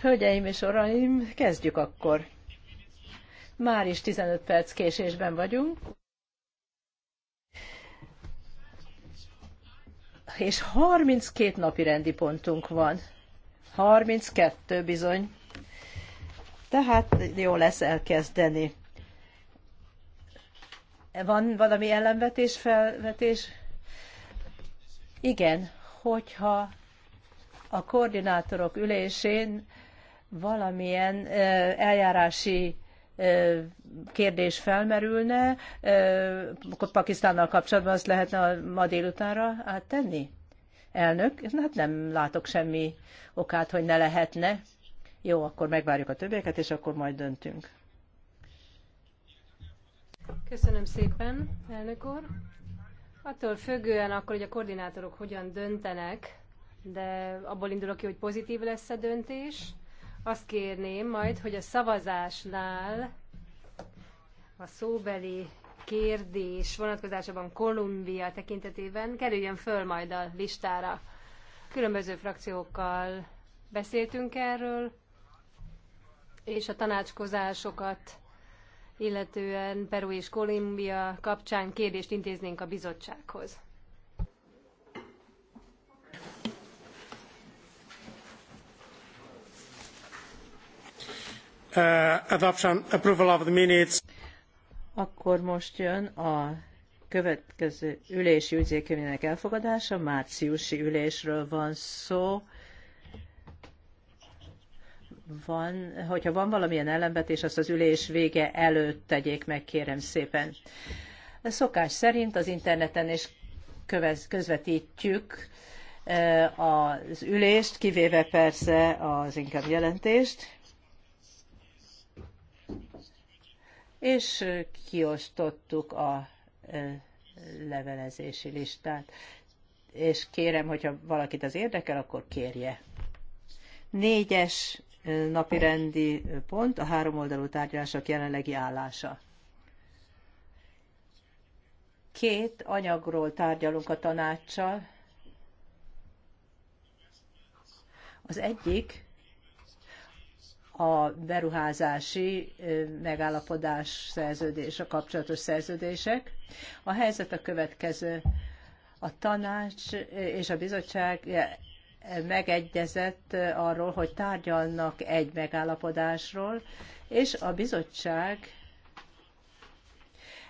Hölgyeim és uraim, kezdjük akkor. Már is 15 perc késésben vagyunk. És 32 napi rendi pontunk van. 32 bizony. Tehát jó lesz elkezdeni. Van valami ellenvetés, felvetés? Igen, hogyha a koordinátorok ülésén valamilyen eljárási kérdés felmerülne, Pakisztánnal kapcsolatban azt lehetne a ma délutánra áttenni? Elnök, hát nem látok semmi okát, hogy ne lehetne. Jó, akkor megvárjuk a többieket, és akkor majd döntünk. Köszönöm szépen, elnök úr. Attól függően akkor, hogy a koordinátorok hogyan döntenek, de abból indulok ki, hogy pozitív lesz a döntés. Azt kérném majd, hogy a szavazásnál a szóbeli kérdés vonatkozásában Kolumbia tekintetében kerüljön föl majd a listára. Különböző frakciókkal beszéltünk erről, és a tanácskozásokat illetően Peru és Kolumbia kapcsán kérdést intéznénk a bizottsághoz. Uh, Akkor most jön a következő ülési ügyzékönyvének elfogadása, márciusi ülésről van szó. Van, hogyha van valamilyen ellenvetés, azt az ülés vége előtt tegyék meg, kérem szépen. A szokás szerint az interneten is kövez, közvetítjük uh, az ülést, kivéve persze az inkább jelentést. és kiosztottuk a levelezési listát. És kérem, hogyha valakit az érdekel, akkor kérje. Négyes napirendi pont a háromoldalú tárgyalások jelenlegi állása. Két anyagról tárgyalunk a tanácssal. Az egyik a beruházási megállapodás a kapcsolatos szerződések. A helyzet a következő. A tanács és a bizottság megegyezett arról, hogy tárgyalnak egy megállapodásról, és a bizottság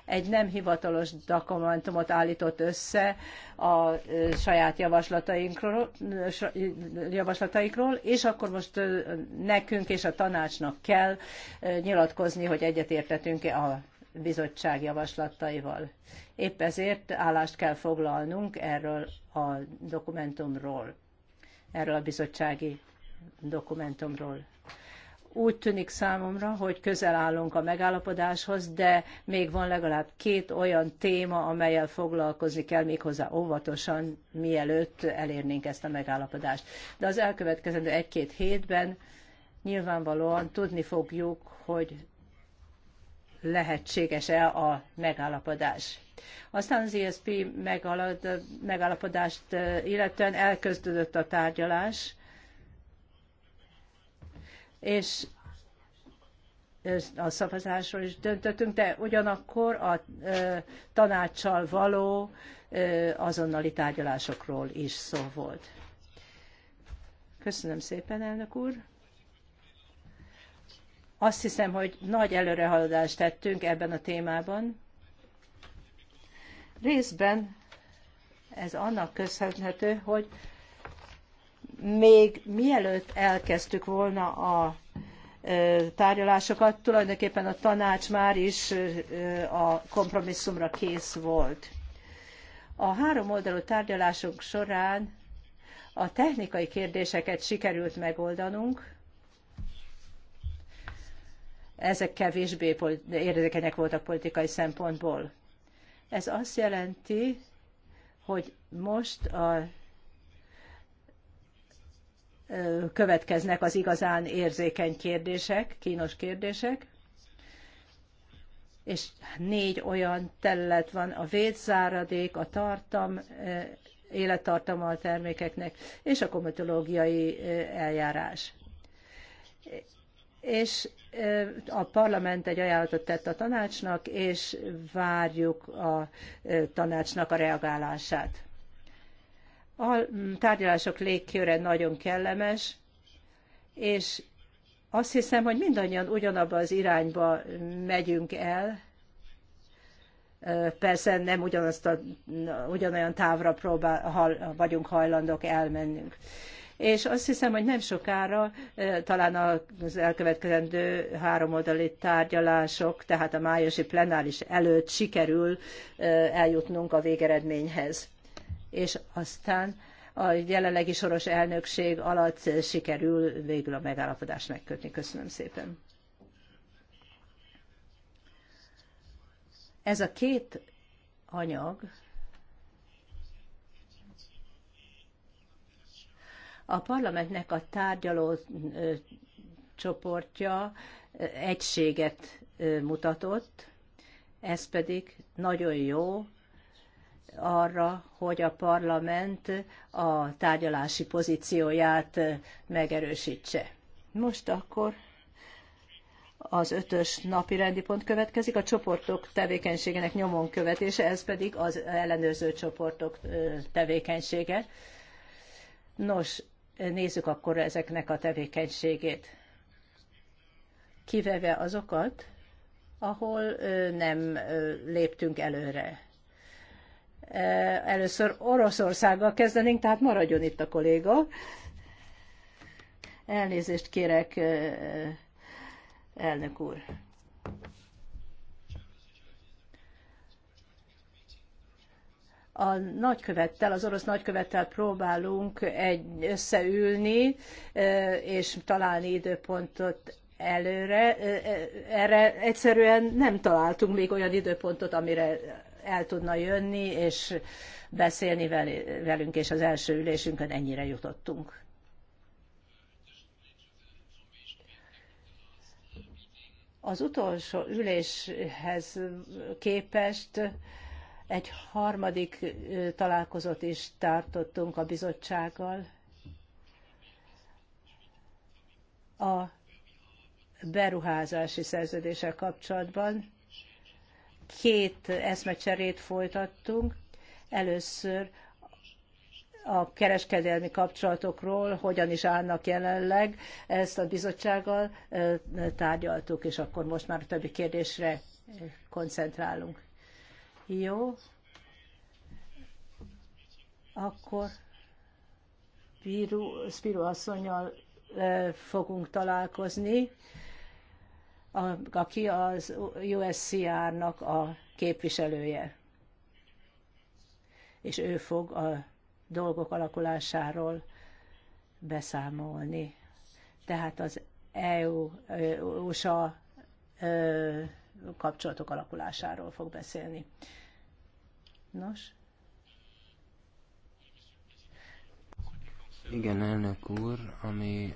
egy nem hivatalos dokumentumot állított össze a saját javaslatainkról, javaslataikról, és akkor most nekünk és a tanácsnak kell nyilatkozni, hogy egyetértetünk-e a bizottság javaslataival. Épp ezért állást kell foglalnunk erről a dokumentumról, erről a bizottsági dokumentumról. Úgy tűnik számomra, hogy közel állunk a megállapodáshoz, de még van legalább két olyan téma, amelyel foglalkozni kell méghozzá óvatosan, mielőtt elérnénk ezt a megállapodást. De az elkövetkezendő egy-két hétben nyilvánvalóan tudni fogjuk, hogy lehetséges-e a megállapodás. Aztán az ISP megállapodást illetően elkezdődött a tárgyalás, és a szavazásról is döntöttünk, de ugyanakkor a tanácssal való azonnali tárgyalásokról is szó volt. Köszönöm szépen, elnök úr! Azt hiszem, hogy nagy előrehaladást tettünk ebben a témában. Részben ez annak köszönhető, hogy még mielőtt elkezdtük volna a tárgyalásokat, tulajdonképpen a tanács már is a kompromisszumra kész volt. A három oldalú tárgyalások során a technikai kérdéseket sikerült megoldanunk, ezek kevésbé érdekenek voltak politikai szempontból. Ez azt jelenti, hogy most a következnek az igazán érzékeny kérdések, kínos kérdések, és négy olyan terület van, a védzáradék, a tartam, a termékeknek, és a komatológiai eljárás. És a parlament egy ajánlatot tett a tanácsnak, és várjuk a tanácsnak a reagálását. A tárgyalások légköre nagyon kellemes, és azt hiszem, hogy mindannyian ugyanabba az irányba megyünk el, persze nem ugyanazt a, ugyanolyan távra próbál, ha, vagyunk hajlandók elmennünk. És azt hiszem, hogy nem sokára, talán az elkövetkezendő háromoldali tárgyalások, tehát a májusi plenáris előtt sikerül eljutnunk a végeredményhez és aztán a jelenlegi soros elnökség alatt sikerül végül a megállapodást megkötni. Köszönöm szépen. Ez a két anyag a parlamentnek a tárgyaló csoportja egységet mutatott, ez pedig nagyon jó arra, hogy a parlament a tárgyalási pozícióját megerősítse. Most akkor az ötös napi rendi pont következik, a csoportok tevékenységének nyomon követése, ez pedig az ellenőrző csoportok tevékenysége. Nos, nézzük akkor ezeknek a tevékenységét. Kivéve azokat, ahol nem léptünk előre. Eh, először Oroszországgal kezdenénk, tehát maradjon itt a kolléga. Elnézést kérek, eh, elnök úr. a nagykövettel, az orosz nagykövettel próbálunk egy, összeülni, eh, és találni időpontot előre. Erre egyszerűen nem találtunk még olyan időpontot, amire el tudna jönni, és beszélni velünk, és az első ülésünkön ennyire jutottunk. Az utolsó üléshez képest egy harmadik találkozót is tartottunk a bizottsággal. A beruházási szerződéssel kapcsolatban, két eszmecserét folytattunk. Először a kereskedelmi kapcsolatokról, hogyan is állnak jelenleg, ezt a bizottsággal tárgyaltuk, és akkor most már a többi kérdésre koncentrálunk. Jó. Akkor Spiro, Spiro fogunk találkozni aki az USCR-nak a képviselője. És ő fog a dolgok alakulásáról beszámolni. Tehát az EU-USA kapcsolatok alakulásáról fog beszélni. Nos? Igen, elnök úr, ami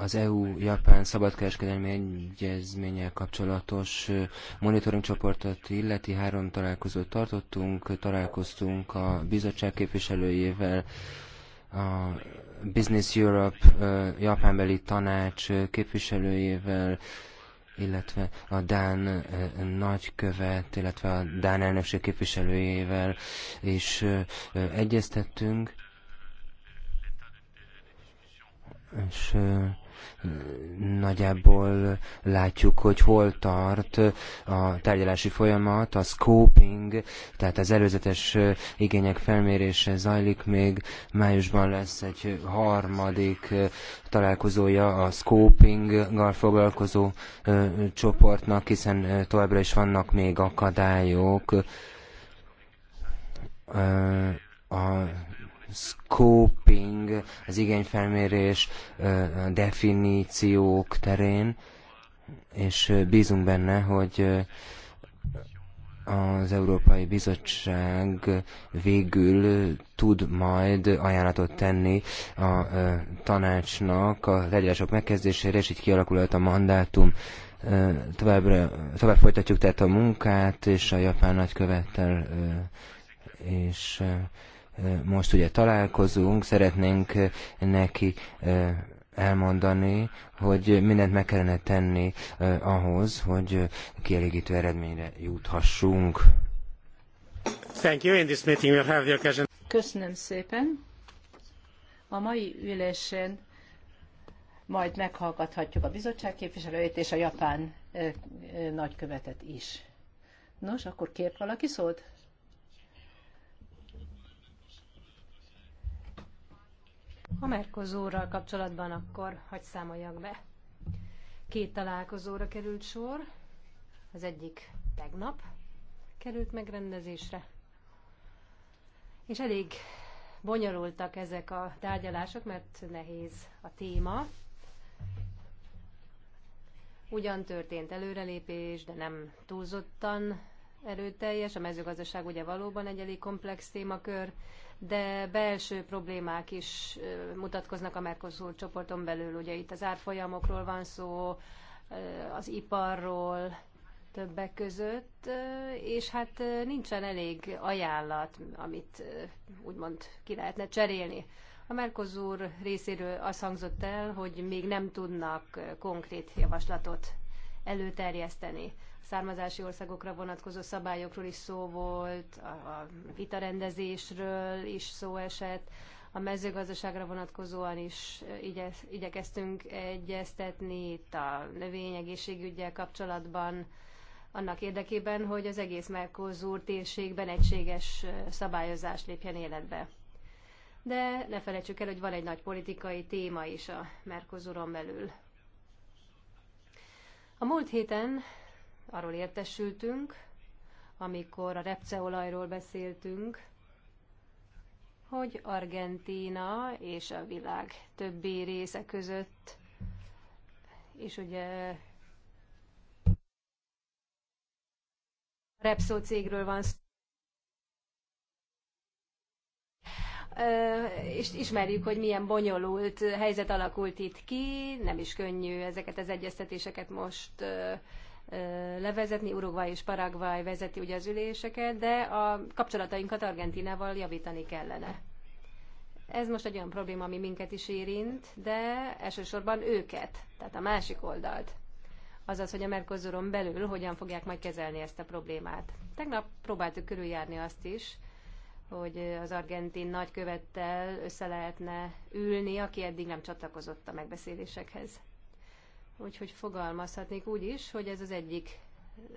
az EU-Japán szabadkereskedelmi egyezménnyel kapcsolatos monitoring csoportot illeti három találkozót tartottunk, találkoztunk a bizottság képviselőjével, a Business Europe japánbeli tanács képviselőjével, illetve a Dán nagykövet, illetve a Dán elnökség képviselőjével is egyeztettünk. És Nagyjából látjuk, hogy hol tart a tárgyalási folyamat, a scoping, tehát az előzetes igények felmérése zajlik még. Májusban lesz egy harmadik találkozója a scoping-gal foglalkozó csoportnak, hiszen továbbra is vannak még akadályok a scoping, az igényfelmérés, definíciók terén, és bízunk benne, hogy az Európai Bizottság végül tud majd ajánlatot tenni a tanácsnak a tárgyalások megkezdésére, és így kialakulhat a mandátum. Továbbra, tovább folytatjuk tehát a munkát, és a japán nagykövettel és most ugye találkozunk, szeretnénk neki elmondani, hogy mindent meg kellene tenni ahhoz, hogy kielégítő eredményre juthassunk. Thank you. In this meeting we'll have the occasion. Köszönöm szépen. A mai ülésen majd meghallgathatjuk a bizottság képviselőjét és a japán nagykövetet is. Nos, akkor kért valaki szólt? A Merkozóral kapcsolatban akkor hagy számoljak be. Két találkozóra került sor. Az egyik tegnap került megrendezésre. És elég bonyolultak ezek a tárgyalások, mert nehéz a téma. Ugyan történt előrelépés, de nem túlzottan erőteljes. A mezőgazdaság ugye valóban egy elég komplex témakör, de belső problémák is mutatkoznak a Mercosur csoporton belül. Ugye itt az árfolyamokról van szó, az iparról, többek között, és hát nincsen elég ajánlat, amit úgymond ki lehetne cserélni. A Mercosur részéről az hangzott el, hogy még nem tudnak konkrét javaslatot előterjeszteni származási országokra vonatkozó szabályokról is szó volt, a vitarendezésről is szó esett, a mezőgazdaságra vonatkozóan is igye, igyekeztünk egyeztetni itt a növényegészségügyel kapcsolatban, annak érdekében, hogy az egész Mercosur térségben egységes szabályozás lépjen életbe. De ne felejtsük el, hogy van egy nagy politikai téma is a Mercosuron belül. A múlt héten arról értesültünk, amikor a repceolajról beszéltünk, hogy Argentína és a világ többi része között, és ugye repso cégről van szó, és ismerjük, hogy milyen bonyolult helyzet alakult itt ki, nem is könnyű ezeket az egyeztetéseket most levezetni. Uruguay és Paraguay vezeti ugye az üléseket, de a kapcsolatainkat Argentinával javítani kellene. Ez most egy olyan probléma, ami minket is érint, de elsősorban őket, tehát a másik oldalt. Azaz, hogy a Mercosuron belül hogyan fogják majd kezelni ezt a problémát. Tegnap próbáltuk körüljárni azt is, hogy az argentin nagykövettel össze lehetne ülni, aki eddig nem csatlakozott a megbeszélésekhez úgyhogy fogalmazhatnék úgy is, hogy ez az egyik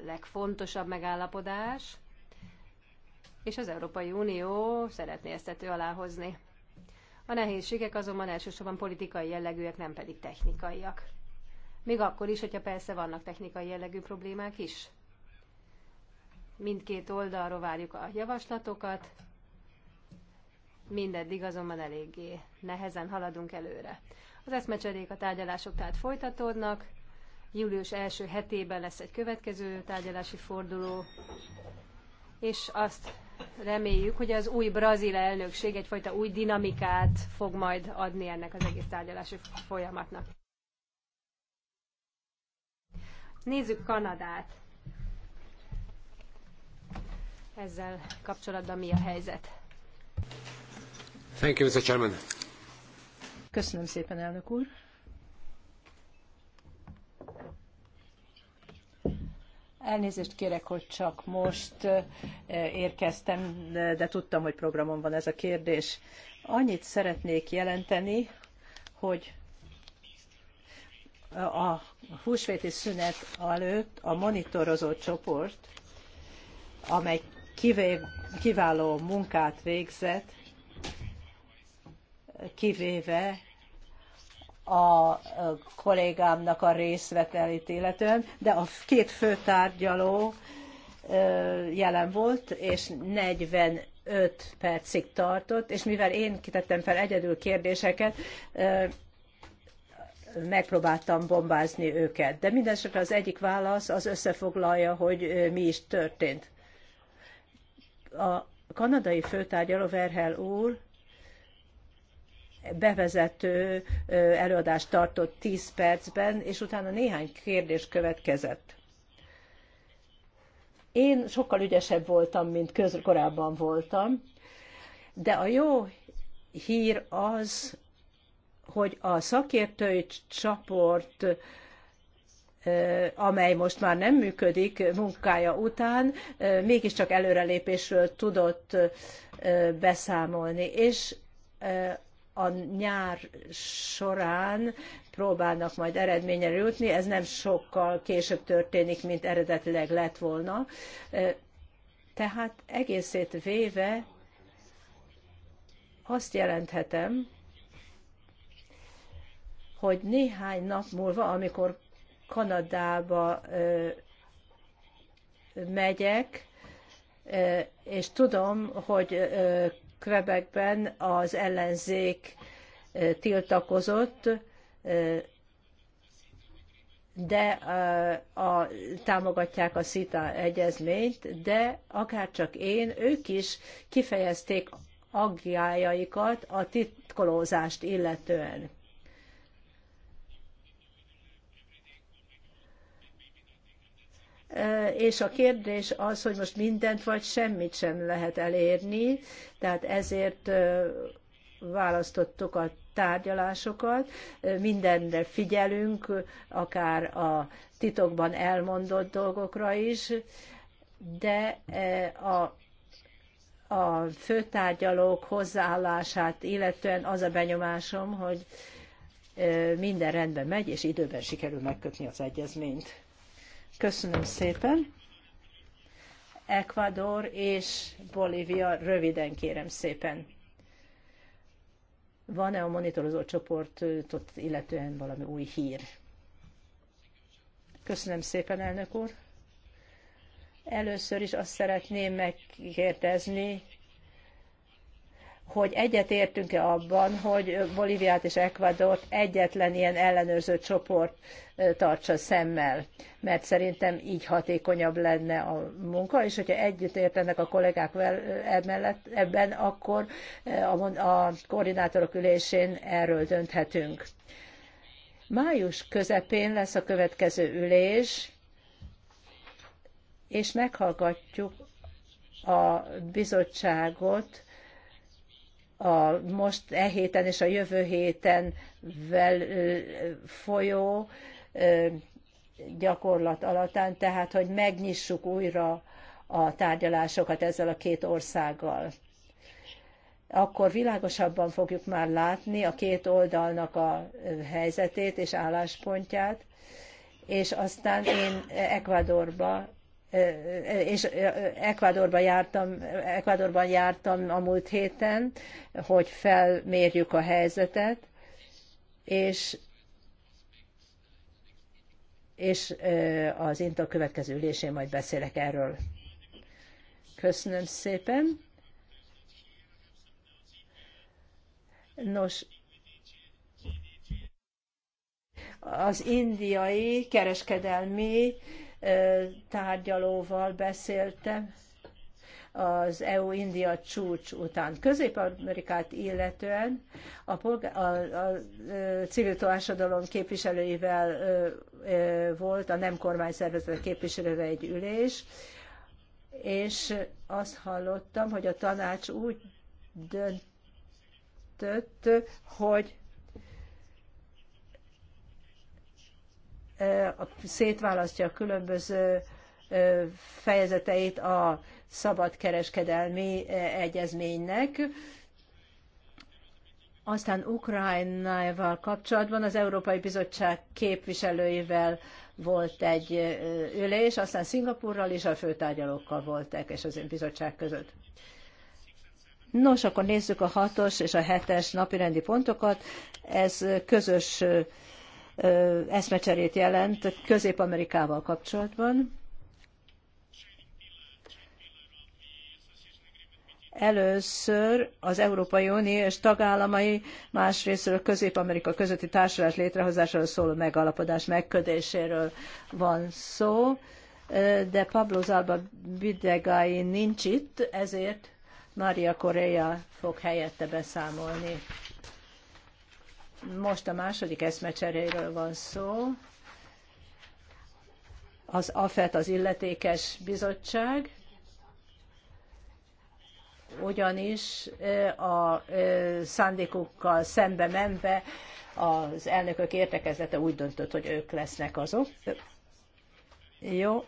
legfontosabb megállapodás, és az Európai Unió szeretné ezt tető aláhozni. A nehézségek azonban elsősorban politikai jellegűek, nem pedig technikaiak. Még akkor is, hogyha persze vannak technikai jellegű problémák is. Mindkét oldalról várjuk a javaslatokat, mindeddig azonban eléggé nehezen haladunk előre. Az eszmecserék a tárgyalások tehát folytatódnak. Július első hetében lesz egy következő tárgyalási forduló, és azt reméljük, hogy az új brazil elnökség egyfajta új dinamikát fog majd adni ennek az egész tárgyalási folyamatnak. Nézzük Kanadát. Ezzel kapcsolatban mi a helyzet? Thank you, Mr. Chairman. Köszönöm szépen, elnök úr. Elnézést kérek, hogy csak most érkeztem, de tudtam, hogy programon van ez a kérdés. Annyit szeretnék jelenteni, hogy a húsvéti szünet előtt a monitorozó csoport, amely kiváló munkát végzett, kivéve a kollégámnak a részvetelét illetően, de a két fő tárgyaló jelen volt, és 45 percig tartott, és mivel én kitettem fel egyedül kérdéseket, megpróbáltam bombázni őket. De mindesetre az egyik válasz az összefoglalja, hogy mi is történt. A kanadai főtárgyaló Verhel úr bevezető előadást tartott 10 percben, és utána néhány kérdés következett. Én sokkal ügyesebb voltam, mint közül korábban voltam, de a jó hír az, hogy a szakértői csoport amely most már nem működik munkája után, mégiscsak előrelépésről tudott beszámolni. És a nyár során próbálnak majd eredményre jutni. Ez nem sokkal később történik, mint eredetileg lett volna. Tehát egészét véve azt jelenthetem, hogy néhány nap múlva, amikor Kanadába megyek, és tudom, hogy Quebecben az ellenzék tiltakozott, de a, a, támogatják a CITA egyezményt, de akárcsak én, ők is kifejezték aggájaikat a titkolózást illetően. és a kérdés az, hogy most mindent vagy semmit sem lehet elérni, tehát ezért választottuk a tárgyalásokat, mindenre figyelünk, akár a titokban elmondott dolgokra is, de a a főtárgyalók hozzáállását illetően az a benyomásom, hogy minden rendben megy, és időben sikerül megkötni az egyezményt. Köszönöm szépen. Ecuador és Bolívia röviden kérem szépen. Van-e a monitorozó csoportot illetően valami új hír? Köszönöm szépen, elnök úr. Először is azt szeretném megkérdezni, hogy egyetértünk-e abban, hogy Bolíviát és Ekvadort egyetlen ilyen ellenőrző csoport tartsa szemmel, mert szerintem így hatékonyabb lenne a munka, és hogyha együtt értenek a kollégák emellett, ebben, akkor a, a koordinátorok ülésén erről dönthetünk. Május közepén lesz a következő ülés, és meghallgatjuk a bizottságot, a most e héten és a jövő héten vel, folyó gyakorlat alatán, tehát hogy megnyissuk újra a tárgyalásokat ezzel a két országgal. Akkor világosabban fogjuk már látni a két oldalnak a helyzetét és álláspontját, és aztán én Ekvadorba és Ekvádorban jártam, Ekvádorban jártam a múlt héten, hogy felmérjük a helyzetet, és és az INTA következő ülésén majd beszélek erről. Köszönöm szépen. Nos, az indiai kereskedelmi tárgyalóval beszéltem az EU-India csúcs után. Közép-Amerikát illetően a, polgár, a, a, a civil társadalom képviselőivel ö, ö, volt a nem kormányszervezet képviselővel egy ülés, és azt hallottam, hogy a tanács úgy döntött, hogy szétválasztja a különböző fejezeteit a szabadkereskedelmi egyezménynek. Aztán Ukrajnával kapcsolatban az Európai Bizottság képviselőivel volt egy ülés, aztán Szingapurral is a főtárgyalókkal voltak, és az bizottság között. Nos, akkor nézzük a hatos és a hetes napirendi pontokat. Ez közös eszmecserét jelent Közép-Amerikával kapcsolatban. Először az Európai Unió és tagállamai, másrésztről Közép-Amerika közötti társulás létrehozásáról szóló megállapodás megködéséről van szó, de Pablo Zalba Bidegai nincs itt, ezért Maria Correa fog helyette beszámolni. Most a második eszmecseréről van szó. Az AFET az illetékes bizottság, ugyanis a szándékukkal szembe menve az elnökök értekezlete úgy döntött, hogy ők lesznek azok. Jó,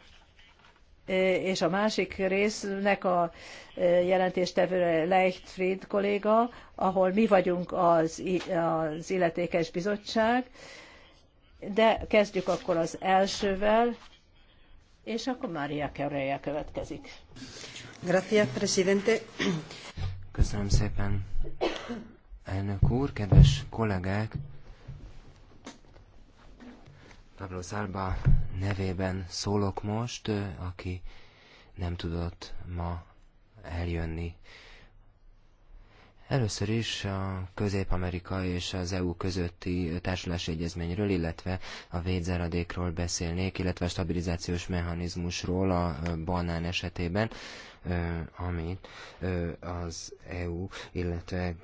és a másik résznek a e, jelentéstevőre Leichtfried kolléga, ahol mi vagyunk az, az illetékes bizottság, de kezdjük akkor az elsővel, és akkor Mária Kerreje következik. Gracias, presidente. Köszönöm szépen. Elnök úr, kedves kollégák, Pablo Zárba nevében szólok most, aki nem tudott ma eljönni Először is a Közép-Amerika és az EU közötti társulási egyezményről, illetve a védzeradékról beszélnék, illetve a stabilizációs mechanizmusról a banán esetében, amit az EU, illetve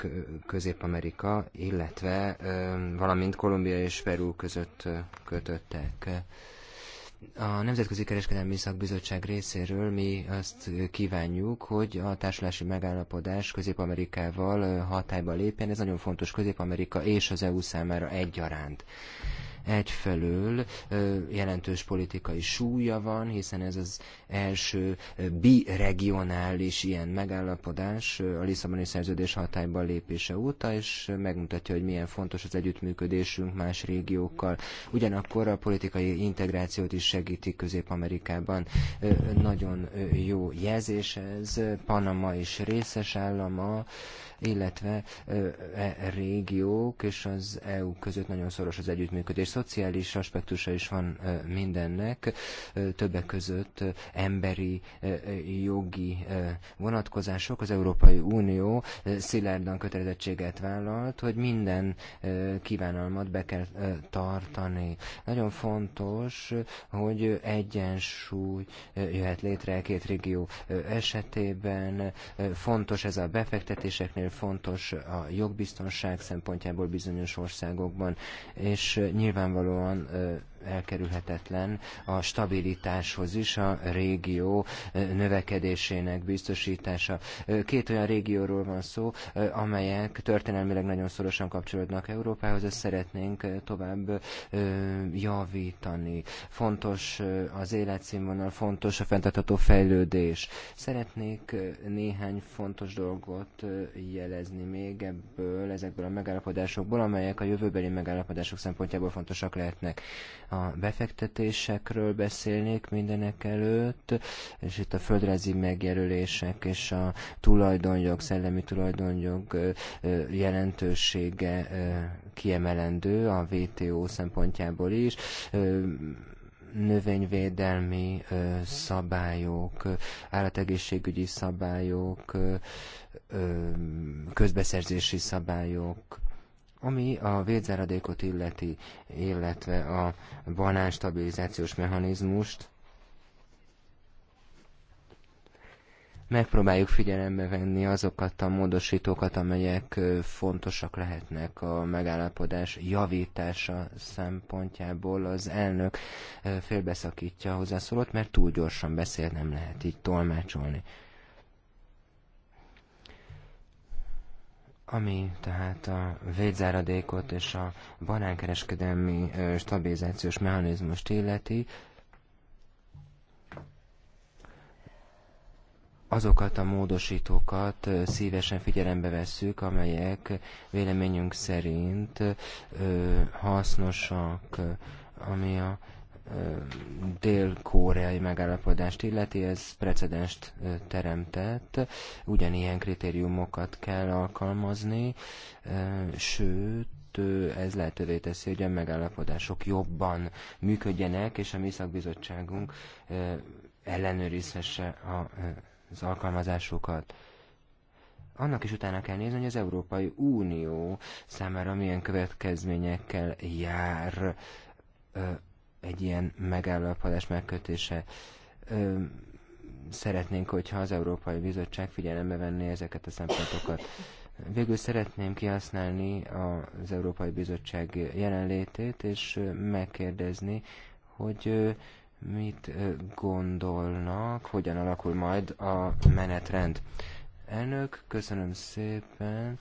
Közép-Amerika, illetve valamint Kolumbia és Peru között kötöttek. A Nemzetközi Kereskedelmi Szakbizottság részéről mi azt kívánjuk, hogy a társulási megállapodás Közép-Amerikával hatályba lépjen. Ez nagyon fontos Közép-Amerika és az EU számára egyaránt. Egyfelől jelentős politikai súlya van, hiszen ez az első biregionális ilyen megállapodás a Lisszaboni szerződés hatályban lépése óta, és megmutatja, hogy milyen fontos az együttműködésünk más régiókkal. Ugyanakkor a politikai integrációt is segíti Közép-Amerikában. Nagyon jó jelzés ez, Panama is részes állama, illetve e régiók és az EU között nagyon szoros az együttműködés szociális aspektusa is van mindennek, többek között emberi jogi vonatkozások. Az Európai Unió szilárdan kötelezettséget vállalt, hogy minden kívánalmat be kell tartani. Nagyon fontos, hogy egyensúly jöhet létre a két régió esetében. Fontos ez a befektetéseknél, fontos a jogbiztonság szempontjából bizonyos országokban, és nyilván nyilvánvalóan elkerülhetetlen a stabilitáshoz is a régió növekedésének biztosítása. Két olyan régióról van szó, amelyek történelmileg nagyon szorosan kapcsolódnak Európához, ezt szeretnénk tovább javítani. Fontos az életszínvonal, fontos a fenntartható fejlődés. Szeretnék néhány fontos dolgot jelezni még ebből, ezekből a megállapodásokból, amelyek a jövőbeli megállapodások szempontjából fontosak lehetnek a befektetésekről beszélnék mindenek előtt, és itt a földrezi megjelölések és a tulajdonjog, szellemi tulajdonjog jelentősége kiemelendő a WTO szempontjából is növényvédelmi szabályok, állategészségügyi szabályok, közbeszerzési szabályok, ami a védzáradékot illeti, illetve a banán stabilizációs mechanizmust, megpróbáljuk figyelembe venni azokat a módosítókat, amelyek fontosak lehetnek a megállapodás javítása szempontjából. Az elnök félbeszakítja a hozzászólót, mert túl gyorsan beszél, nem lehet így tolmácsolni. Ami tehát a védzáradékot és a banánkereskedelmi stabilizációs mechanizmust illeti, azokat a módosítókat szívesen figyelembe vesszük, amelyek véleményünk szerint hasznosak, ami a dél-koreai megállapodást illeti, ez precedenst teremtett. Ugyanilyen kritériumokat kell alkalmazni, sőt, ez lehetővé teszi, hogy a megállapodások jobban működjenek, és a mi szakbizottságunk ellenőrizhesse az alkalmazásukat annak is utána kell nézni, hogy az Európai Unió számára milyen következményekkel jár egy ilyen megállapodás megkötése. Szeretnénk, hogyha az Európai Bizottság figyelembe venné ezeket a szempontokat. Végül szeretném kihasználni az Európai Bizottság jelenlétét, és megkérdezni, hogy mit gondolnak, hogyan alakul majd a menetrend. Elnök, köszönöm szépen.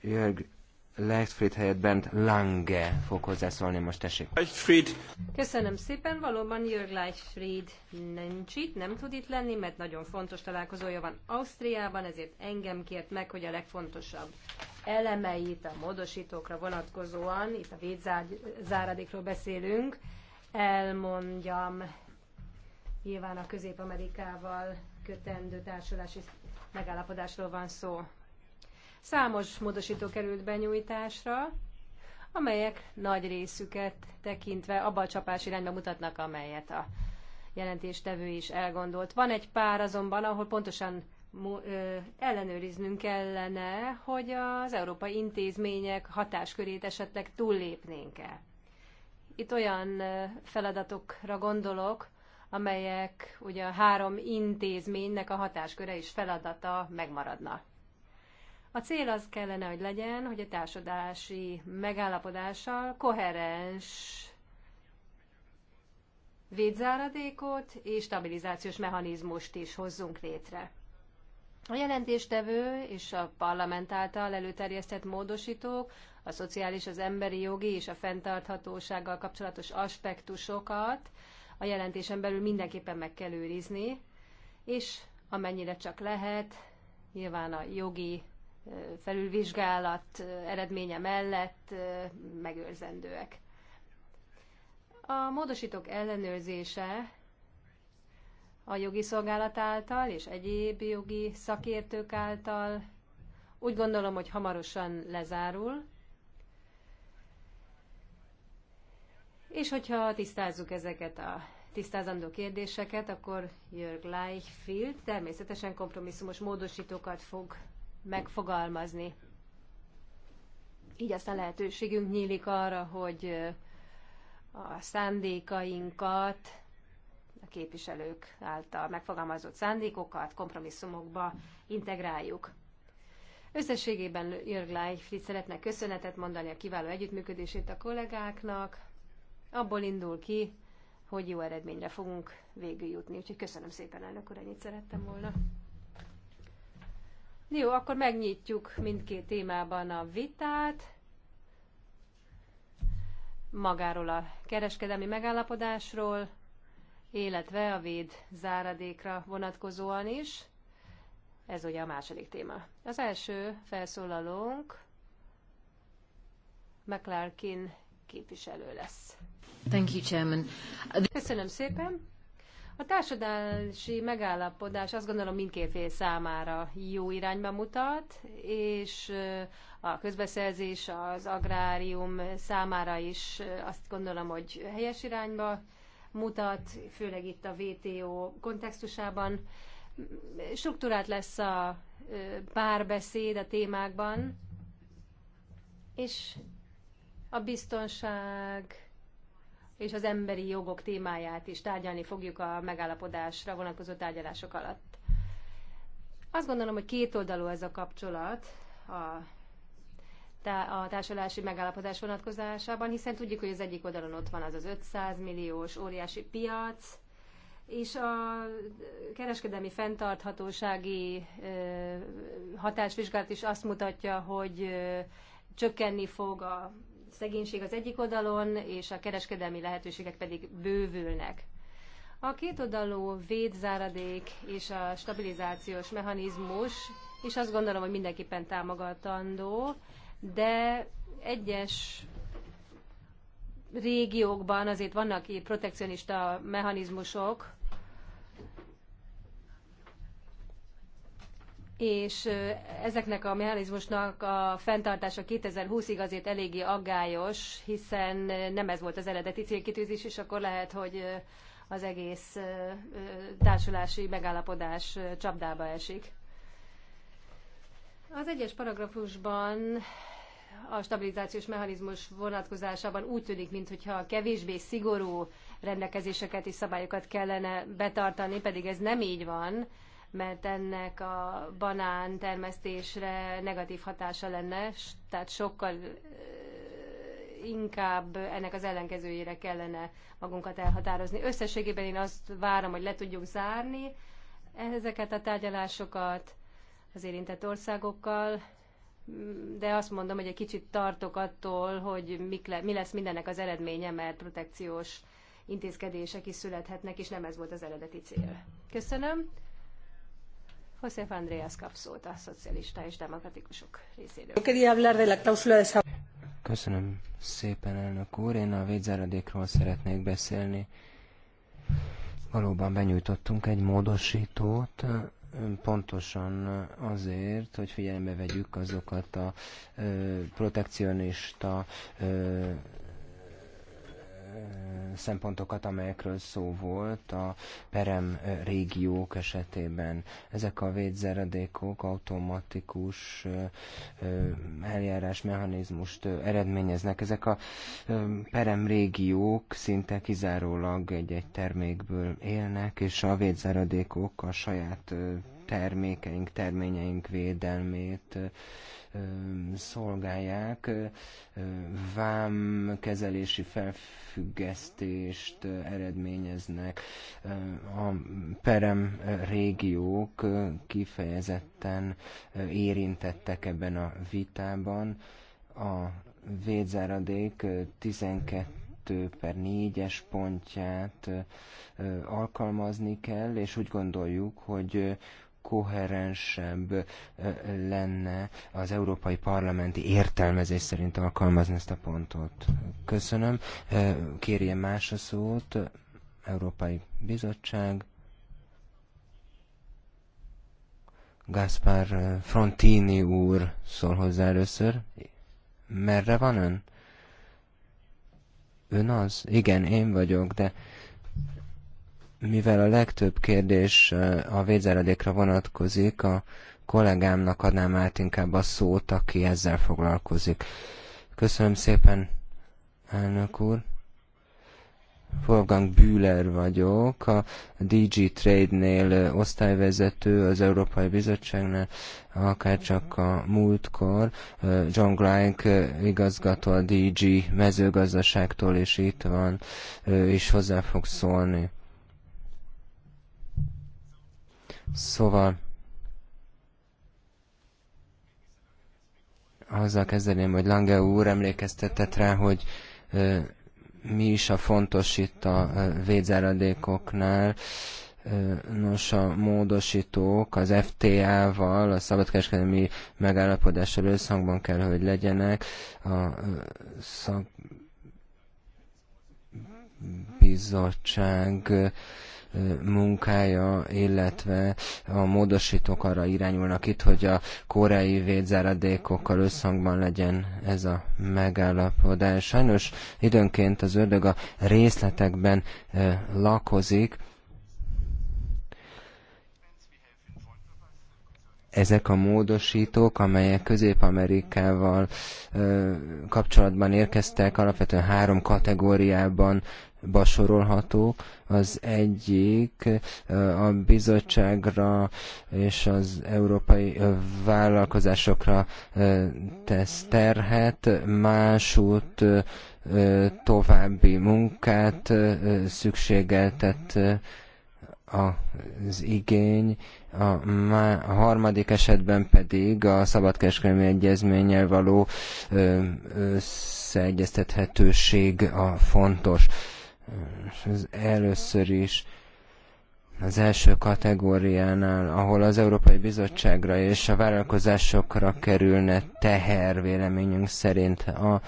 Jörg Leichtfried helyett Bent Lange fog hozzászólni most, tessék. Leichtfried. Köszönöm szépen, valóban Jörg Leichtfried nincs itt, nem tud itt lenni, mert nagyon fontos találkozója van Ausztriában, ezért engem kért meg, hogy a legfontosabb elemeit a módosítókra vonatkozóan, itt a védzáradékról beszélünk, elmondjam nyilván a Közép-Amerikával kötendő társulási megállapodásról van szó. Számos módosító került benyújtásra, amelyek nagy részüket tekintve abba a csapás irányba mutatnak, amelyet a jelentéstevő is elgondolt. Van egy pár azonban, ahol pontosan ellenőriznünk kellene, hogy az európai intézmények hatáskörét esetleg túllépnénk-e. Itt olyan feladatokra gondolok, amelyek ugye a három intézménynek a hatásköre és feladata megmaradna. A cél az kellene, hogy legyen, hogy a társadalási megállapodással koherens védzáradékot és stabilizációs mechanizmust is hozzunk létre. A jelentéstevő és a parlament által előterjesztett módosítók a szociális, az emberi jogi és a fenntarthatósággal kapcsolatos aspektusokat a jelentésen belül mindenképpen meg kell őrizni, és amennyire csak lehet, nyilván a jogi felülvizsgálat eredménye mellett megőrzendőek. A módosítók ellenőrzése a jogi szolgálat által és egyéb jogi szakértők által úgy gondolom, hogy hamarosan lezárul. És hogyha tisztázzuk ezeket a tisztázandó kérdéseket, akkor Jörg Leichfield természetesen kompromisszumos módosítókat fog megfogalmazni. Így aztán lehetőségünk nyílik arra, hogy a szándékainkat, a képviselők által megfogalmazott szándékokat kompromisszumokba integráljuk. Összességében Jörg Leifrit szeretne köszönetet mondani a kiváló együttműködését a kollégáknak. Abból indul ki, hogy jó eredményre fogunk végül jutni. Úgyhogy köszönöm szépen, elnök úr, ennyit szerettem volna. Jó, akkor megnyitjuk mindkét témában a vitát magáról a kereskedelmi megállapodásról, illetve a véd záradékra vonatkozóan is. Ez ugye a második téma. Az első felszólalónk McClarkin képviselő lesz. Thank you, Chairman. Köszönöm szépen. A társadalmi megállapodás azt gondolom mindkét fél számára jó irányba mutat, és a közbeszerzés az agrárium számára is azt gondolom, hogy helyes irányba mutat, főleg itt a WTO kontextusában. Struktúrát lesz a párbeszéd a témákban, és a biztonság és az emberi jogok témáját is tárgyalni fogjuk a megállapodásra vonatkozó tárgyalások alatt. Azt gondolom, hogy kétoldalú ez a kapcsolat a a társadalási megállapodás vonatkozásában, hiszen tudjuk, hogy az egyik oldalon ott van az az 500 milliós óriási piac, és a kereskedelmi fenntarthatósági hatásvizsgálat is azt mutatja, hogy csökkenni fog a szegénység az egyik oldalon, és a kereskedelmi lehetőségek pedig bővülnek. A kétoldalú védzáradék és a stabilizációs mechanizmus, és azt gondolom, hogy mindenképpen támogatandó, de egyes régiókban azért vannak protekcionista mechanizmusok, és ezeknek a mechanizmusnak a fenntartása 2020-ig azért eléggé aggályos, hiszen nem ez volt az eredeti célkitűzés, és akkor lehet, hogy az egész társulási megállapodás csapdába esik. Az egyes paragrafusban a stabilizációs mechanizmus vonatkozásában úgy tűnik, mintha kevésbé szigorú rendelkezéseket és szabályokat kellene betartani, pedig ez nem így van mert ennek a banán termesztésre negatív hatása lenne, tehát sokkal inkább ennek az ellenkezőjére kellene magunkat elhatározni. Összességében én azt várom, hogy le tudjuk zárni ezeket a tárgyalásokat az érintett országokkal, de azt mondom, hogy egy kicsit tartok attól, hogy mik le, mi lesz mindennek az eredménye, mert protekciós intézkedések is születhetnek, és nem ez volt az eredeti cél. Köszönöm. José Andreas kap a szocialista és demokratikusok részéről. Köszönöm szépen, elnök úr. Én a védzáradékról szeretnék beszélni. Valóban benyújtottunk egy módosítót, pontosan azért, hogy figyelembe vegyük azokat a ö, protekcionista ö, szempontokat, amelyekről szó volt a perem régiók esetében. Ezek a védzeredékok automatikus eljárás mechanizmust eredményeznek. Ezek a perem régiók szinte kizárólag egy-egy termékből élnek, és a védzeredékok a saját termékeink, terményeink védelmét szolgálják, vám kezelési felfüggesztést eredményeznek. A perem régiók kifejezetten érintettek ebben a vitában. A védzáradék 12 per 4-es pontját alkalmazni kell, és úgy gondoljuk, hogy koherensebb lenne az Európai Parlamenti értelmezés szerint alkalmazni ezt a pontot. Köszönöm. Kérje más a szót. Európai Bizottság. Gaspar Frontini úr szól hozzá először. Merre van ön? Ön az? Igen, én vagyok, de mivel a legtöbb kérdés eh, a védzeredékre vonatkozik, a kollégámnak adnám át inkább a szót, aki ezzel foglalkozik. Köszönöm szépen, elnök úr. Wolfgang Bühler vagyok, a DG Trade-nél eh, osztályvezető az Európai Bizottságnál, akárcsak a múltkor. Eh, John Glank igazgató a DG mezőgazdaságtól, és itt van, ő is hozzá fog szólni. Szóval azzal kezdeném, hogy Lange úr emlékeztetett rá, hogy ö, mi is a fontos itt a védzáradékoknál. nos, a módosítók az FTA-val, a szabadkereskedelmi megállapodással összhangban kell, hogy legyenek. A szakbizottság... ö, munkája, illetve a módosítók arra irányulnak itt, hogy a koreai védzáradékokkal összhangban legyen ez a megállapodás. Sajnos időnként az ördög a részletekben lakozik, ezek a módosítók, amelyek Közép-Amerikával kapcsolatban érkeztek, alapvetően három kategóriában sorolható. Az egyik a bizottságra és az európai vállalkozásokra tesz terhet, másút további munkát szükségeltet az igény, a, má, a harmadik esetben pedig a szabadkereskedelmi egyezménnyel való összeegyeztethetőség a fontos az először is az első kategóriánál, ahol az Európai Bizottságra és a vállalkozásokra kerülne teher véleményünk szerint a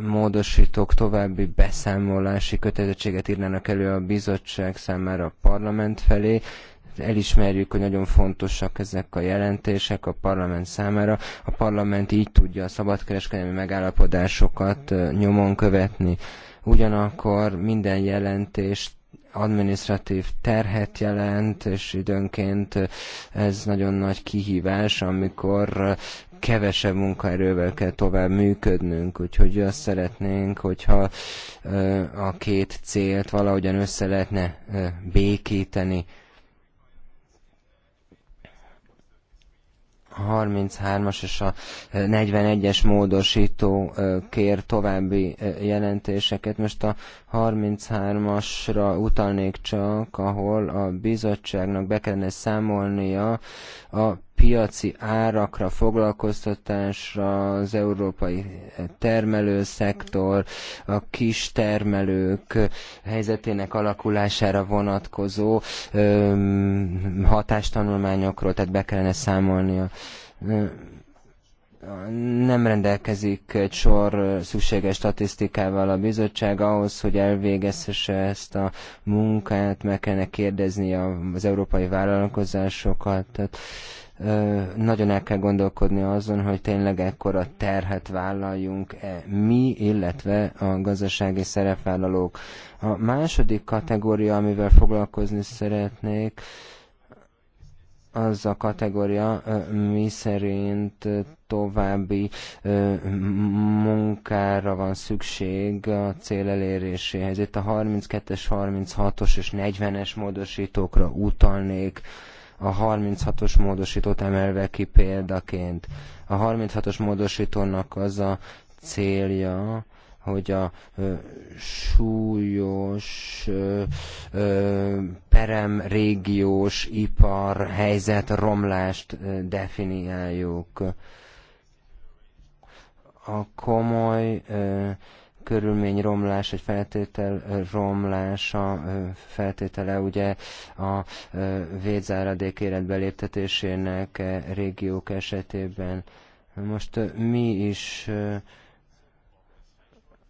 módosítók további beszámolási kötelezettséget írnának elő a bizottság számára a parlament felé. Elismerjük, hogy nagyon fontosak ezek a jelentések a parlament számára. A parlament így tudja a szabadkereskedelmi megállapodásokat nyomon követni ugyanakkor minden jelentést administratív terhet jelent, és időnként ez nagyon nagy kihívás, amikor kevesebb munkaerővel kell tovább működnünk, úgyhogy azt szeretnénk, hogyha a két célt valahogyan össze lehetne békíteni. 33-as és a 41-es e, módosító e, kér további e, jelentéseket. Most a 33-asra utalnék csak, ahol a bizottságnak be kellene számolnia a piaci árakra, foglalkoztatásra, az európai termelőszektor, a kis termelők helyzetének alakulására vonatkozó hatástanulmányokról, tehát be kellene számolni a nem rendelkezik egy sor szükséges statisztikával a bizottság ahhoz, hogy elvégezhesse ezt a munkát, meg kellene kérdezni az európai vállalkozásokat. Tehát, nagyon el kell gondolkodni azon, hogy tényleg ekkora terhet vállaljunk-e mi, illetve a gazdasági szerepvállalók. A második kategória, amivel foglalkozni szeretnék, az a kategória, mi szerint további munkára van szükség a cél eléréséhez. Itt a 32-es, 36-os és 40-es módosítókra utalnék a 36-os módosítót emelve ki példaként. A 36-os módosítónak az a célja, hogy a ö, súlyos ö, ö, perem régiós ipar helyzet romlást ö, definiáljuk. A komoly ö, romlás egy feltétel romlása feltétele ugye a védzáradék életbeléptetésének e régiók esetében. Most mi is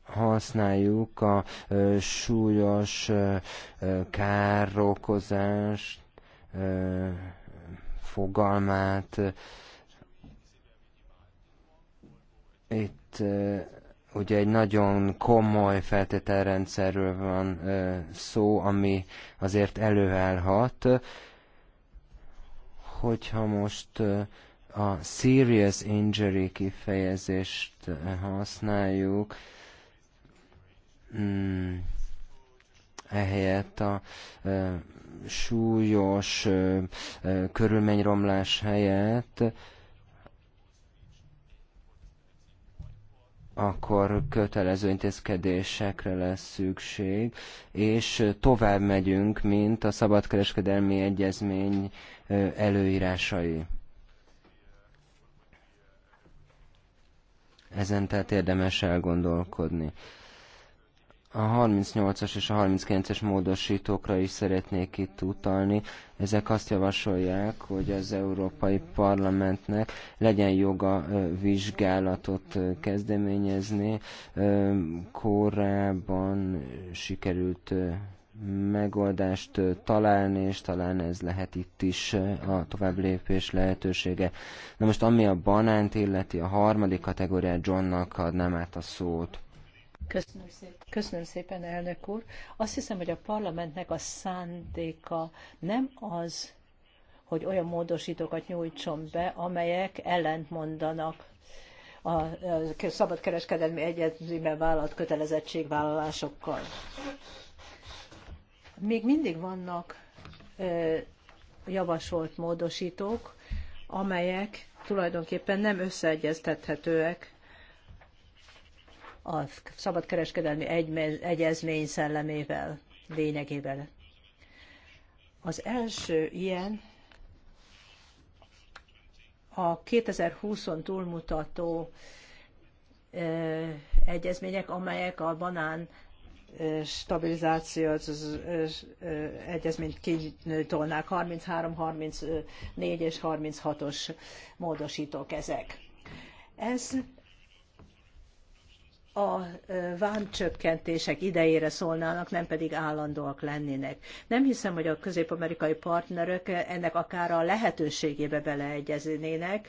használjuk a súlyos károkozás fogalmát. Itt ugye egy nagyon komoly feltételrendszerről van szó, ami azért előállhat, hogyha most a serious injury kifejezést használjuk, hmm, ehelyett a súlyos körülményromlás helyett akkor kötelező intézkedésekre lesz szükség, és tovább megyünk, mint a szabadkereskedelmi egyezmény előírásai. Ezen tehát érdemes elgondolkodni. A 38-as és a 39-es módosítókra is szeretnék itt utalni. Ezek azt javasolják, hogy az Európai Parlamentnek legyen joga vizsgálatot kezdeményezni. Korábban sikerült megoldást találni, és talán ez lehet itt is a tovább lépés lehetősége. Na most ami a banánt illeti, a harmadik kategóriát Johnnak adnám át a szót. Köszönöm szépen. Köszönöm szépen, elnök úr. Azt hiszem, hogy a parlamentnek a szándéka nem az, hogy olyan módosítókat nyújtson be, amelyek ellentmondanak a szabadkereskedelmi egyezményben vállalt kötelezettségvállalásokkal. Még mindig vannak javasolt módosítók, amelyek tulajdonképpen nem összeegyeztethetőek a szabadkereskedelmi egyezmény szellemével, lényegével. Az első ilyen a 2020-on túlmutató egyezmények, amelyek a banán stabilizációt egyezményt kitolnák. 33, 34 és 36-os módosítók ezek. Ez a vámcsökkentések idejére szólnának, nem pedig állandóak lennének. Nem hiszem, hogy a közép-amerikai partnerök ennek akár a lehetőségébe beleegyeznének,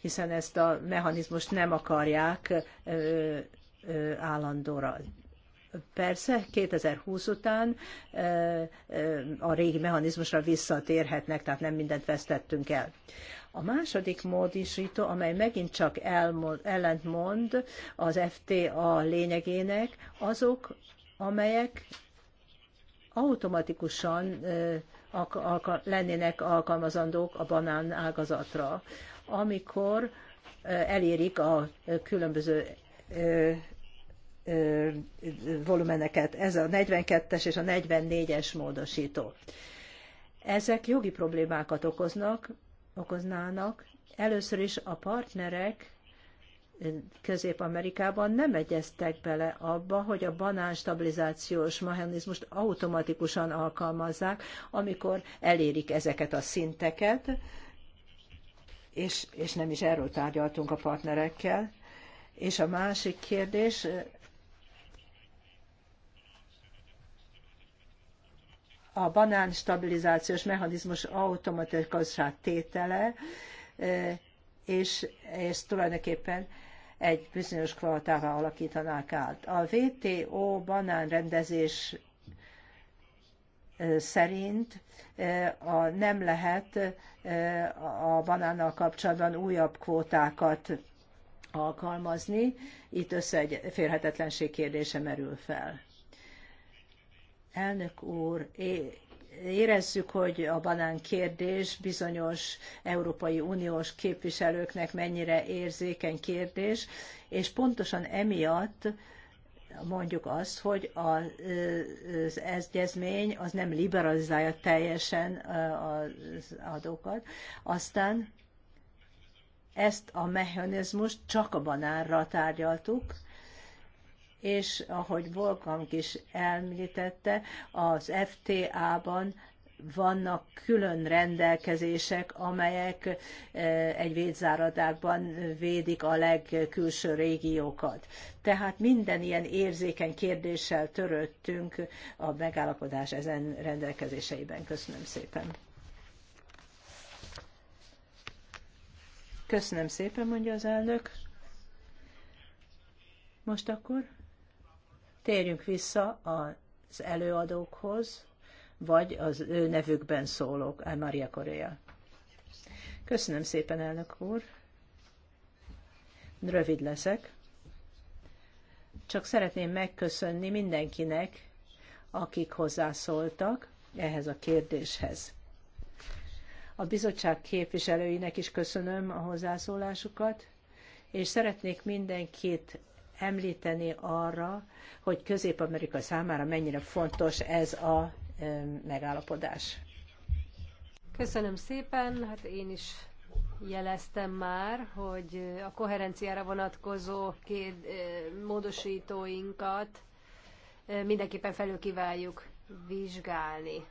hiszen ezt a mechanizmust nem akarják ö, ö, állandóra. Persze, 2020 után ö, ö, a régi mechanizmusra visszatérhetnek, tehát nem mindent vesztettünk el. A második módisító, amely megint csak elmond, ellentmond az FTA lényegének, azok, amelyek automatikusan lennének alkalmazandók a banán ágazatra, amikor elérik a különböző volumeneket. Ez a 42-es és a 44-es módosító. Ezek jogi problémákat okoznak, okoznának. Először is a partnerek Közép-Amerikában nem egyeztek bele abba, hogy a banán stabilizációs mechanizmust automatikusan alkalmazzák, amikor elérik ezeket a szinteket, és, és nem is erről tárgyaltunk a partnerekkel. És a másik kérdés a banán stabilizációs mechanizmus automatikusát tétele, és ezt tulajdonképpen egy bizonyos kvalitává alakítanák át. A WTO banánrendezés szerint a, nem lehet a banánnal kapcsolatban újabb kvótákat alkalmazni. Itt összeférhetetlenség kérdése merül fel. Elnök úr, érezzük, hogy a banán kérdés bizonyos Európai Uniós képviselőknek mennyire érzékeny kérdés, és pontosan emiatt mondjuk azt, hogy az egyezmény az nem liberalizálja teljesen az adókat. Aztán ezt a mechanizmust csak a banánra tárgyaltuk, és ahogy Volkank is említette, az FTA-ban vannak külön rendelkezések, amelyek e, egy védzáradákban védik a legkülső régiókat. Tehát minden ilyen érzékeny kérdéssel törődtünk a megállapodás ezen rendelkezéseiben. Köszönöm szépen. Köszönöm szépen, mondja az elnök. Most akkor térjünk vissza az előadókhoz, vagy az ő nevükben szólók, Maria Korea. Köszönöm szépen, elnök úr. Rövid leszek. Csak szeretném megköszönni mindenkinek, akik hozzászóltak ehhez a kérdéshez. A bizottság képviselőinek is köszönöm a hozzászólásukat, és szeretnék mindenkit említeni arra, hogy Közép-Amerika számára mennyire fontos ez a megállapodás. Köszönöm szépen, hát én is jeleztem már, hogy a koherenciára vonatkozó két módosítóinkat mindenképpen felül kívánjuk vizsgálni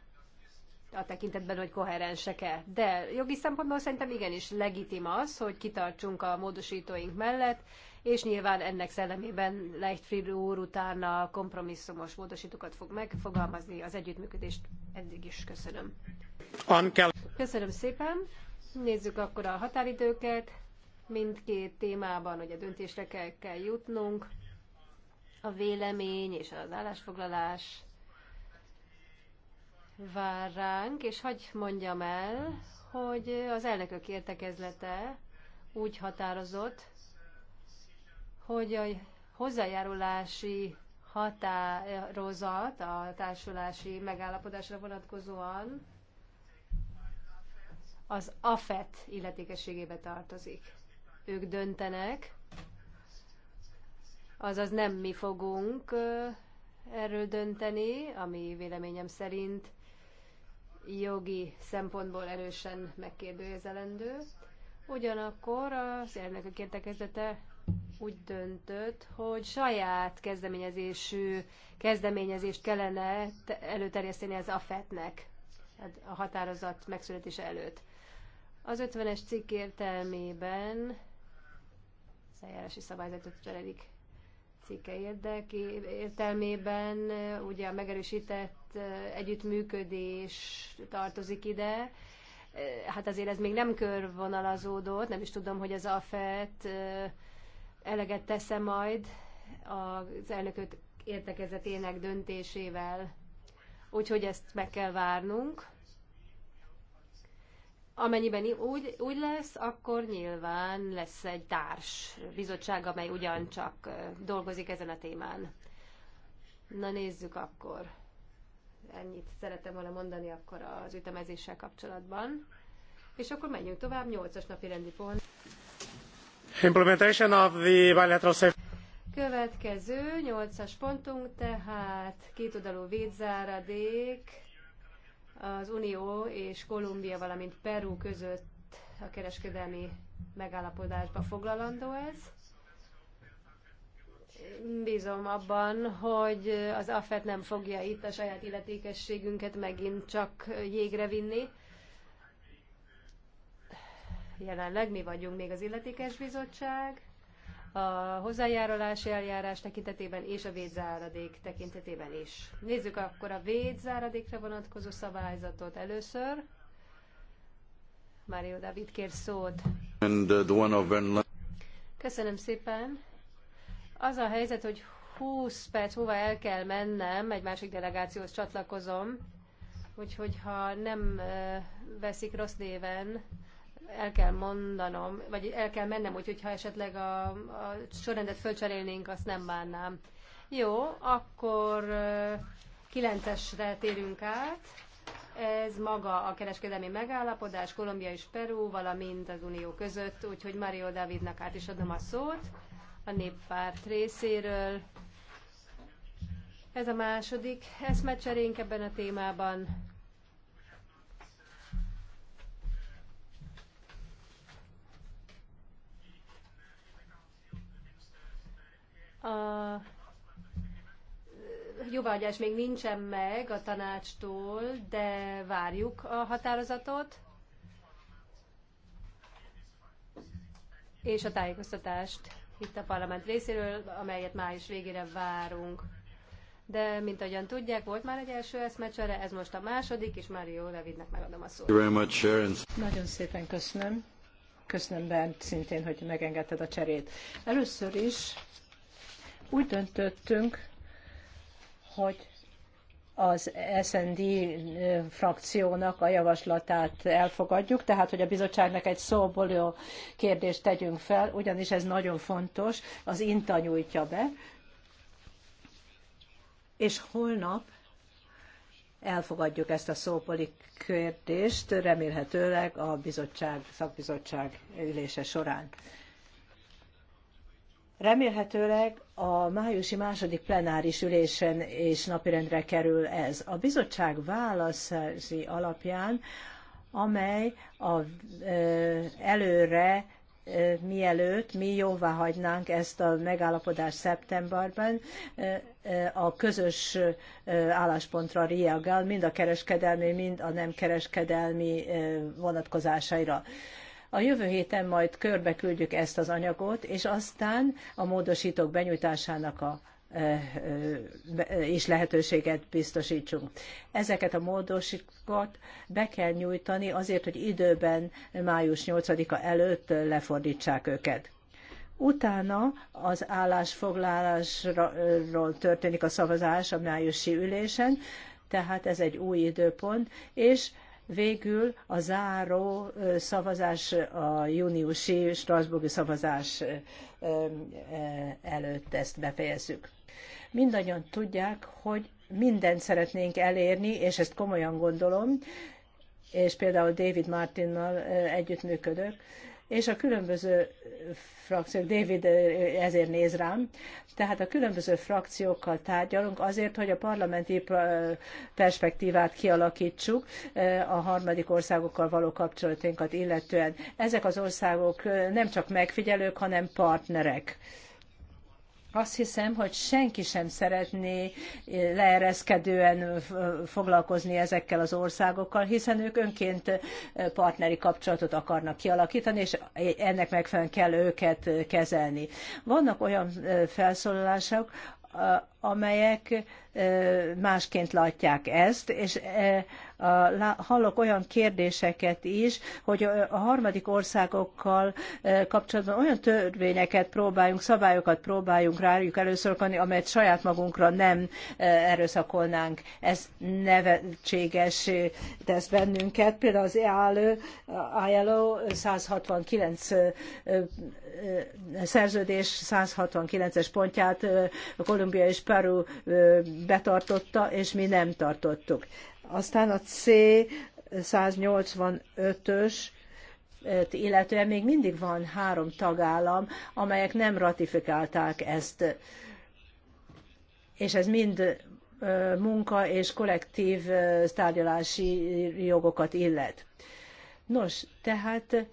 a tekintetben, hogy koherensek-e. De jogi szempontból szerintem igenis legitim az, hogy kitartsunk a módosítóink mellett, és nyilván ennek szellemében Leichtfried úr utána kompromisszumos módosítókat fog megfogalmazni. Az együttműködést eddig is köszönöm. Köszönöm szépen. Nézzük akkor a határidőket. Mindkét témában ugye döntésre kell, kell jutnunk. A vélemény és az állásfoglalás vár ránk, és hagy mondjam el, hogy az elnökök értekezlete úgy határozott, hogy a hozzájárulási határozat a társulási megállapodásra vonatkozóan az AFET illetékességébe tartozik. Ők döntenek, azaz nem mi fogunk erről dönteni, ami véleményem szerint jogi szempontból erősen megkérdőjezelendő. Ugyanakkor az elnökök értekezete úgy döntött, hogy saját kezdeményezésű kezdeményezést kellene előterjeszteni az AFET-nek hát a határozat megszületése előtt. Az 50-es cikk értelmében az eljárási szabályzat 50. cikke érdeké, értelmében ugye a megerősített együttműködés tartozik ide, hát azért ez még nem körvonalazódott, nem is tudom, hogy az AFET eleget tesz majd az elnököt értekezetének döntésével. Úgyhogy ezt meg kell várnunk. Amennyiben úgy, úgy lesz, akkor nyilván lesz egy társ bizottság, amely ugyancsak dolgozik ezen a témán. Na nézzük akkor. Ennyit szerettem volna mondani akkor az ütemezéssel kapcsolatban. És akkor menjünk tovább, 8-as napi rendi pont. Implementation of the bilateral safety. Következő nyolcas pontunk tehát kétoldalú védzáradék az Unió és Kolumbia, valamint Peru között a kereskedelmi megállapodásba foglalandó ez. Bízom abban, hogy az AFET nem fogja itt a saját illetékességünket megint csak jégre vinni, jelenleg mi vagyunk még az illetékes bizottság, a hozzájárulási eljárás tekintetében és a védzáradék tekintetében is. Nézzük akkor a védzáradékra vonatkozó szabályzatot először. Mário David kér szót. Uh, Köszönöm szépen. Az a helyzet, hogy 20 perc múlva el kell mennem, egy másik delegációhoz csatlakozom, úgyhogy ha nem veszik rossz néven, el kell mondanom, vagy el kell mennem, úgyhogy ha esetleg a, a sorrendet fölcserélnénk, azt nem bánnám. Jó, akkor 9-esre térünk át. Ez maga a kereskedelmi megállapodás Kolumbia és Peru, valamint az Unió között, úgyhogy Mario Davidnak át is adom a szót a néppárt részéről. Ez a második eszmecserénk ebben a témában. A jóváhagyás még nincsen meg a tanácstól, de várjuk a határozatot. és a tájékoztatást itt a parlament részéről, amelyet május végére várunk. De, mint ahogyan tudják, volt már egy első eszmecsere, ez most a második, és Mário Levidnek megadom a szót. Nagyon szépen köszönöm. Köszönöm, Bent, szintén, hogy megengedted a cserét. Először is úgy döntöttünk, hogy az SND frakciónak a javaslatát elfogadjuk, tehát hogy a bizottságnak egy szóból kérdést tegyünk fel, ugyanis ez nagyon fontos, az INTA nyújtja be, és holnap elfogadjuk ezt a szópoli kérdést, remélhetőleg a bizottság, szakbizottság ülése során. Remélhetőleg a májusi második plenáris ülésen és napirendre kerül ez. A bizottság válaszi alapján, amely a, előre mielőtt mi jóvá hagynánk ezt a megállapodást szeptemberben, a közös álláspontra reagál, mind a kereskedelmi, mind a nem kereskedelmi vonatkozásaira. A jövő héten majd körbeküldjük ezt az anyagot, és aztán a módosítók benyújtásának a és lehetőséget biztosítsunk. Ezeket a módosítókat be kell nyújtani azért, hogy időben május 8-a előtt lefordítsák őket. Utána az állásfoglalásról történik a szavazás a májusi ülésen, tehát ez egy új időpont, és Végül a záró szavazás a júniusi Strasbourgi szavazás előtt ezt befejezzük. Mindannyian tudják, hogy mindent szeretnénk elérni, és ezt komolyan gondolom, és például David Martinnal együttműködök, és a különböző frakciók, David ezért néz rám, tehát a különböző frakciókkal tárgyalunk azért, hogy a parlamenti perspektívát kialakítsuk eh, a harmadik országokkal való kapcsolatunkat illetően. Ezek az országok eh, nem csak megfigyelők, hanem partnerek azt hiszem, hogy senki sem szeretné eh, leereszkedően eh, foglalkozni ezekkel az országokkal, hiszen ők önként eh, partneri kapcsolatot akarnak kialakítani, és ennek megfelelően kell őket kezelni. Vannak olyan felszólalások, amelyek másként látják ezt, és hallok olyan kérdéseket is, hogy a harmadik országokkal e, kapcsolatban olyan törvényeket próbáljunk, szabályokat próbáljunk rájuk előszorkolni, amelyet saját magunkra nem e, erőszakolnánk. Ez nevetséges e, tesz bennünket. Például az ILO 169 szerződés 169-es pontját Kolumbia és Peru betartotta, és mi nem tartottuk. Aztán a C 185-ös illetően még mindig van három tagállam, amelyek nem ratifikálták ezt. És ez mind munka és kollektív tárgyalási jogokat illet. Nos, tehát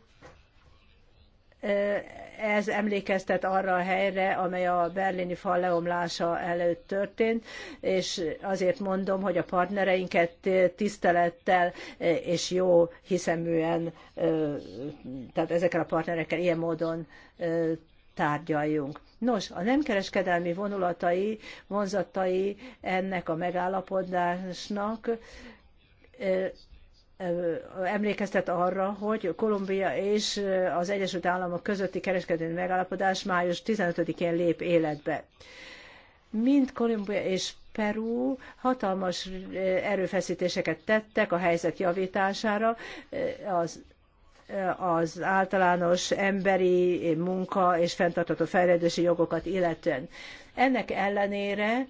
ez emlékeztet arra a helyre, amely a berlini fal leomlása előtt történt, és azért mondom, hogy a partnereinket tisztelettel és jó hiszeműen, tehát ezekkel a partnerekkel ilyen módon tárgyaljunk. Nos, a nem kereskedelmi vonulatai, vonzatai ennek a megállapodásnak emlékeztet arra, hogy Kolumbia és az Egyesült Államok közötti kereskedelmi megállapodás május 15-én lép életbe. Mind Kolumbia és Peru hatalmas erőfeszítéseket tettek a helyzet javítására, az az általános emberi munka és fenntartható fejlődési jogokat illetően. Ennek ellenére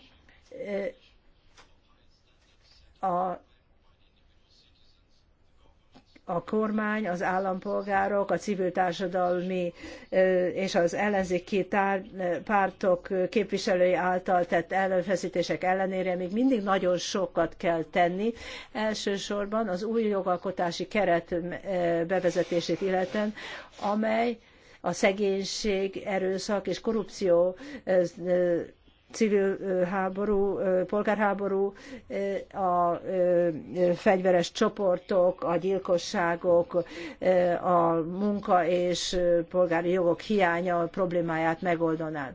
a a kormány, az állampolgárok, a civil társadalmi és az ellenzéki tár, pártok képviselői által tett előfeszítések ellenére még mindig nagyon sokat kell tenni. Elsősorban az új jogalkotási keret bevezetését illetően, amely a szegénység, erőszak és korrupció civil háború, polgárháború, a fegyveres csoportok, a gyilkosságok, a munka és polgári jogok hiánya problémáját megoldaná.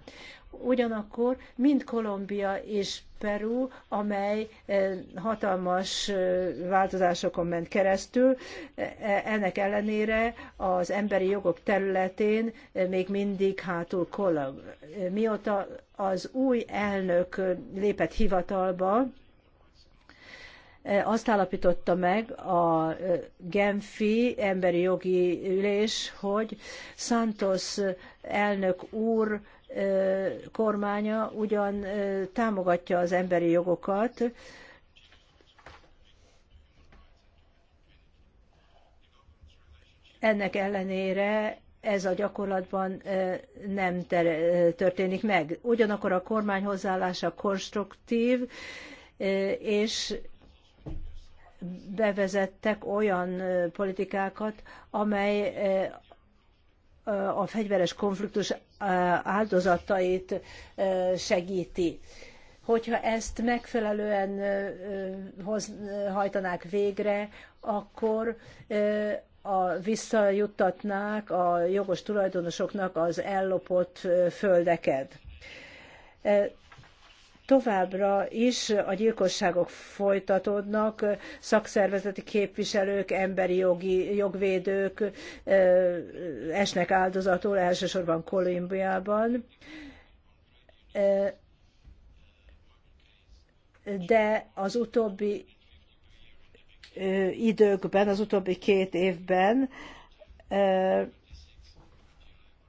Ugyanakkor mind Kolumbia és Peru, amely eh, hatalmas eh, változásokon ment keresztül, eh, ennek ellenére az emberi jogok területén még mindig hátul Kolumb. Mióta az új elnök lépett hivatalba, azt állapította meg a Genfi emberi jogi ülés, hogy Santos elnök úr kormánya ugyan támogatja az emberi jogokat, ennek ellenére ez a gyakorlatban nem történik meg. Ugyanakkor a kormány hozzáállása konstruktív, és bevezettek olyan politikákat, amely a fegyveres konfliktus áldozatait segíti. Hogyha ezt megfelelően hoz, hajtanák végre, akkor a, visszajuttatnák a jogos tulajdonosoknak az ellopott földeket továbbra is a gyilkosságok folytatódnak, szakszervezeti képviselők, emberi jogi, jogvédők esnek áldozatul, elsősorban Kolumbiában. De az utóbbi időkben, az utóbbi két évben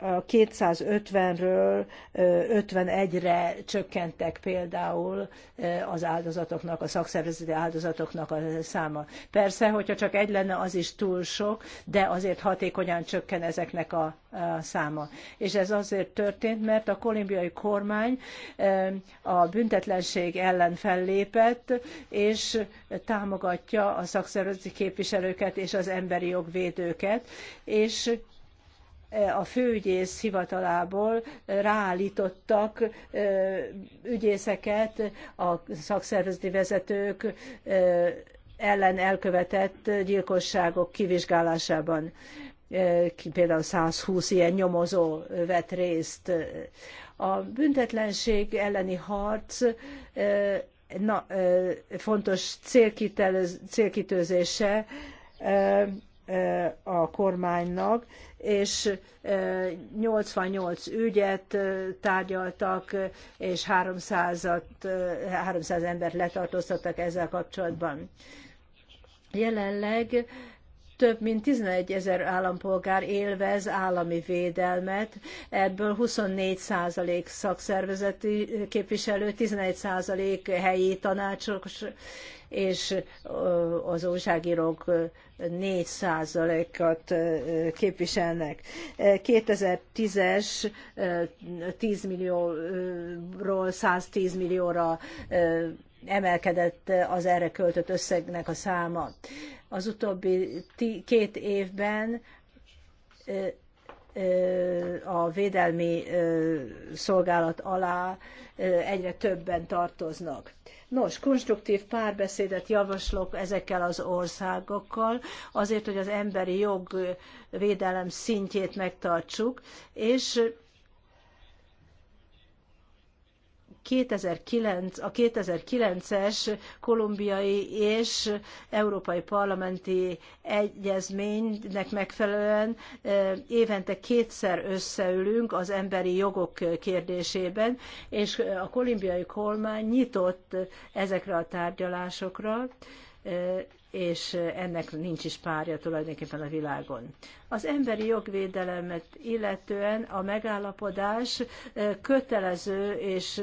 a 250-ről 51-re csökkentek például az áldozatoknak, a szakszervezeti áldozatoknak a száma. Persze, hogyha csak egy lenne, az is túl sok, de azért hatékonyan csökken ezeknek a száma. És ez azért történt, mert a kolumbiai kormány a büntetlenség ellen fellépett, és támogatja a szakszervezeti képviselőket és az emberi jogvédőket, és Eh, a főügyész hivatalából ráállítottak eh, ügyészeket a szakszervezeti vezetők eh, ellen elkövetett gyilkosságok kivizsgálásában. Például 120 ilyen nyomozó vett részt. A büntetlenség elleni harc na, fontos célkitőzése a kormánynak, és 88 ügyet tárgyaltak, és 300, 300 embert letartóztattak ezzel kapcsolatban. Jelenleg több mint 11 ezer állampolgár élvez állami védelmet, ebből 24 százalék szakszervezeti képviselő, 11 százalék helyi tanácsos és az újságírók 4%-at képviselnek. 2010-es 10 millióról 110 millióra emelkedett az erre költött összegnek a száma. Az utóbbi két évben a védelmi szolgálat alá egyre többen tartoznak. Nos, konstruktív párbeszédet javaslok ezekkel az országokkal, azért, hogy az emberi jog védelem szintjét megtartsuk, és 2009, a 2009-es kolumbiai és európai parlamenti egyezménynek megfelelően e, évente kétszer összeülünk az emberi jogok kérdésében, és a kolumbiai kormány nyitott ezekre a tárgyalásokra, e, és ennek nincs is párja tulajdonképpen a világon. Az emberi jogvédelemet illetően a megállapodás kötelező és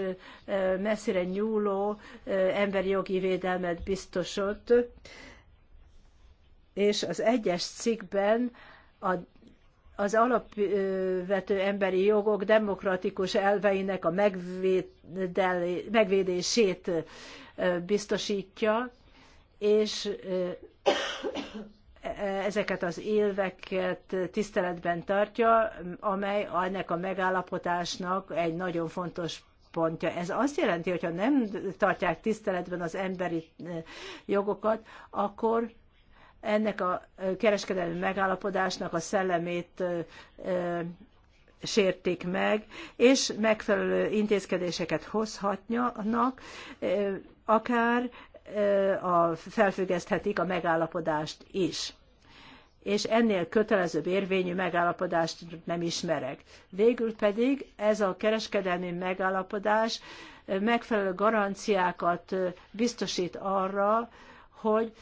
messzire nyúló emberi jogi védelmet biztosott, és az egyes cikkben a az alapvető emberi jogok demokratikus elveinek a megvédelé megvédését biztosítja, és ezeket az élveket tiszteletben tartja, amely ennek a megállapotásnak egy nagyon fontos pontja. Ez azt jelenti, hogyha nem tartják tiszteletben az emberi jogokat, akkor ennek a kereskedelmi megállapodásnak a szellemét sértik meg, és megfelelő intézkedéseket hozhatnak, akár a, felfüggeszthetik a megállapodást is és ennél kötelezőbb érvényű megállapodást nem ismerek. Végül pedig ez a kereskedelmi megállapodás megfelelő garanciákat biztosít arra, hogy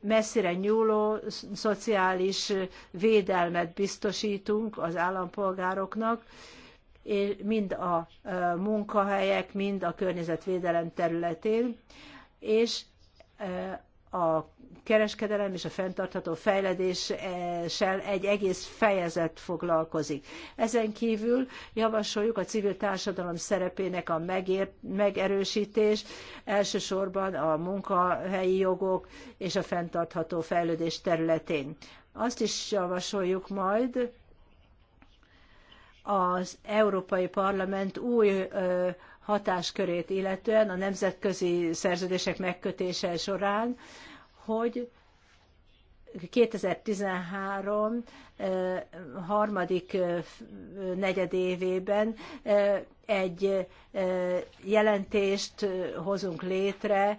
messzire nyúló szociális védelmet biztosítunk az állampolgároknak, mind a munkahelyek, mind a környezetvédelem területén és a kereskedelem és a fenntartható fejledéssel egy egész fejezet foglalkozik. Ezen kívül javasoljuk a civil társadalom szerepének a megér, megerősítés, elsősorban a munkahelyi jogok és a fenntartható fejlődés területén. Azt is javasoljuk majd az Európai Parlament új hatáskörét illetően a nemzetközi szerződések megkötése során, hogy 2013 harmadik negyedévében egy jelentést hozunk létre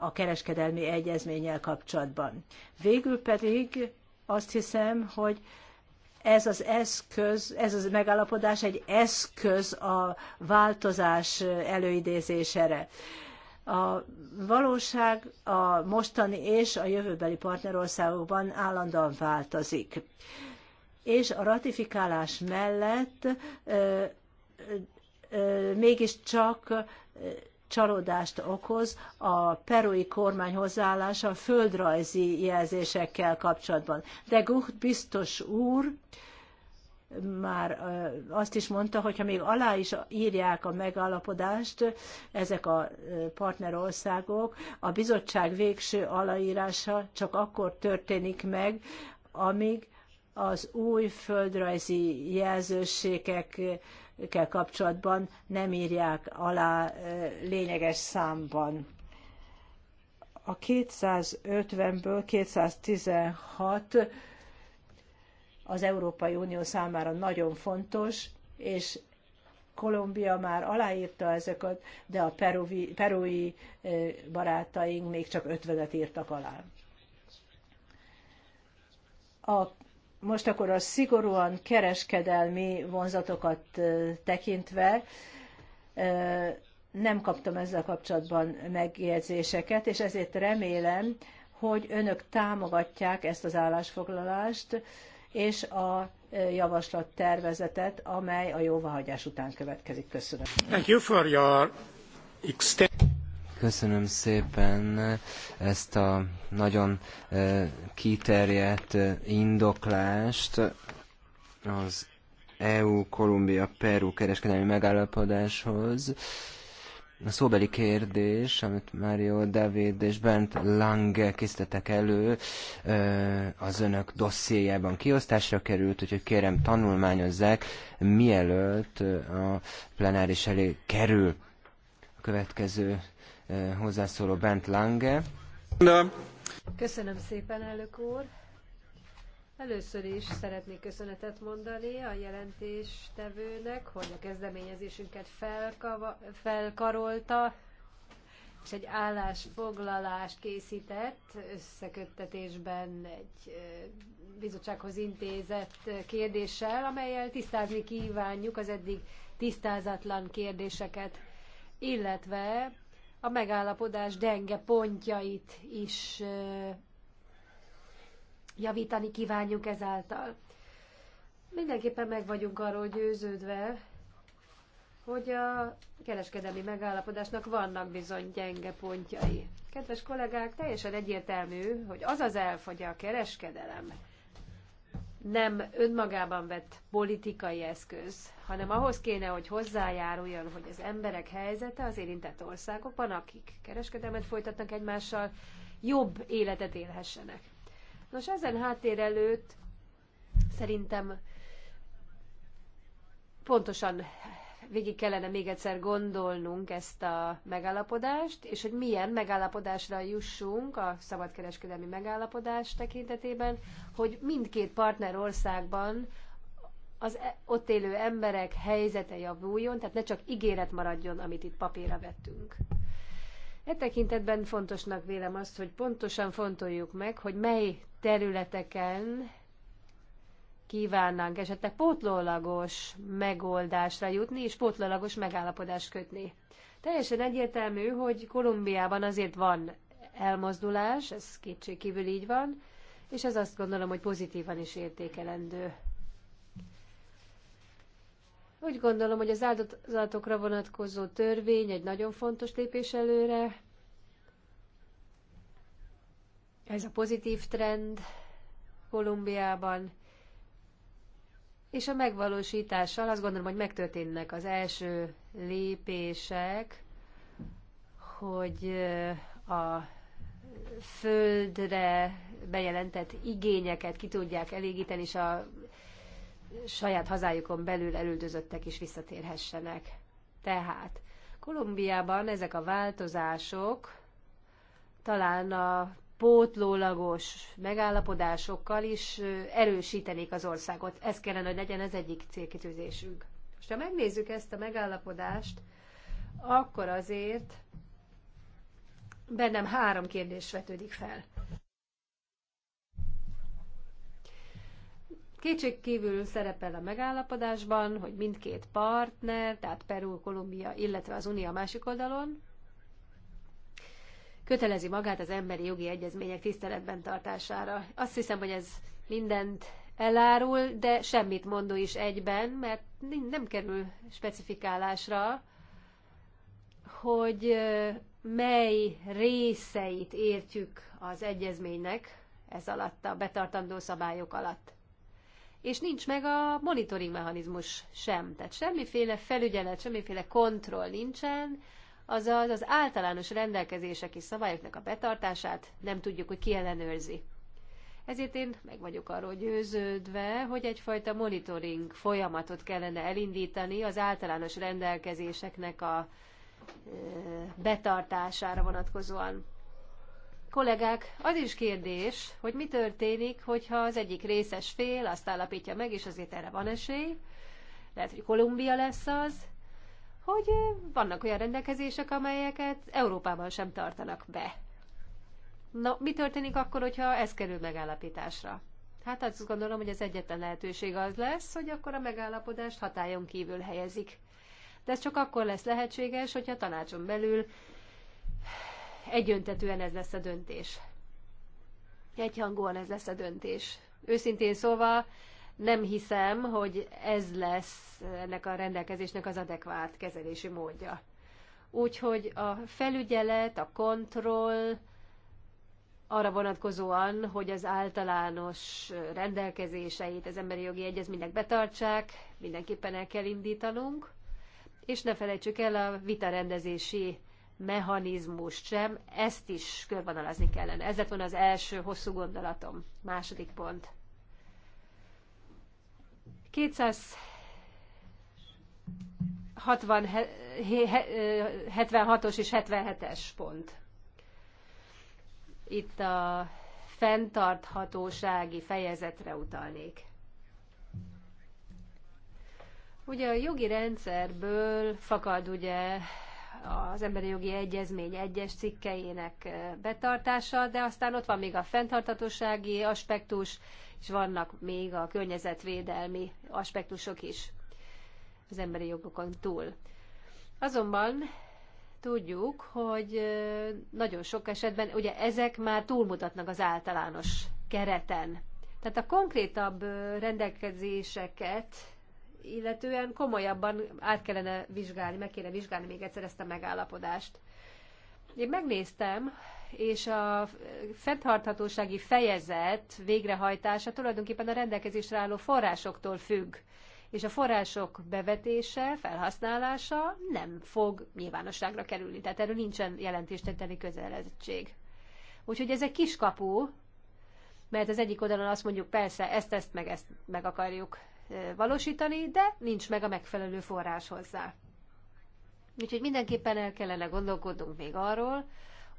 a kereskedelmi egyezménnyel kapcsolatban. Végül pedig azt hiszem, hogy ez az eszköz, ez az megállapodás egy eszköz a változás előidézésére. A valóság a mostani és a jövőbeli partnerországokban állandóan változik. És a ratifikálás mellett mégiscsak csalódást okoz a perui kormány hozzáállása a földrajzi jelzésekkel kapcsolatban. De Gucht biztos úr már azt is mondta, hogy ha még alá is írják a megállapodást ezek a partnerországok, a bizottság végső aláírása csak akkor történik meg, amíg az új földrajzi jelzőségek kell kapcsolatban nem írják alá lényeges számban. A 250-ből 216 az Európai Unió számára nagyon fontos, és Kolumbia már aláírta ezeket, de a peruvi, perui barátaink még csak 50-et írtak alá. A most akkor a szigorúan kereskedelmi vonzatokat tekintve nem kaptam ezzel kapcsolatban megjegyzéseket, és ezért remélem, hogy önök támogatják ezt az állásfoglalást és a javaslat tervezetet, amely a jóváhagyás után következik. Köszönöm. Thank you for your Köszönöm szépen ezt a nagyon eh, kiterjedt eh, indoklást az EU-Kolumbia-Peru kereskedelmi megállapodáshoz. A szóbeli kérdés, amit Mário David és Bent Lange készítettek elő, eh, az önök dossziéjában kiosztásra került, úgyhogy kérem tanulmányozzák, mielőtt a plenáris elé kerül. A következő hozzászóló Bent Lange. Köszönöm szépen, elnök úr! Először is szeretnék köszönetet mondani a jelentéstevőnek, hogy a kezdeményezésünket felkava, felkarolta, és egy állásfoglalást készített összeköttetésben egy bizottsághoz intézett kérdéssel, amelyel tisztázni kívánjuk az eddig tisztázatlan kérdéseket, illetve a megállapodás denge pontjait is javítani kívánjuk ezáltal. Mindenképpen meg vagyunk arról győződve, hogy a kereskedelmi megállapodásnak vannak bizony gyenge pontjai. Kedves kollégák, teljesen egyértelmű, hogy az az elfogy a kereskedelem nem önmagában vett politikai eszköz, hanem ahhoz kéne, hogy hozzájáruljon, hogy az emberek helyzete az érintett országokban, akik kereskedelmet folytatnak egymással, jobb életet élhessenek. Nos, ezen háttér előtt szerintem pontosan végig kellene még egyszer gondolnunk ezt a megállapodást, és hogy milyen megállapodásra jussunk a szabadkereskedelmi megállapodás tekintetében, hogy mindkét partner országban az e- ott élő emberek helyzete javuljon, tehát ne csak ígéret maradjon, amit itt papírra vettünk. E tekintetben fontosnak vélem azt, hogy pontosan fontoljuk meg, hogy mely területeken kívánnánk esetleg pótlólagos megoldásra jutni, és pótlólagos megállapodást kötni. Teljesen egyértelmű, hogy Kolumbiában azért van elmozdulás, ez kétségkívül így van, és ez azt gondolom, hogy pozitívan is értékelendő. Úgy gondolom, hogy az áldozatokra vonatkozó törvény egy nagyon fontos lépés előre. Ez a pozitív trend Kolumbiában, és a megvalósítással azt gondolom, hogy megtörténnek az első lépések, hogy a földre bejelentett igényeket ki tudják elégíteni, és a saját hazájukon belül elüldözöttek is visszatérhessenek. Tehát Kolumbiában ezek a változások talán a pótlólagos megállapodásokkal is erősítenék az országot. Ez kellene, hogy legyen az egyik célkitűzésünk. Most ha megnézzük ezt a megállapodást, akkor azért bennem három kérdés vetődik fel. Kétség kívül szerepel a megállapodásban, hogy mindkét partner, tehát Peru, Kolumbia, illetve az Unió másik oldalon, kötelezi magát az emberi jogi egyezmények tiszteletben tartására. Azt hiszem, hogy ez mindent elárul, de semmit mondó is egyben, mert nem kerül specifikálásra, hogy mely részeit értjük az egyezménynek ez alatt, a betartandó szabályok alatt. És nincs meg a monitoring mechanizmus sem, tehát semmiféle felügyelet, semmiféle kontroll nincsen, azaz az általános rendelkezések és szabályoknak a betartását nem tudjuk, hogy ki ellenőrzi. Ezért én meg vagyok arról győződve, hogy egyfajta monitoring folyamatot kellene elindítani az általános rendelkezéseknek a e, betartására vonatkozóan. Kollégák, az is kérdés, hogy mi történik, hogyha az egyik részes fél azt állapítja meg, és azért erre van esély, lehet, hogy Kolumbia lesz az, hogy vannak olyan rendelkezések, amelyeket Európában sem tartanak be. Na, mi történik akkor, hogyha ez kerül megállapításra? Hát azt gondolom, hogy az egyetlen lehetőség az lesz, hogy akkor a megállapodást hatályon kívül helyezik. De ez csak akkor lesz lehetséges, hogyha tanácson belül egyöntetően ez lesz a döntés. Egyhangúan ez lesz a döntés. Őszintén szóval nem hiszem, hogy ez lesz ennek a rendelkezésnek az adekvát kezelési módja. Úgyhogy a felügyelet, a kontroll arra vonatkozóan, hogy az általános rendelkezéseit az emberi jogi egyezménynek betartsák, mindenképpen el kell indítanunk, és ne felejtsük el a vitarendezési mechanizmust sem, ezt is körvonalazni kellene. Ez lett volna az első hosszú gondolatom. Második pont 276-os és 77-es pont. Itt a fenntarthatósági fejezetre utalnék. Ugye a jogi rendszerből fakad ugye az emberi jogi egyezmény egyes cikkeinek betartása, de aztán ott van még a fenntartatósági aspektus, és vannak még a környezetvédelmi aspektusok is az emberi jogokon túl. Azonban tudjuk, hogy nagyon sok esetben ugye ezek már túlmutatnak az általános kereten. Tehát a konkrétabb rendelkezéseket illetően komolyabban át kellene vizsgálni, meg kéne vizsgálni még egyszer ezt a megállapodást. Én megnéztem és a fenntarthatósági fejezet végrehajtása tulajdonképpen a rendelkezésre álló forrásoktól függ, és a források bevetése, felhasználása nem fog nyilvánosságra kerülni, tehát erről nincsen jelentéstenteni közeledtség. Úgyhogy ez egy kiskapu, mert az egyik oldalon azt mondjuk persze ezt, ezt, meg ezt meg akarjuk valósítani, de nincs meg a megfelelő forrás hozzá. Úgyhogy mindenképpen el kellene gondolkodnunk még arról,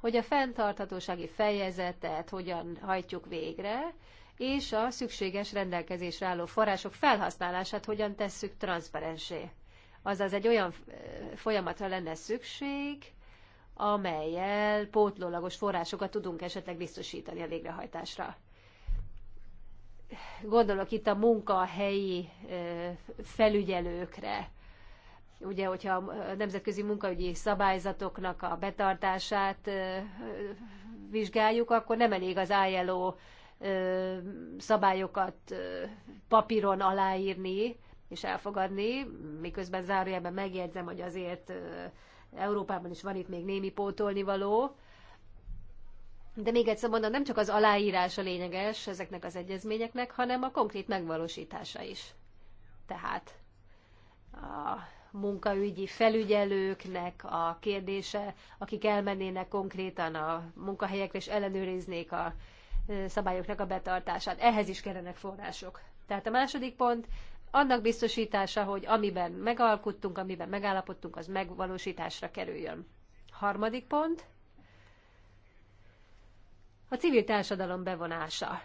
hogy a fenntarthatósági fejezetet hogyan hajtjuk végre, és a szükséges rendelkezésre álló források felhasználását hogyan tesszük transzparensé. Azaz egy olyan folyamatra lenne szükség, amelyel pótlólagos forrásokat tudunk esetleg biztosítani a végrehajtásra. Gondolok itt a munkahelyi felügyelőkre, Ugye, hogyha a nemzetközi munkaügyi szabályzatoknak a betartását vizsgáljuk, akkor nem elég az ILO szabályokat papíron aláírni és elfogadni, miközben zárójelben megjegyzem, hogy azért Európában is van itt még némi pótolnivaló, de még egyszer mondom, nem csak az aláírás a lényeges ezeknek az egyezményeknek, hanem a konkrét megvalósítása is. Tehát a munkaügyi felügyelőknek a kérdése, akik elmennének konkrétan a munkahelyekre és ellenőriznék a szabályoknak a betartását. Ehhez is kellenek források. Tehát a második pont annak biztosítása, hogy amiben megalkottunk, amiben megállapodtunk, az megvalósításra kerüljön. Harmadik pont a civil társadalom bevonása.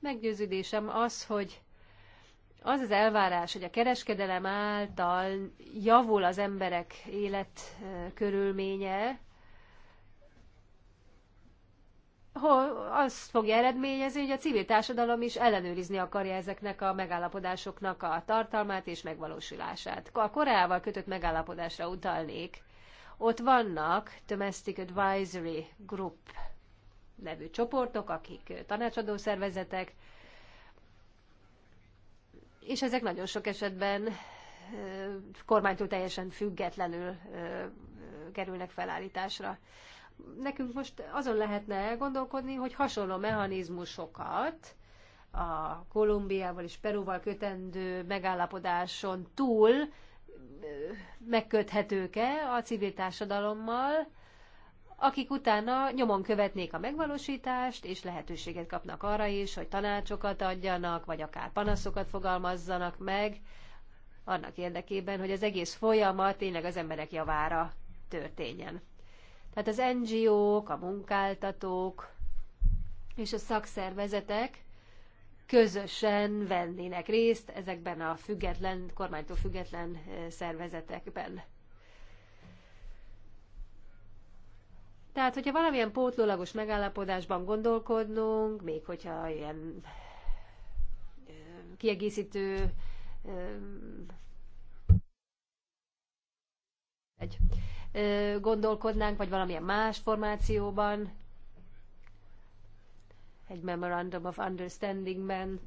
Meggyőződésem az, hogy az az elvárás, hogy a kereskedelem által javul az emberek élet körülménye, azt fogja eredményezni, hogy a civil társadalom is ellenőrizni akarja ezeknek a megállapodásoknak a tartalmát és megvalósulását. A Koreával kötött megállapodásra utalnék. Ott vannak Domestic Advisory Group nevű csoportok, akik tanácsadó szervezetek, és ezek nagyon sok esetben kormánytól teljesen függetlenül kerülnek felállításra. Nekünk most azon lehetne elgondolkodni, hogy hasonló mechanizmusokat a Kolumbiával és Perúval kötendő megállapodáson túl megköthetők-e a civil társadalommal, akik utána nyomon követnék a megvalósítást, és lehetőséget kapnak arra is, hogy tanácsokat adjanak, vagy akár panaszokat fogalmazzanak meg, annak érdekében, hogy az egész folyamat tényleg az emberek javára történjen. Tehát az NGO-k, a munkáltatók és a szakszervezetek közösen vennének részt ezekben a független, kormánytól független eh, szervezetekben. Tehát, hogyha valamilyen pótlólagos megállapodásban gondolkodnunk, még hogyha ilyen kiegészítő egy, gondolkodnánk, vagy valamilyen más formációban, egy Memorandum of Understandingben,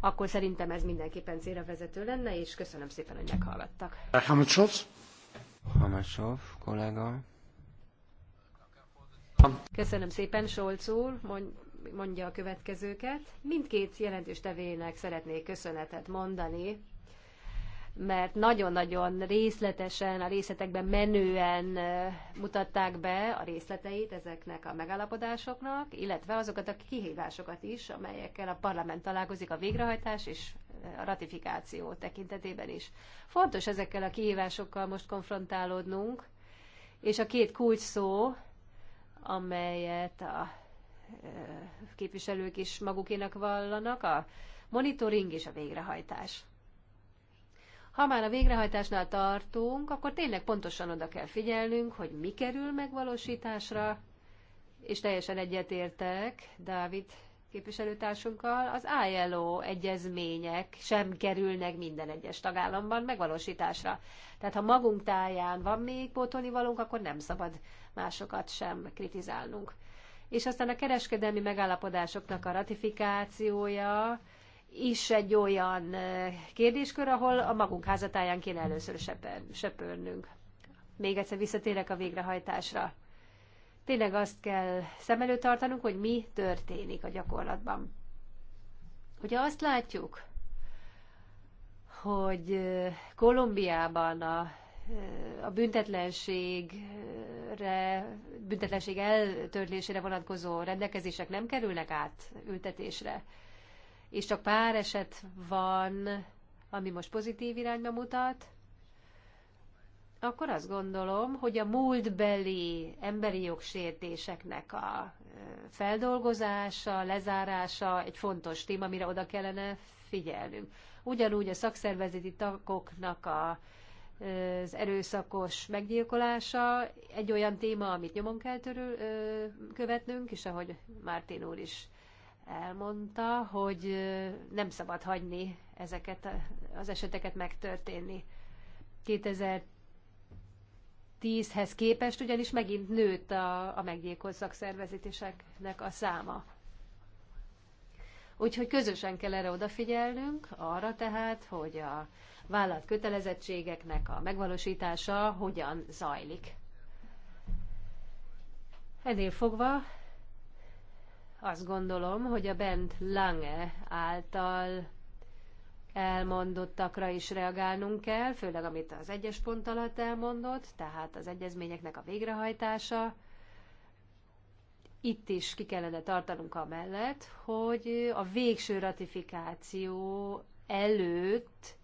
akkor szerintem ez mindenképpen célra vezető lenne, és köszönöm szépen, hogy meghallgattak. Hamasov? kollega. Köszönöm szépen, Solc úr, mondja a következőket. Mindkét jelentős tevének szeretnék köszönetet mondani, mert nagyon-nagyon részletesen, a részletekben menően mutatták be a részleteit ezeknek a megállapodásoknak, illetve azokat a kihívásokat is, amelyekkel a parlament találkozik a végrehajtás és a ratifikáció tekintetében is. Fontos ezekkel a kihívásokkal most konfrontálódnunk, és a két kulcs szó, amelyet a képviselők is magukénak vallanak, a monitoring és a végrehajtás. Ha már a végrehajtásnál tartunk, akkor tényleg pontosan oda kell figyelnünk, hogy mi kerül megvalósításra, és teljesen egyetértek Dávid képviselőtársunkkal, az ILO egyezmények sem kerülnek minden egyes tagállamban megvalósításra. Tehát ha magunk táján van még pótolni akkor nem szabad másokat sem kritizálnunk. És aztán a kereskedelmi megállapodásoknak a ratifikációja is egy olyan eh, kérdéskör, ahol a magunk házatáján kéne először söpörnünk. Még egyszer visszatérek a végrehajtásra. Tényleg azt kell szem előtt tartanunk, hogy mi történik a gyakorlatban. Hogyha azt látjuk, hogy eh, Kolumbiában a a büntetlenségre, büntetlenség eltörlésére vonatkozó rendelkezések nem kerülnek át ültetésre. És csak pár eset van, ami most pozitív irányba mutat, akkor azt gondolom, hogy a múltbeli emberi jogsértéseknek a feldolgozása, lezárása egy fontos téma, amire oda kellene figyelnünk. Ugyanúgy a szakszervezeti tagoknak a az erőszakos meggyilkolása egy olyan téma, amit nyomon kell törül, követnünk, és ahogy Mártin úr is elmondta, hogy nem szabad hagyni ezeket az eseteket megtörténni. 2010-hez képest ugyanis megint nőtt a, a meggyilkolt szakszervezetéseknek a száma. Úgyhogy közösen kell erre odafigyelnünk, arra tehát, hogy a, vállalt kötelezettségeknek a megvalósítása hogyan zajlik. Ennél fogva azt gondolom, hogy a Bent Lange által elmondottakra is reagálnunk kell, főleg amit az egyes pont alatt elmondott, tehát az egyezményeknek a végrehajtása. Itt is ki kellene tartanunk amellett, hogy a végső ratifikáció előtt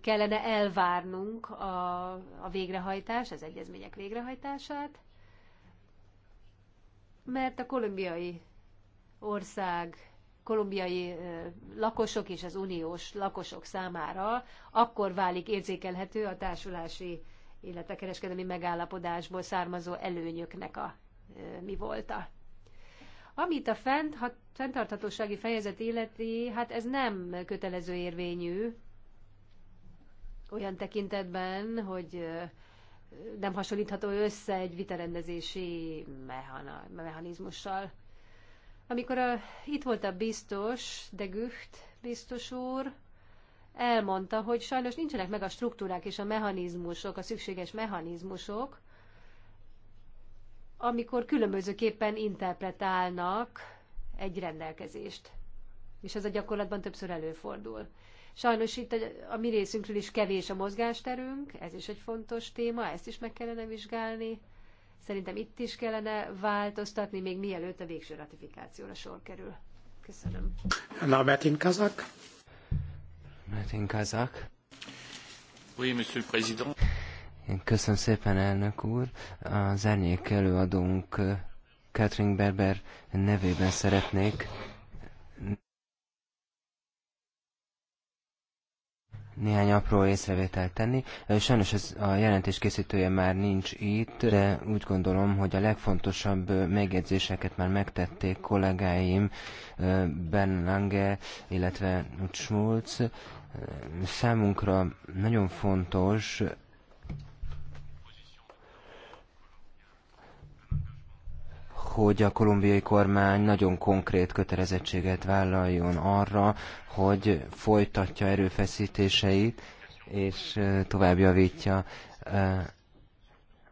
kellene elvárnunk a, a végrehajtás, az egyezmények végrehajtását, mert a kolumbiai ország, kolumbiai lakosok és az uniós lakosok számára akkor válik érzékelhető a társulási, illetve kereskedelmi megállapodásból származó előnyöknek a mi volta. Amit a fent, ha, fenntarthatósági fejezet illeti, hát ez nem kötelező érvényű, olyan tekintetben, hogy nem hasonlítható össze egy vitarendezési mechanizmussal. Amikor a, itt volt a biztos, de Gücht biztos úr, elmondta, hogy sajnos nincsenek meg a struktúrák és a mechanizmusok, a szükséges mechanizmusok, amikor különbözőképpen interpretálnak egy rendelkezést és ez a gyakorlatban többször előfordul. Sajnos itt a, a mi részünkről is kevés a mozgásterünk, ez is egy fontos téma, ezt is meg kellene vizsgálni. Szerintem itt is kellene változtatni, még mielőtt a végső ratifikációra sor kerül. Köszönöm. Na, Metin Kazak. Metin Kazak. Oui, monsieur le président. Én köszönöm szépen, elnök úr. Az árnyék előadónk Catherine Berber nevében szeretnék néhány apró észrevételt tenni. Sajnos ez a jelentés készítője már nincs itt, de úgy gondolom, hogy a legfontosabb megjegyzéseket már megtették kollégáim Ben Lange, illetve Schmulz. Számunkra nagyon fontos hogy a kolumbiai kormány nagyon konkrét kötelezettséget vállaljon arra, hogy folytatja erőfeszítéseit, és tovább javítja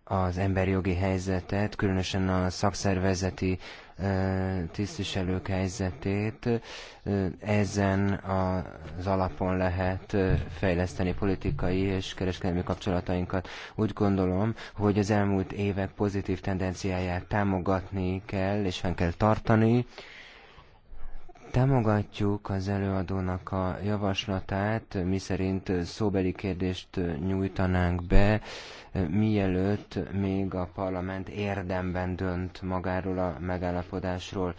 az emberi jogi helyzetet, különösen a szakszervezeti tisztviselők helyzetét. Ezen az alapon lehet fejleszteni politikai és kereskedelmi kapcsolatainkat. Úgy gondolom, hogy az elmúlt évek pozitív tendenciáját támogatni kell, és fenn kell tartani. Támogatjuk az előadónak a javaslatát, miszerint szóbeli kérdést nyújtanánk be, mielőtt még a parlament érdemben dönt magáról a megállapodásról.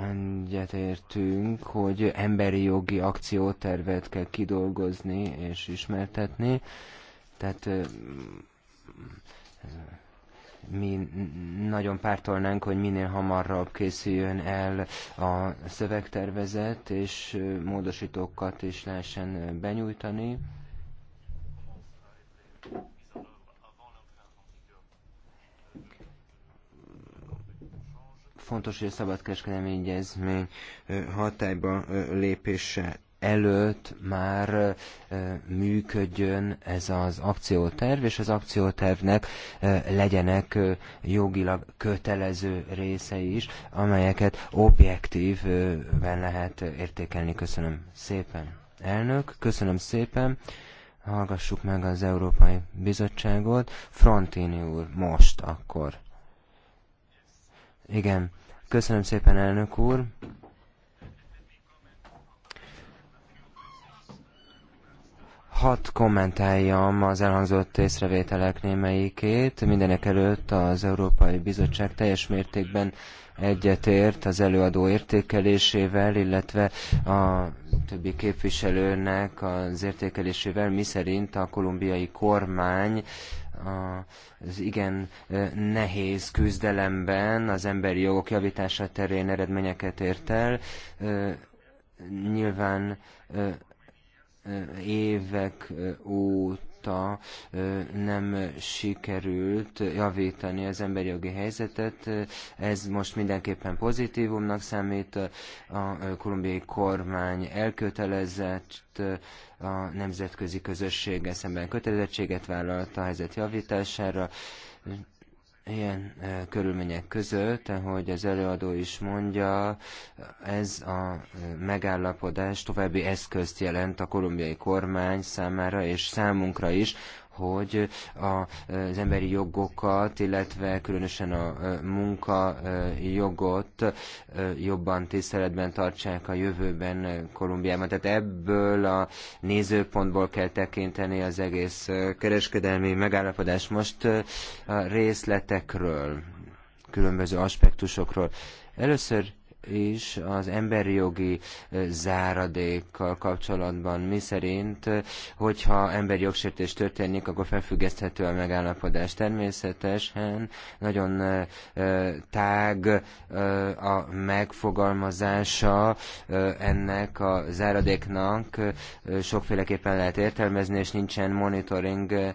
egyetértünk, hogy emberi jogi akciótervet kell kidolgozni és ismertetni. Tehát mi nagyon pártolnánk, hogy minél hamarabb készüljön el a szövegtervezet, és módosítókat is lehessen benyújtani. Fontos, hogy a szabadkereskedelmi egyezmény hatályba lépése előtt már működjön ez az akcióterv, és az akciótervnek legyenek jogilag kötelező részei is, amelyeket objektívben lehet értékelni. Köszönöm szépen, elnök, köszönöm szépen. Hallgassuk meg az Európai Bizottságot. Frontini úr, most akkor. Igen, köszönöm szépen, elnök úr. hat kommentáljam az elhangzott észrevételek némelyikét. Mindenek előtt az Európai Bizottság teljes mértékben egyetért az előadó értékelésével, illetve a többi képviselőnek az értékelésével, miszerint a kolumbiai kormány az igen nehéz küzdelemben az emberi jogok javítása terén eredményeket ért el. Nyilván évek óta nem sikerült javítani az emberi jogi helyzetet. Ez most mindenképpen pozitívumnak számít. A kolumbiai kormány elkötelezett a nemzetközi közösség szemben kötelezettséget vállalt a helyzet javítására ilyen körülmények között, ahogy az előadó is mondja, ez a megállapodás további eszközt jelent a kolumbiai kormány számára és számunkra is hogy az emberi jogokat, illetve különösen a munkajogot jobban tiszteletben tartsák a jövőben Kolumbiában. Tehát ebből a nézőpontból kell tekinteni az egész kereskedelmi megállapodás. Most a részletekről, különböző aspektusokról. Először is az emberi jogi záradékkal kapcsolatban, mi szerint, hogyha emberi jogsértés történik, akkor felfüggeszthető a megállapodás. Természetesen nagyon tág a megfogalmazása ennek a záradéknak, sokféleképpen lehet értelmezni, és nincsen monitoring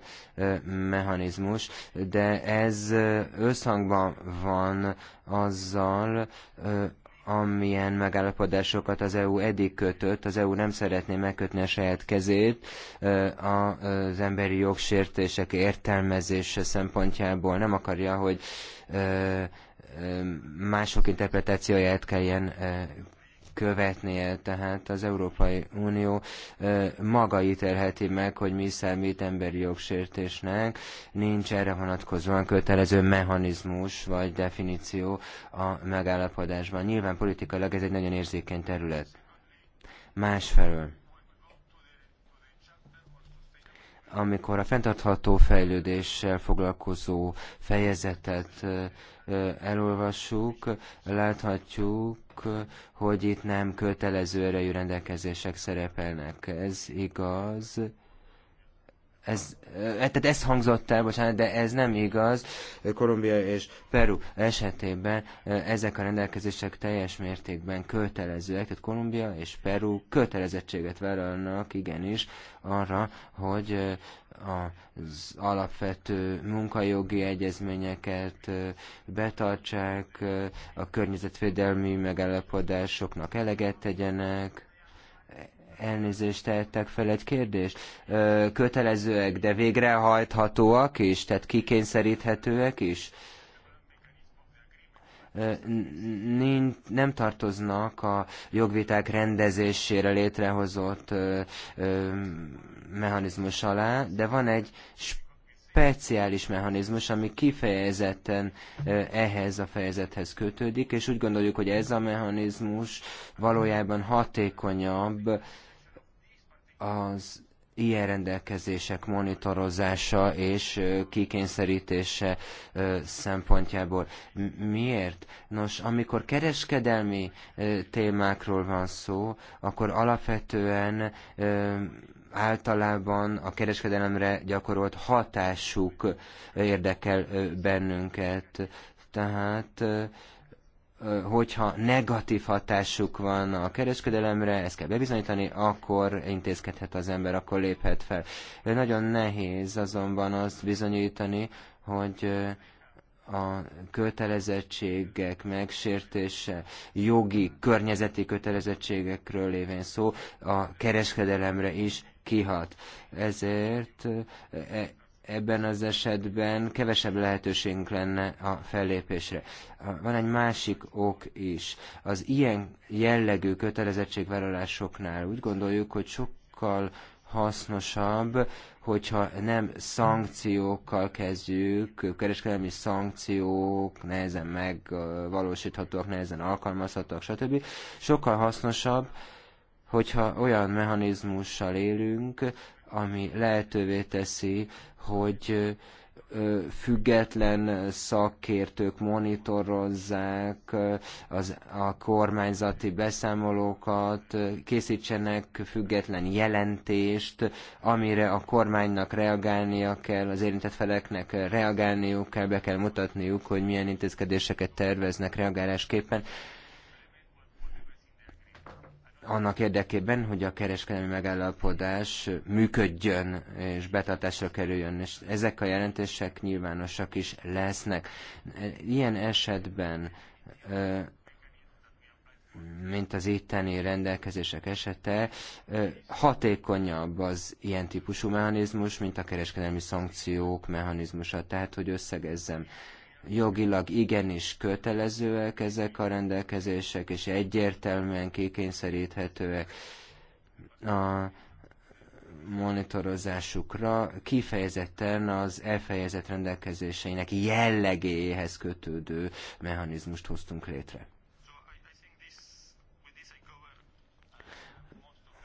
mechanizmus, de ez összhangban van azzal, amilyen megállapodásokat az EU eddig kötött, az EU nem szeretné megkötni a saját kezét az emberi jogsértések értelmezése szempontjából. Nem akarja, hogy mások interpretációját kelljen követnie, tehát az Európai Unió maga ítélheti meg, hogy mi számít emberi jogsértésnek, nincs erre vonatkozóan kötelező mechanizmus vagy definíció a megállapodásban. Nyilván politikailag ez egy nagyon érzékeny terület. Másfelől amikor a fenntartható fejlődéssel foglalkozó fejezetet elolvassuk, láthatjuk, hogy itt nem kötelező erejű rendelkezések szerepelnek. Ez igaz, ez, e, tehát ez hangzott el, bocsánat, de ez nem igaz. Kolumbia és Peru esetében ezek a rendelkezések teljes mértékben kötelezőek, tehát Kolumbia és Peru kötelezettséget vállalnak igenis arra, hogy az alapvető munkajogi egyezményeket betartsák, a környezetvédelmi megállapodásoknak eleget tegyenek, elnézést tehettek fel egy kérdést. Kötelezőek, de végrehajthatóak is, tehát kikényszeríthetőek is? nem tartoznak a jogviták rendezésére létrehozott mechanizmus alá, de van egy speciális mechanizmus, ami kifejezetten ehhez a fejezethez kötődik, és úgy gondoljuk, hogy ez a mechanizmus valójában hatékonyabb az ilyen rendelkezések monitorozása és kikényszerítése szempontjából. Miért? Nos, amikor kereskedelmi témákról van szó, akkor alapvetően általában a kereskedelemre gyakorolt hatásuk érdekel bennünket. Tehát hogyha negatív hatásuk van a kereskedelemre, ezt kell bebizonyítani, akkor intézkedhet az ember, akkor léphet fel. Nagyon nehéz azonban azt bizonyítani, hogy a kötelezettségek megsértése, jogi, környezeti kötelezettségekről lévén szó, a kereskedelemre is kihat. Ezért e, ebben az esetben kevesebb lehetőségünk lenne a fellépésre. Van egy másik ok is. Az ilyen jellegű kötelezettségvállalásoknál úgy gondoljuk, hogy sokkal hasznosabb, hogyha nem szankciókkal kezdjük, kereskedelmi szankciók nehezen megvalósíthatóak, nehezen alkalmazhatóak, stb. Sokkal hasznosabb, hogyha olyan mechanizmussal élünk, ami lehetővé teszi, hogy független szakértők monitorozzák az, a kormányzati beszámolókat, készítsenek független jelentést, amire a kormánynak reagálnia kell, az érintett feleknek reagálniuk kell, be kell mutatniuk, hogy milyen intézkedéseket terveznek reagálásképpen annak érdekében, hogy a kereskedelmi megállapodás működjön és betartásra kerüljön, és ezek a jelentések nyilvánosak is lesznek. Ilyen esetben, mint az itteni rendelkezések esete, hatékonyabb az ilyen típusú mechanizmus, mint a kereskedelmi szankciók mechanizmusa. Tehát, hogy összegezzem, jogilag igenis kötelezőek ezek a rendelkezések, és egyértelműen kikényszeríthetőek a monitorozásukra kifejezetten az elfejezett rendelkezéseinek jellegéhez kötődő mechanizmust hoztunk létre.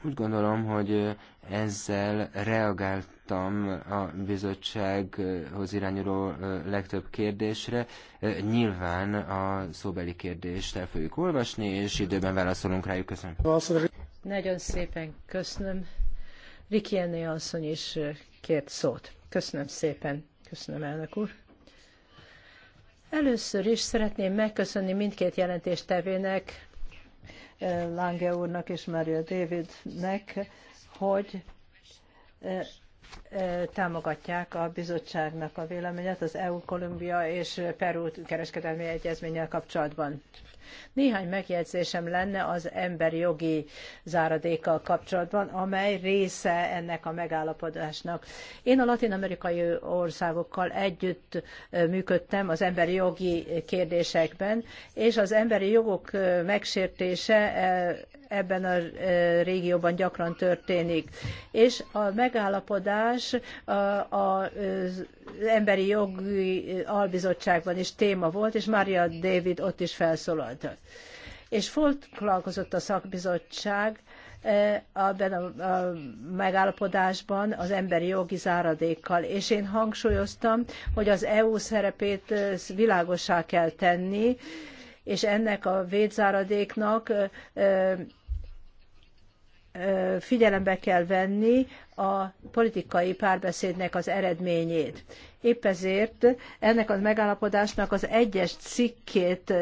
Úgy gondolom, hogy ezzel reagáltam a bizottsághoz irányuló legtöbb kérdésre. Nyilván a szóbeli kérdést el fogjuk olvasni, és időben válaszolunk rájuk. Köszönöm. Nagyon szépen köszönöm. Riki Enné asszony is kért szót. Köszönöm szépen. Köszönöm, elnök úr. Először is szeretném megköszönni mindkét jelentéstevőnek, Lange úrnak és Mario Davidnek, hogy eh, támogatják a bizottságnak a véleményet az EU, Kolumbia és Peru kereskedelmi egyezménnyel kapcsolatban. Néhány megjegyzésem lenne az emberi jogi záradékkal kapcsolatban, amely része ennek a megállapodásnak. Én a latin-amerikai országokkal együtt működtem az emberi jogi kérdésekben, és az emberi jogok megsértése ebben a e, régióban gyakran történik. És a megállapodás az Emberi Jogi Albizottságban is téma volt, és Maria David ott is felszólalt. És foglalkozott a szakbizottság e, abban a megállapodásban az emberi jogi záradékkal. És én hangsúlyoztam, hogy az EU szerepét e, világosá kell tenni, és ennek a védzáradéknak figyelembe kell venni a politikai párbeszédnek az eredményét. Épp ezért ennek a megállapodásnak az egyes cikkét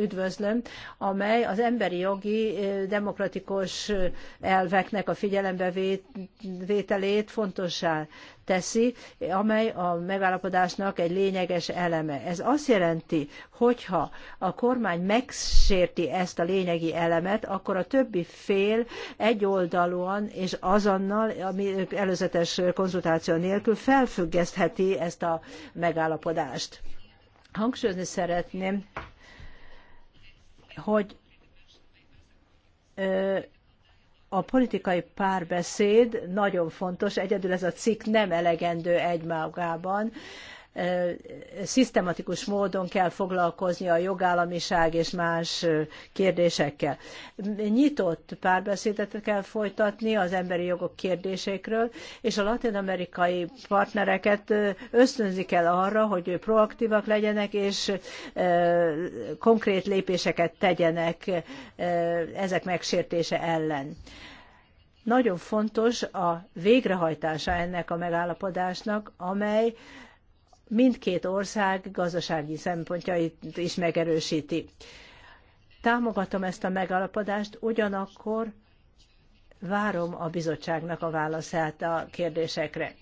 üdvözlöm, amely az emberi jogi demokratikus elveknek a figyelembevételét fontossá teszi, amely a megállapodásnak egy lényeges eleme. Ez azt jelenti, hogyha a kormány megsérti ezt a lényegi elemet, akkor a többi fél egyoldalúan és azonnal, ami előzetes konzultáció nélkül felfüggesztheti ezt a megállapodást. Hangsúlyozni szeretném, hogy a politikai párbeszéd nagyon fontos, egyedül ez a cikk nem elegendő egymagában, szisztematikus módon kell foglalkozni a jogállamiság és más kérdésekkel. Nyitott párbeszédet kell folytatni az emberi jogok kérdésekről, és a latin-amerikai partnereket ösztönzi kell arra, hogy proaktívak legyenek, és konkrét lépéseket tegyenek ezek megsértése ellen nagyon fontos a végrehajtása ennek a megállapodásnak, amely mindkét ország gazdasági szempontjait is megerősíti. Támogatom ezt a megalapodást, ugyanakkor várom a bizottságnak a válaszát a kérdésekre.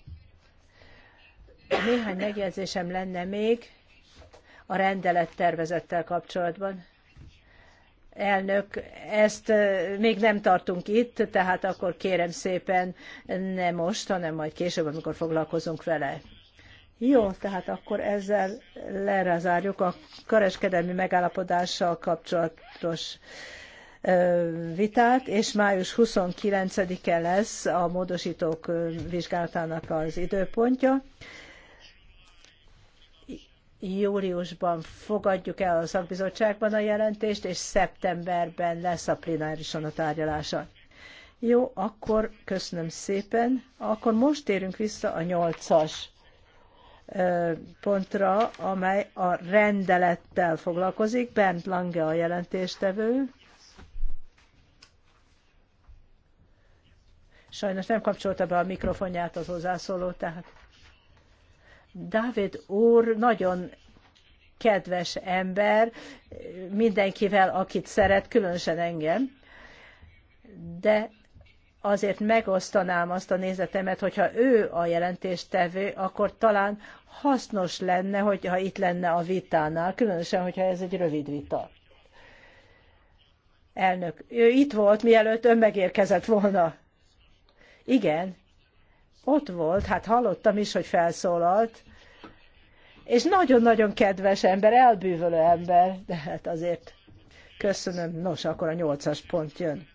Néhány megjegyzésem lenne még a rendelettervezettel kapcsolatban. Elnök, ezt még nem tartunk itt, tehát akkor kérem szépen ne most, hanem majd később, amikor foglalkozunk vele. Jó, tehát akkor ezzel lerezárjuk a kereskedelmi megállapodással kapcsolatos vitát, és május 29-e lesz a módosítók vizsgálatának az időpontja. Júliusban fogadjuk el a szakbizottságban a jelentést, és szeptemberben lesz a plenárison a tárgyalása. Jó, akkor köszönöm szépen. Akkor most térünk vissza a nyolcas pontra, amely a rendelettel foglalkozik. Bent Lange a jelentéstevő. Sajnos nem kapcsolta be a mikrofonját az hozzászóló, tehát Dávid úr nagyon kedves ember, mindenkivel, akit szeret, különösen engem, de azért megosztanám azt a nézetemet, hogyha ő a jelentéstevő, akkor talán hasznos lenne, hogyha itt lenne a vitánál, különösen, hogyha ez egy rövid vita. Elnök, ő itt volt, mielőtt ön megérkezett volna. Igen, ott volt, hát hallottam is, hogy felszólalt, és nagyon-nagyon kedves ember, elbűvölő ember, de hát azért köszönöm. Nos, akkor a nyolcas pont jön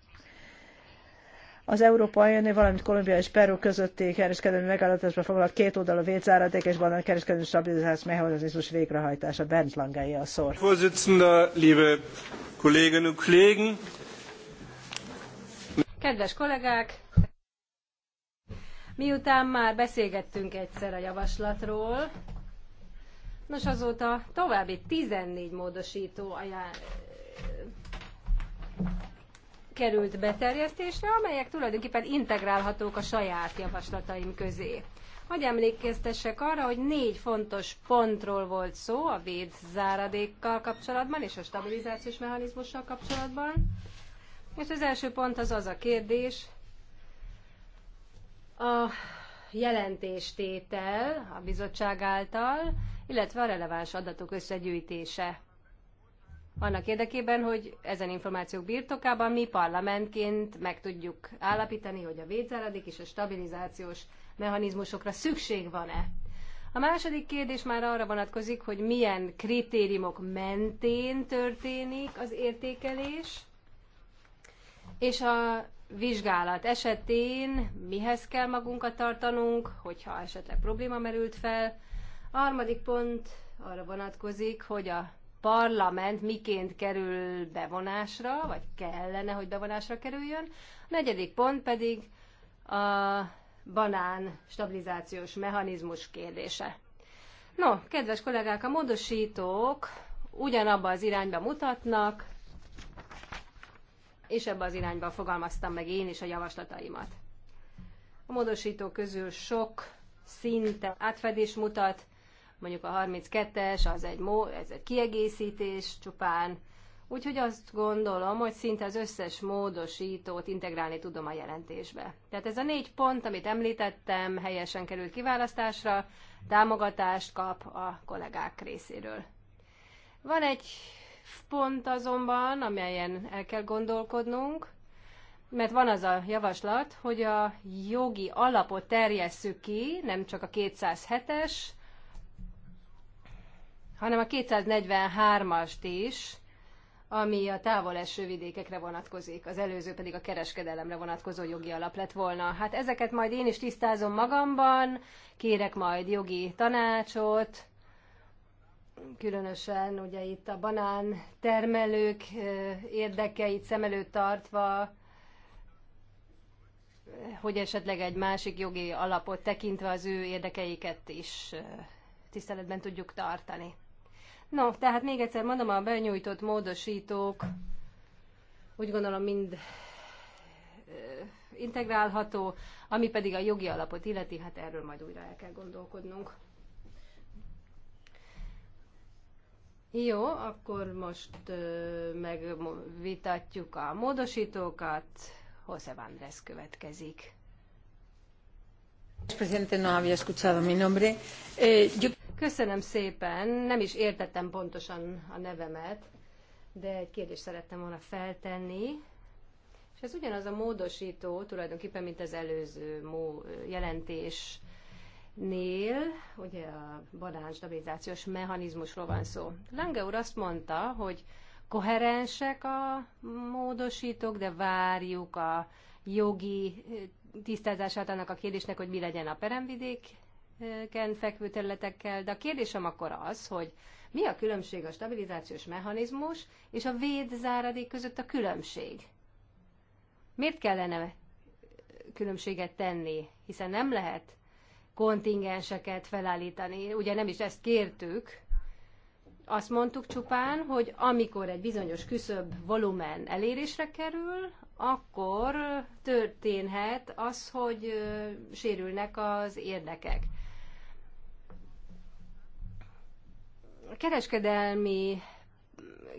az Európa Unió, valamint Kolumbia és Peru közötti kereskedelmi megállapodásban foglalt két oldalú védzáradék és banán kereskedelmi stabilizálás mechanizmus végrehajtása. Bernd Langei a szor. Kedves kollégák! Miután már beszélgettünk egyszer a javaslatról, nos azóta további 14 módosító ajánl került beterjesztésre, amelyek tulajdonképpen integrálhatók a saját javaslataim közé. Hogy emlékeztessek arra, hogy négy fontos pontról volt szó a védzáradékkal kapcsolatban és a stabilizációs mechanizmussal kapcsolatban. És az első pont az az a kérdés, a jelentéstétel a bizottság által, illetve a releváns adatok összegyűjtése annak érdekében, hogy ezen információk birtokában mi parlamentként meg tudjuk állapítani, hogy a védzáradék és a stabilizációs mechanizmusokra szükség van-e. A második kérdés már arra vonatkozik, hogy milyen kritériumok mentén történik az értékelés, és a vizsgálat esetén mihez kell magunkat tartanunk, hogyha esetleg probléma merült fel. A harmadik pont arra vonatkozik, hogy a parlament miként kerül bevonásra, vagy kellene, hogy bevonásra kerüljön. A negyedik pont pedig a banán stabilizációs mechanizmus kérdése. No, kedves kollégák, a módosítók ugyanabba az irányba mutatnak, és ebbe az irányba fogalmaztam meg én is a javaslataimat. A módosítók közül sok szinte átfedés mutat, mondjuk a 32-es, az egy, mó, ez egy kiegészítés csupán, Úgyhogy azt gondolom, hogy szinte az összes módosítót integrálni tudom a jelentésbe. Tehát ez a négy pont, amit említettem, helyesen került kiválasztásra, támogatást kap a kollégák részéről. Van egy pont azonban, amelyen el kell gondolkodnunk, mert van az a javaslat, hogy a jogi alapot terjesszük ki, nem csak a 207-es hanem a 243-ast is, ami a távol eső vidékekre vonatkozik, az előző pedig a kereskedelemre vonatkozó jogi alap lett volna. Hát ezeket majd én is tisztázom magamban, kérek majd jogi tanácsot, különösen ugye itt a banán termelők érdekeit szem előtt tartva, hogy esetleg egy másik jogi alapot tekintve az ő érdekeiket is tiszteletben tudjuk tartani. No, tehát még egyszer mondom, a benyújtott módosítók úgy gondolom mind integrálható, ami pedig a jogi alapot illeti, hát erről majd újra el kell gondolkodnunk. Jó, akkor most megvitatjuk a módosítókat. José Vandes következik. Presidente, no había escuchado mi nombre. Eh, yo... Köszönöm szépen, nem is értettem pontosan a nevemet, de egy kérdést szerettem volna feltenni. És ez ugyanaz a módosító tulajdonképpen, mint az előző mó jelentés nél, ugye a banán stabilizációs mechanizmusról van szó. Lange úr azt mondta, hogy koherensek a módosítók, de várjuk a jogi tisztázását annak a kérdésnek, hogy mi legyen a peremvidék fekvő területekkel, de a kérdésem akkor az, hogy mi a különbség a stabilizációs mechanizmus és a védzáradék között a különbség? Miért kellene különbséget tenni, hiszen nem lehet kontingenseket felállítani. Ugye nem is ezt kértük, azt mondtuk csupán, hogy amikor egy bizonyos küszöbb volumen elérésre kerül, akkor történhet az, hogy sérülnek az érdekek. kereskedelmi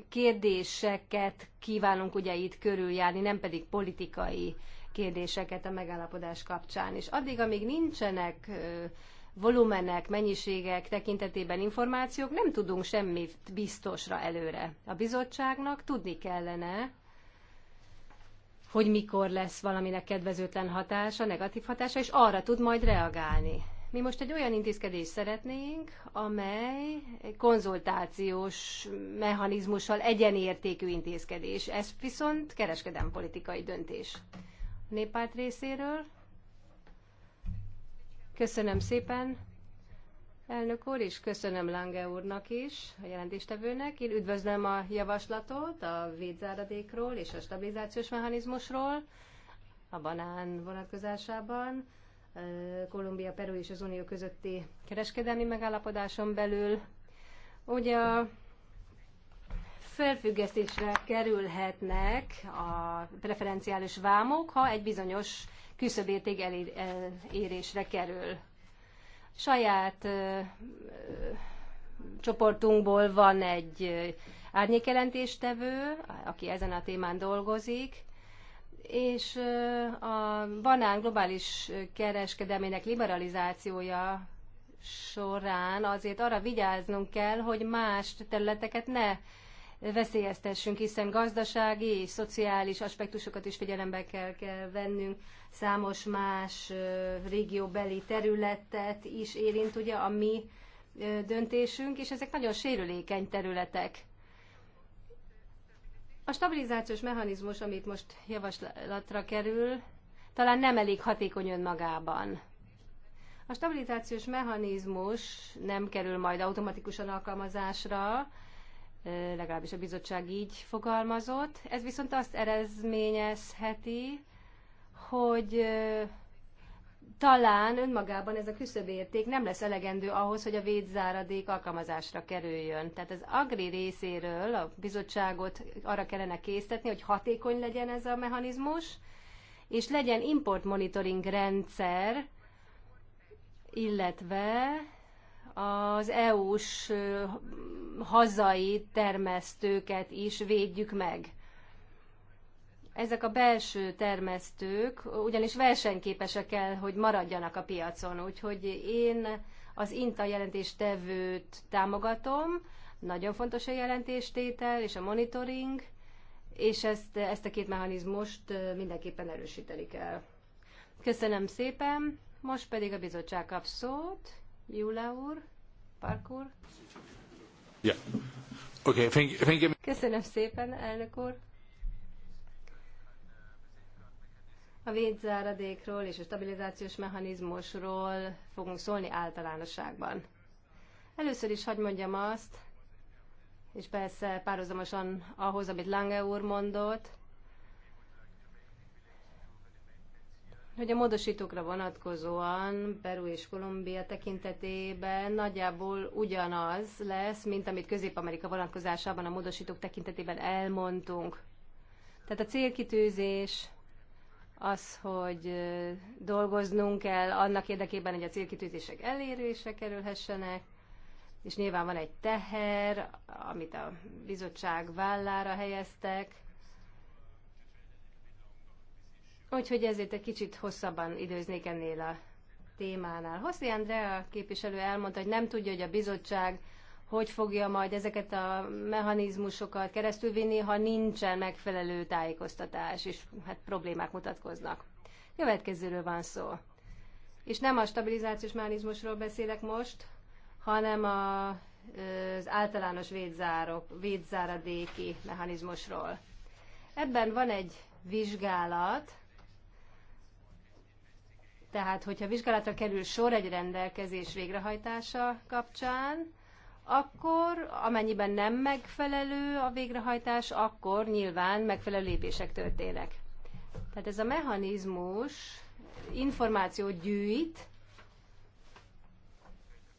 kérdéseket kívánunk ugye itt körüljárni, nem pedig politikai kérdéseket a megállapodás kapcsán. És addig, amíg nincsenek volumenek, mennyiségek tekintetében információk, nem tudunk semmit biztosra előre. A bizottságnak tudni kellene, hogy mikor lesz valaminek kedvezőtlen hatása, negatív hatása, és arra tud majd reagálni. Mi most egy olyan intézkedést szeretnénk, amely konzultációs mechanizmussal egyenértékű intézkedés. Ez viszont politikai döntés. A néppárt részéről. Köszönöm szépen, elnök úr, és köszönöm Lange úrnak is, a jelentéstevőnek. Én üdvözlöm a javaslatot a védzáradékról és a stabilizációs mechanizmusról a banán vonatkozásában Kolumbia, Peru és az Unió közötti kereskedelmi megállapodáson belül. Ugye a felfüggesztésre kerülhetnek a preferenciális vámok, ha egy bizonyos küszöbérték elérésre kerül. Saját ö, ö, csoportunkból van egy árnyékelentéstevő, aki ezen a témán dolgozik, és a banán globális kereskedelmének liberalizációja során azért arra vigyáznunk kell, hogy más területeket ne veszélyeztessünk, hiszen gazdasági és szociális aspektusokat is figyelembe kell, kell vennünk. Számos más régióbeli területet is érint ugye a mi döntésünk, és ezek nagyon sérülékeny területek. A stabilizációs mechanizmus, amit most javaslatra kerül, talán nem elég hatékony önmagában. A stabilizációs mechanizmus nem kerül majd automatikusan alkalmazásra, legalábbis a bizottság így fogalmazott. Ez viszont azt eredményezheti, hogy talán önmagában ez a küszöbérték nem lesz elegendő ahhoz, hogy a védzáradék alkalmazásra kerüljön. Tehát az agri részéről a bizottságot arra kellene késztetni, hogy hatékony legyen ez a mechanizmus, és legyen import monitoring rendszer, illetve az EU-s hazai termesztőket is védjük meg ezek a belső termesztők ugyanis versenyképesek kell, hogy maradjanak a piacon. Úgyhogy én az INTA jelentéstevőt támogatom, nagyon fontos a jelentéstétel és a monitoring, és ezt, ezt a két mechanizmust mindenképpen erősíteni kell. Köszönöm szépen, most pedig a bizottság kap szót. Júla úr, Park úr. Yeah. Okay, thank you, thank you. Köszönöm szépen, elnök úr. A védzáradékról és a stabilizációs mechanizmusról fogunk szólni általánosságban. Először is hagyd mondjam azt, és persze párhuzamosan ahhoz, amit Lange úr mondott, hogy a módosítókra vonatkozóan Peru és Kolumbia tekintetében nagyjából ugyanaz lesz, mint amit Közép-Amerika vonatkozásában a módosítók tekintetében elmondtunk. Tehát a célkitűzés az, hogy dolgoznunk kell annak érdekében, hogy a célkitűzések elérésre kerülhessenek, és nyilván van egy teher, amit a bizottság vállára helyeztek, Úgyhogy ezért egy kicsit hosszabban időznék ennél a témánál. Hosszi Andrea képviselő elmondta, hogy nem tudja, hogy a bizottság hogy fogja majd ezeket a mechanizmusokat keresztülvinni, ha nincsen megfelelő tájékoztatás, és hát problémák mutatkoznak. Következőről van szó. És nem a stabilizációs mechanizmusról beszélek most, hanem a, az általános védzárok, védzáradéki mechanizmusról. Ebben van egy vizsgálat, tehát, hogyha vizsgálatra kerül sor egy rendelkezés végrehajtása kapcsán, akkor amennyiben nem megfelelő a végrehajtás, akkor nyilván megfelelő lépések történnek. Tehát ez a mechanizmus információt gyűjt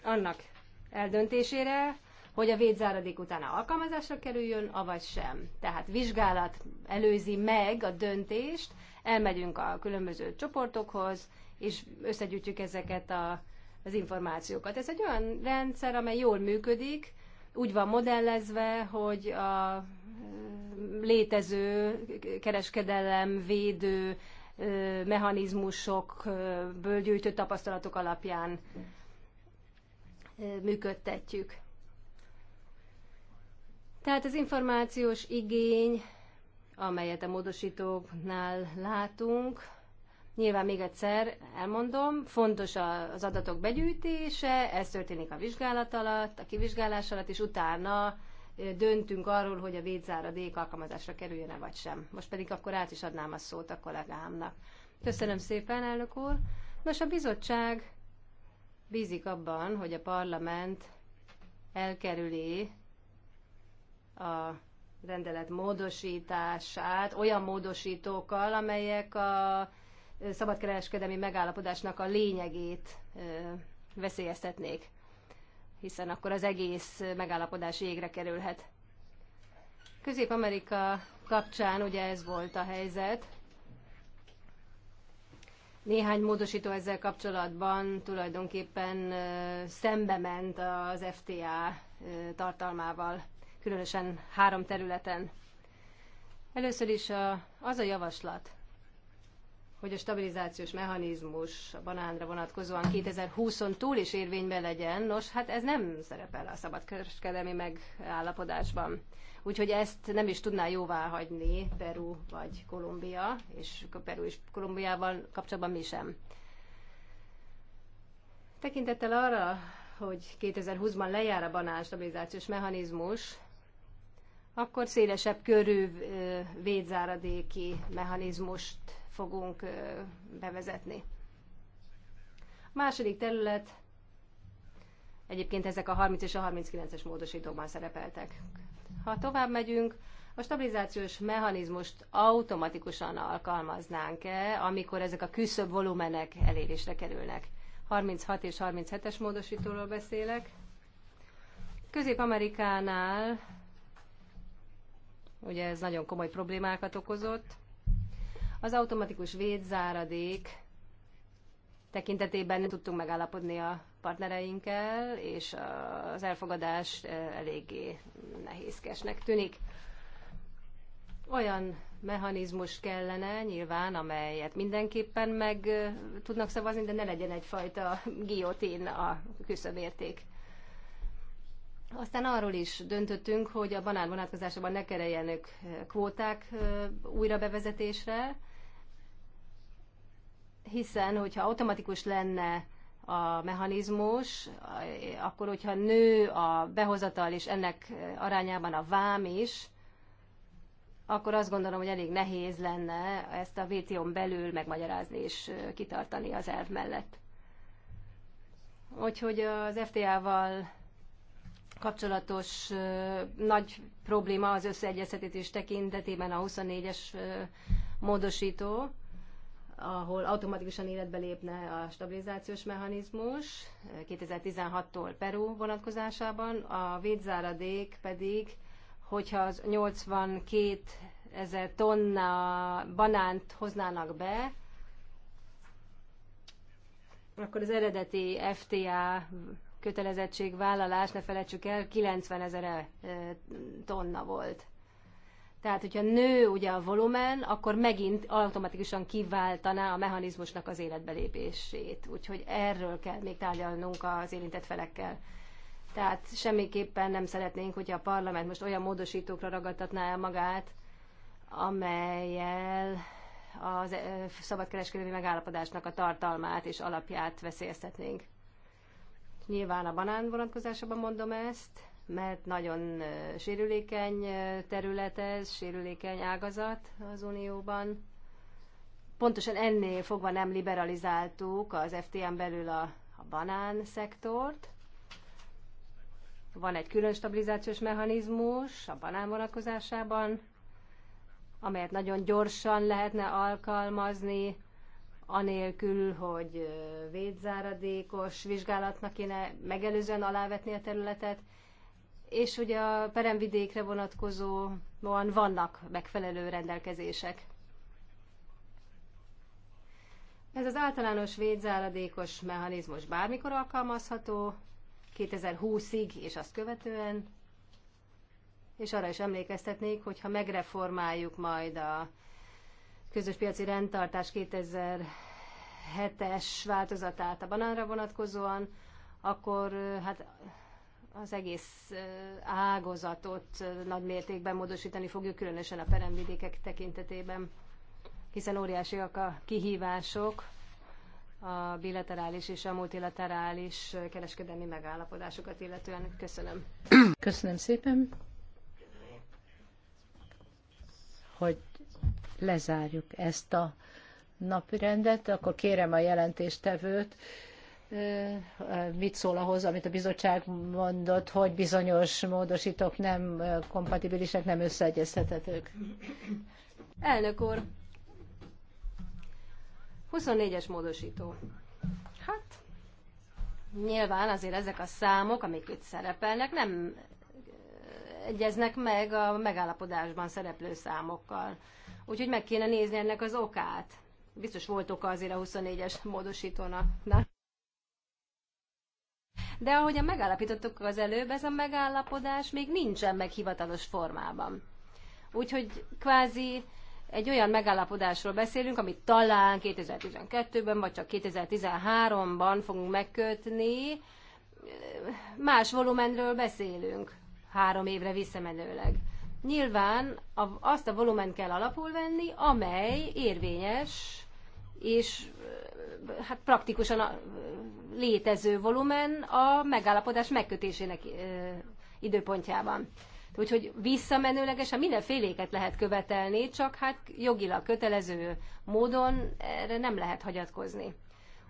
annak eldöntésére, hogy a védzáradék utána alkalmazásra kerüljön, avagy sem. Tehát vizsgálat előzi meg a döntést, elmegyünk a különböző csoportokhoz, és összegyűjtjük ezeket a az információkat. Ez egy olyan rendszer, amely jól működik, úgy van modellezve, hogy a létező kereskedelem védő mechanizmusokből gyűjtött tapasztalatok alapján működtetjük. Tehát az információs igény, amelyet a módosítóknál látunk, Nyilván még egyszer elmondom, fontos az adatok begyűjtése, ez történik a vizsgálat alatt, a kivizsgálás alatt, és utána döntünk arról, hogy a védzáradék alkalmazásra kerüljön-e vagy sem. Most pedig akkor át is adnám a szót a kollégámnak. Köszönöm szépen, elnök úr. Nos, a bizottság bízik abban, hogy a parlament elkerüli a rendelet módosítását olyan módosítókkal, amelyek a szabadkereskedelmi megállapodásnak a lényegét veszélyeztetnék, hiszen akkor az egész megállapodás égre kerülhet. Közép-Amerika kapcsán ugye ez volt a helyzet. Néhány módosító ezzel kapcsolatban tulajdonképpen szembe ment az FTA tartalmával, különösen három területen. Először is az a javaslat, hogy a stabilizációs mechanizmus a banánra vonatkozóan 2020-on túl is érvényben legyen. Nos, hát ez nem szerepel a szabadkereskedelmi megállapodásban. Úgyhogy ezt nem is tudná jóvá hagyni Peru vagy Kolumbia, és Peru és Kolumbiával kapcsolatban mi sem. Tekintettel arra, hogy 2020-ban lejár a banán stabilizációs mechanizmus, akkor szélesebb körű védzáradéki mechanizmust fogunk bevezetni. A második terület, egyébként ezek a 30 és a 39-es módosítókban szerepeltek. Ha tovább megyünk, a stabilizációs mechanizmust automatikusan alkalmaznánk-e, amikor ezek a küszöbb volumenek elérésre kerülnek. 36 és 37-es módosítóról beszélek. Közép-Amerikánál ugye ez nagyon komoly problémákat okozott, az automatikus védzáradék tekintetében tudtunk megállapodni a partnereinkkel, és az elfogadás eh, eléggé nehézkesnek tűnik. Olyan mechanizmus kellene nyilván, amelyet mindenképpen meg eh, tudnak szavazni, de ne legyen egyfajta guillotine a küszöbérték. Aztán arról is döntöttünk, hogy a banán vonatkozásában ne kereljenek kvóták eh, újra bevezetésre, hiszen hogyha automatikus lenne a mechanizmus, akkor hogyha nő a behozatal és ennek arányában a vám is, akkor azt gondolom, hogy elég nehéz lenne ezt a vto n belül megmagyarázni és kitartani az elv mellett. Úgyhogy az FTA-val kapcsolatos nagy probléma az összeegyeztetés tekintetében a 24-es módosító, ahol automatikusan életbe lépne a stabilizációs mechanizmus 2016-tól Peru vonatkozásában, a védzáradék pedig, hogyha az 82 ezer tonna banánt hoznának be, akkor az eredeti FTA kötelezettségvállalás, ne felejtsük el, 90 ezer eh, tonna volt. Tehát, hogyha nő ugye a volumen, akkor megint automatikusan kiváltaná a mechanizmusnak az életbelépését. Úgyhogy erről kell még tárgyalnunk az érintett felekkel. Tehát semmiképpen nem szeretnénk, hogyha a parlament most olyan módosítókra ragadtatná el magát, amelyel a szabadkereskedelmi megállapodásnak a tartalmát és alapját veszélyeztetnénk. Nyilván a banán vonatkozásában mondom ezt, mert nagyon sérülékeny terület ez, sérülékeny ágazat az Unióban. Pontosan ennél fogva nem liberalizáltuk az FTM belül a, a banán szektort. Van egy külön stabilizációs mechanizmus a banán vonatkozásában, amelyet nagyon gyorsan lehetne alkalmazni, anélkül, hogy védzáradékos vizsgálatnak kéne megelőzően alávetni a területet, és ugye a peremvidékre vonatkozóan vannak megfelelő rendelkezések. Ez az általános védzáradékos mechanizmus bármikor alkalmazható, 2020-ig és azt követően, és arra is emlékeztetnék, hogy ha megreformáljuk majd a közös piaci rendtartás 2007-es változatát a banánra vonatkozóan, akkor hát az egész ágazatot nagy mértékben módosítani fogjuk, különösen a peremvidékek tekintetében, hiszen óriásiak a kihívások, a bilaterális és a multilaterális kereskedelmi megállapodásokat illetően. Köszönöm. Köszönöm szépen, hogy lezárjuk ezt a napirendet, akkor kérem a jelentéstevőt, mit szól ahhoz, amit a bizottság mondott, hogy bizonyos módosítók nem kompatibilisek, nem összeegyeztethetők? Elnök úr, 24-es módosító. Hát, nyilván azért ezek a számok, amik itt szerepelnek, nem egyeznek meg a megállapodásban szereplő számokkal. Úgyhogy meg kéne nézni ennek az okát. Biztos volt oka azért a 24-es módosítónak. Na de ahogyan megállapítottuk az előbb, ez a megállapodás még nincsen meg hivatalos formában. Úgyhogy kvázi egy olyan megállapodásról beszélünk, amit talán 2012-ben, vagy csak 2013-ban fogunk megkötni. Más volumenről beszélünk, három évre visszamenőleg. Nyilván azt a volument kell alapul venni, amely érvényes és hát praktikusan a létező volumen a megállapodás megkötésének időpontjában. Úgyhogy visszamenőlegesen mindenféléket lehet követelni, csak hát jogilag kötelező módon erre nem lehet hagyatkozni.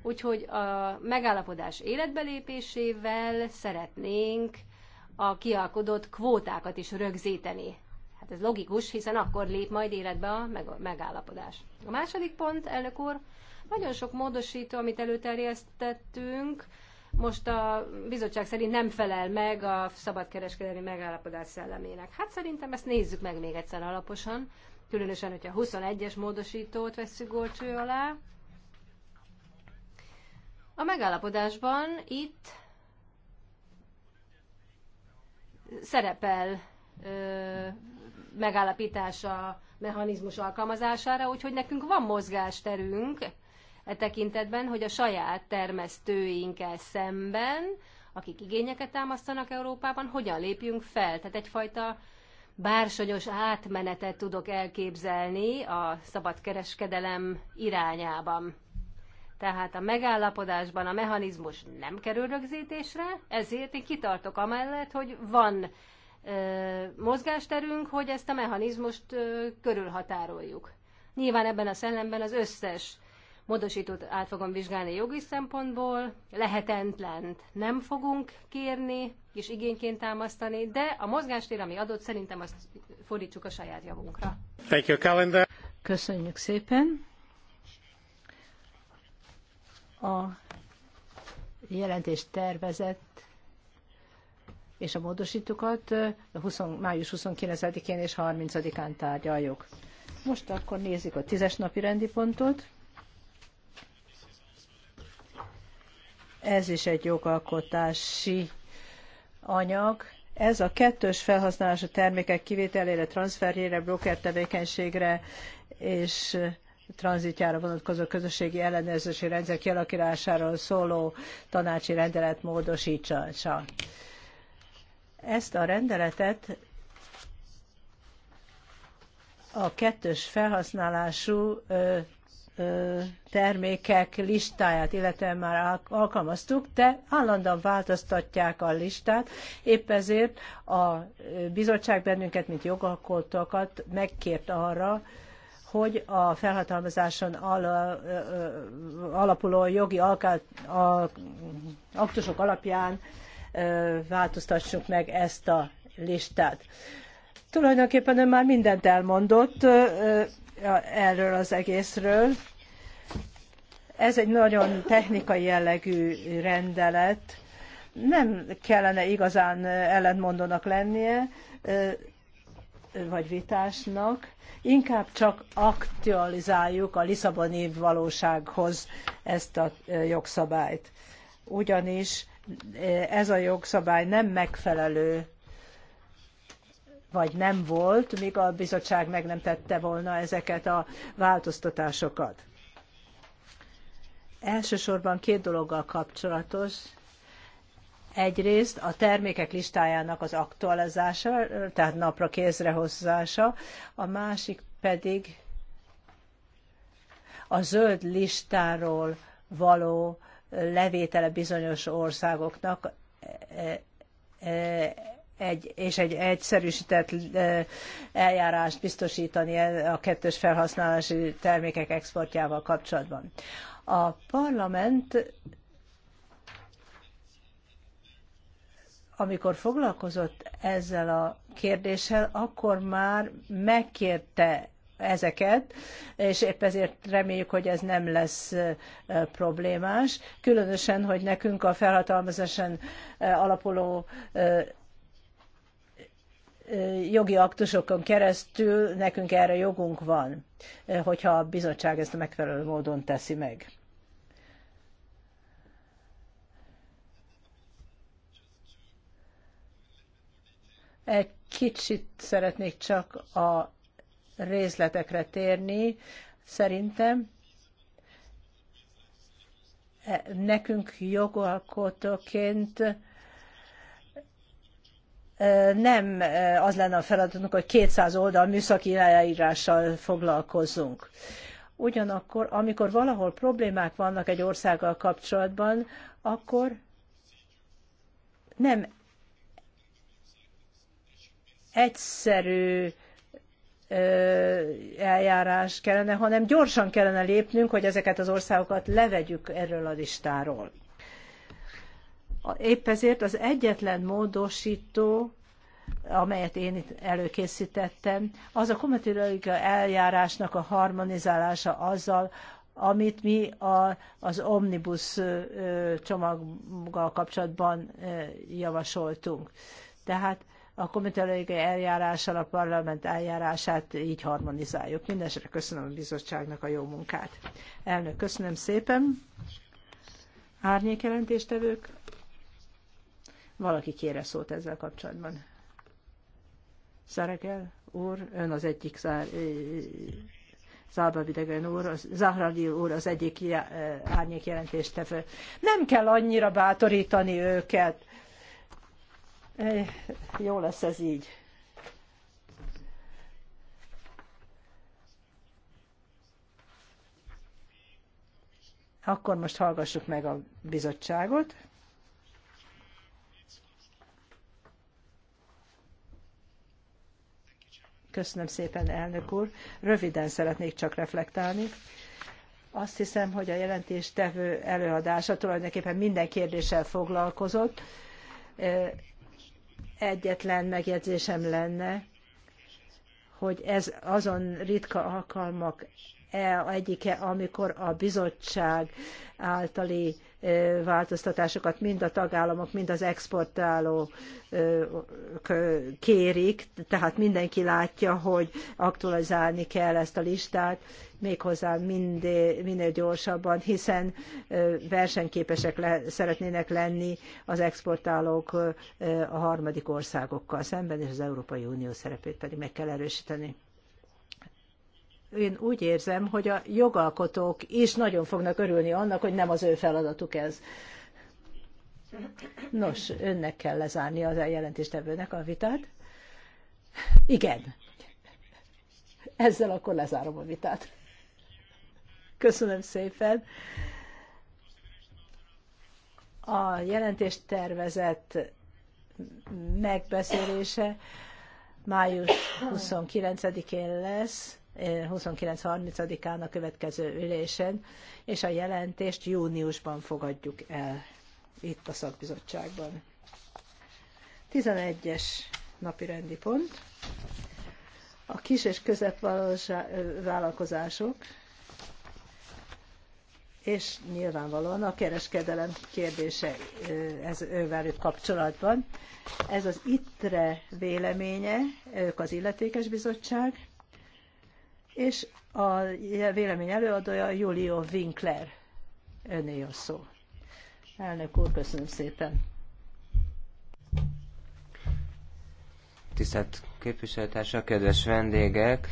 Úgyhogy a megállapodás életbelépésével szeretnénk a kialkodott kvótákat is rögzíteni. Hát ez logikus, hiszen akkor lép majd életbe a megállapodás. A második pont, elnök úr, nagyon sok módosító, amit előterjesztettünk, most a bizottság szerint nem felel meg a szabadkereskedelmi megállapodás szellemének. Hát szerintem ezt nézzük meg még egyszer alaposan, különösen, hogyha 21-es módosítót vesszük golcső alá. A megállapodásban itt szerepel megállapítása mechanizmus alkalmazására, úgyhogy nekünk van mozgásterünk e tekintetben, hogy a saját termesztőinkkel szemben, akik igényeket támasztanak Európában, hogyan lépjünk fel. Tehát egyfajta bársonyos átmenetet tudok elképzelni a szabadkereskedelem irányában. Tehát a megállapodásban a mechanizmus nem kerül rögzítésre, ezért én kitartok amellett, hogy van mozgásterünk, hogy ezt a mechanizmust körülhatároljuk. Nyilván ebben a szellemben az összes módosítót át fogom vizsgálni jogi szempontból, lehetetlent nem fogunk kérni és igényként támasztani, de a mozgástér, ami adott, szerintem azt fordítsuk a saját javunkra. Thank you, calendar. Köszönjük szépen. A jelentés tervezett és a módosítókat 20, május 29-én és 30-án tárgyaljuk. Most akkor nézzük a tízes napi rendi pontot. Ez is egy jogalkotási anyag. Ez a kettős felhasználású termékek kivételére, transferjére, broker tevékenységre és tranzitjára vonatkozó közösségi ellenőrzési rendszer kialakításáról szóló tanácsi rendelet módosítsa. Ezt a rendeletet a kettős felhasználású termékek listáját, illetve már alkalmaztuk, de állandóan változtatják a listát. Épp ezért a bizottság bennünket, mint jogalkotókat megkért arra, hogy a felhatalmazáson alapuló jogi aktusok alapján változtassuk meg ezt a listát. Tulajdonképpen ő már mindent elmondott erről az egészről. Ez egy nagyon technikai jellegű rendelet. Nem kellene igazán ellentmondónak lennie, vagy vitásnak, inkább csak aktualizáljuk a Lisszaboni valósághoz ezt a jogszabályt. Ugyanis ez a jogszabály nem megfelelő, vagy nem volt, míg a bizottság meg nem tette volna ezeket a változtatásokat. Elsősorban két dologgal kapcsolatos. Egyrészt a termékek listájának az aktualizása, tehát napra kézrehozása, a másik pedig a zöld listáról való levétele bizonyos országoknak e, e, egy, és egy egyszerűsített e, eljárást biztosítani a kettős felhasználási termékek exportjával kapcsolatban. A parlament, amikor foglalkozott ezzel a kérdéssel, akkor már megkérte ezeket, és épp ezért reméljük, hogy ez nem lesz problémás. Különösen, hogy nekünk a felhatalmazásen alapuló jogi aktusokon keresztül nekünk erre jogunk van, hogyha a bizottság ezt a megfelelő módon teszi meg. Egy kicsit szeretnék csak a részletekre térni. Szerintem e, nekünk jogalkotóként e, nem e, az lenne a feladatunk, hogy 200 oldal műszaki leírással foglalkozzunk. Ugyanakkor, amikor valahol problémák vannak egy országgal kapcsolatban, akkor nem egyszerű eljárás kellene, hanem gyorsan kellene lépnünk, hogy ezeket az országokat levegyük erről a listáról. Épp ezért az egyetlen módosító, amelyet én itt előkészítettem, az a komitológia eljárásnak a harmonizálása azzal, amit mi a, az omnibus csomaggal kapcsolatban javasoltunk. Tehát a komitológiai eljárással a parlament eljárását így harmonizáljuk. Mindenesetre köszönöm a bizottságnak a jó munkát. Elnök, köszönöm szépen. Árnyék jelentéstevők? Valaki kére szót ezzel kapcsolatban. Szeregel úr, ön az egyik szár, Zálba Videgen úr, Zahradi úr az egyik árnyék jelentéstevő. Nem kell annyira bátorítani őket Eh, jó lesz ez így. Akkor most hallgassuk meg a bizottságot. Köszönöm szépen, elnök úr. Röviden szeretnék csak reflektálni. Azt hiszem, hogy a jelentéstevő előadása tulajdonképpen minden kérdéssel foglalkozott eh, egyetlen megjegyzésem lenne, hogy ez azon ritka alkalmak egyike, amikor a bizottság általi változtatásokat mind a tagállamok, mind az exportáló kérik, tehát mindenki látja, hogy aktualizálni kell ezt a listát, méghozzá mindé, minél gyorsabban, hiszen versenyképesek le, szeretnének lenni az exportálók a harmadik országokkal szemben, és az Európai Unió szerepét pedig meg kell erősíteni én úgy érzem, hogy a jogalkotók is nagyon fognak örülni annak, hogy nem az ő feladatuk ez. Nos, önnek kell lezárni az jelentéstevőnek a vitát. Igen. Ezzel akkor lezárom a vitát. Köszönöm szépen. A jelentést tervezett megbeszélése május 29-én lesz 29-30-án a következő ülésen, és a jelentést júniusban fogadjuk el itt a szakbizottságban. 11-es napi rendi pont. A kis és középvállalkozások és nyilvánvalóan a kereskedelem kérdése ez ővelük kapcsolatban. Ez az ITRE véleménye, ők az illetékes bizottság, és a vélemény előadója Julio Winkler. Öné a szó. Elnök úr, köszönöm szépen. Tisztelt képviselőtársak, kedves vendégek!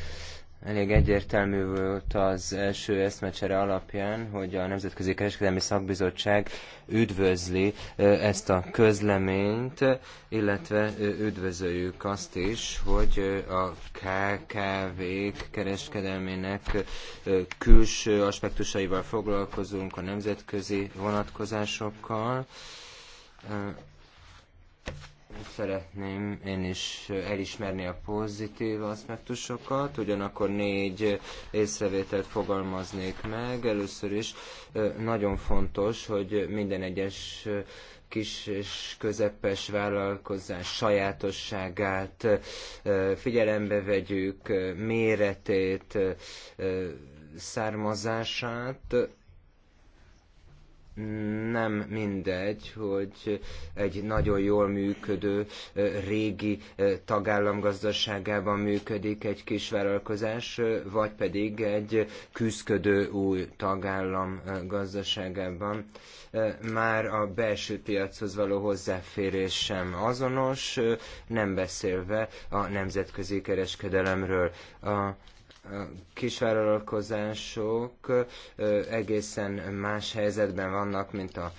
Elég egyértelmű volt az első eszmecsere alapján, hogy a Nemzetközi Kereskedelmi Szakbizottság üdvözli ezt a közleményt, illetve üdvözöljük azt is, hogy a KKV-k kereskedelmének külső aspektusaival foglalkozunk, a nemzetközi vonatkozásokkal szeretném én is elismerni a pozitív aspektusokat, ugyanakkor négy észrevételt fogalmaznék meg. Először is nagyon fontos, hogy minden egyes kis és közepes vállalkozás sajátosságát figyelembe vegyük, méretét, származását, nem mindegy, hogy egy nagyon jól működő régi tagállam gazdaságában működik egy kisvállalkozás, vagy pedig egy küzdködő új tagállam gazdaságában. Már a belső piachoz való hozzáférés sem azonos, nem beszélve a nemzetközi kereskedelemről. A kisvállalkozások egészen más helyzetben vannak, mint a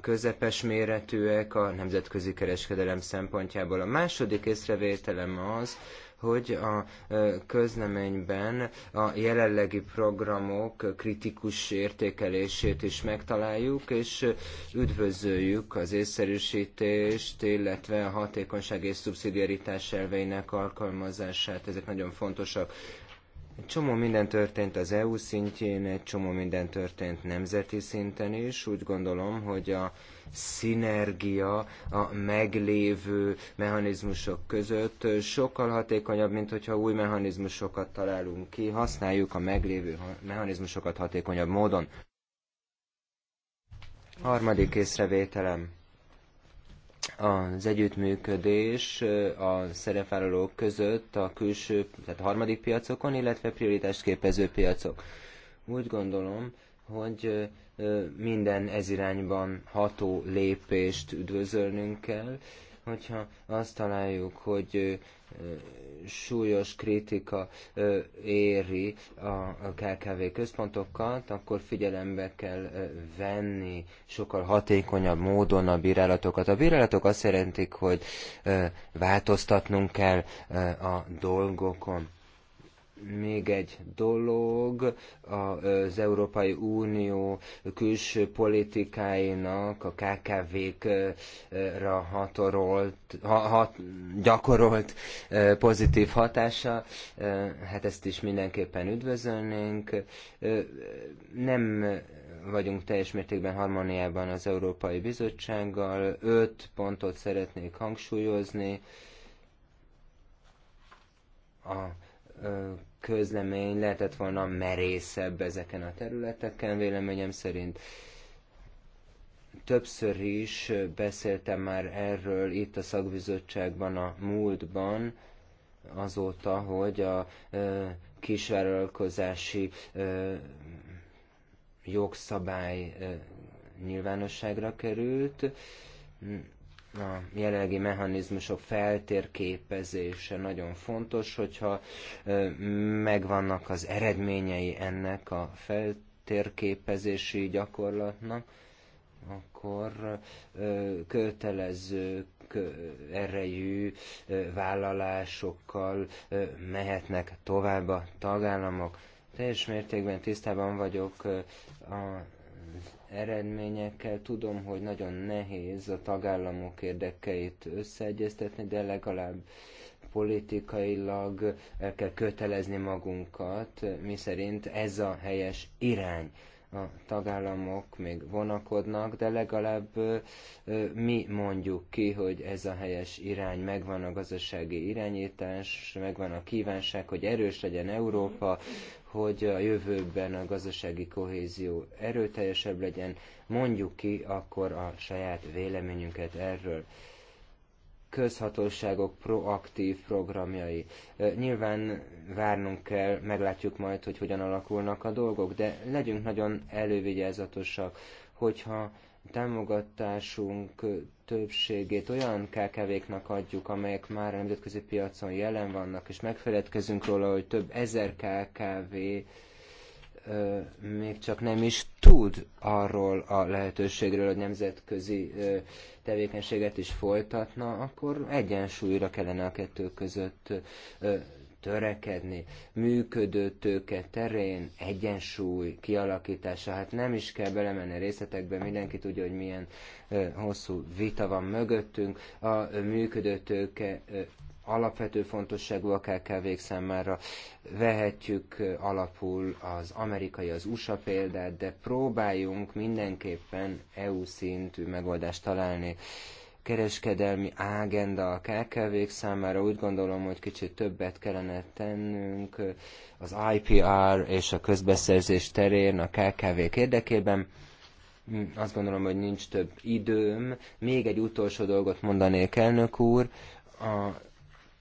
közepes méretűek a nemzetközi kereskedelem szempontjából. A második észrevételem az, hogy a közleményben a jelenlegi programok kritikus értékelését is megtaláljuk, és üdvözöljük az észszerűsítést, illetve a hatékonyság és szubszidiaritás elveinek alkalmazását. Ezek nagyon fontosak. Egy csomó minden történt az EU szintjén, egy csomó minden történt nemzeti szinten is. Úgy gondolom, hogy a szinergia a meglévő mechanizmusok között sokkal hatékonyabb, mint hogyha új mechanizmusokat találunk ki, használjuk a meglévő mechanizmusokat hatékonyabb módon. Harmadik észrevételem az együttműködés a szerepvállalók között a külső, tehát a harmadik piacokon, illetve prioritást képező piacok. Úgy gondolom, hogy minden ezirányban ható lépést üdvözölnünk kell, hogyha azt találjuk, hogy súlyos kritika éri a KKV központokat, akkor figyelembe kell venni sokkal hatékonyabb módon a bírálatokat. A bírálatok azt jelentik, hogy változtatnunk kell a dolgokon még egy dolog, az Európai Unió külső politikáinak a KKV-kra hatorolt, hat, gyakorolt pozitív hatása, hát ezt is mindenképpen üdvözölnénk. Nem vagyunk teljes mértékben harmóniában az Európai Bizottsággal, öt pontot szeretnék hangsúlyozni. A közlemény lehetett volna merészebb ezeken a területeken, véleményem szerint. Többször is beszéltem már erről itt a szakbizottságban a múltban, azóta, hogy a ö, kisvállalkozási ö, jogszabály ö, nyilvánosságra került a jelenlegi mechanizmusok feltérképezése nagyon fontos, hogyha megvannak az eredményei ennek a feltérképezési gyakorlatnak, akkor kötelező erejű vállalásokkal mehetnek tovább a tagállamok. Teljes mértékben tisztában vagyok a eredményekkel. Tudom, hogy nagyon nehéz a tagállamok érdekeit összeegyeztetni, de legalább politikailag el kell kötelezni magunkat, mi szerint ez a helyes irány. A tagállamok még vonakodnak, de legalább mi mondjuk ki, hogy ez a helyes irány, megvan a gazdasági irányítás, megvan a kívánság, hogy erős legyen Európa, hogy a jövőben a gazdasági kohézió erőteljesebb legyen, mondjuk ki akkor a saját véleményünket erről közhatóságok proaktív programjai. Nyilván várnunk kell, meglátjuk majd, hogy hogyan alakulnak a dolgok, de legyünk nagyon elővigyázatosak, hogyha támogatásunk többségét olyan KKV-knak adjuk, amelyek már a nemzetközi piacon jelen vannak, és megfeledkezünk róla, hogy több ezer KKV ö, még csak nem is tud arról a lehetőségről, hogy nemzetközi ö, tevékenységet is folytatna, akkor egyensúlyra kellene a kettő között ö, törekedni. Működő tőke terén egyensúly kialakítása, hát nem is kell belemenni részletekbe, mindenki tudja, hogy milyen hosszú vita van mögöttünk. A működő tőke alapvető fontosságú a kkv számára. Vehetjük alapul az amerikai, az USA példát, de próbáljunk mindenképpen EU szintű megoldást találni kereskedelmi ágenda a kkv számára. Úgy gondolom, hogy kicsit többet kellene tennünk az IPR és a közbeszerzés terén a KKV-k érdekében. Azt gondolom, hogy nincs több időm. Még egy utolsó dolgot mondanék, elnök úr. A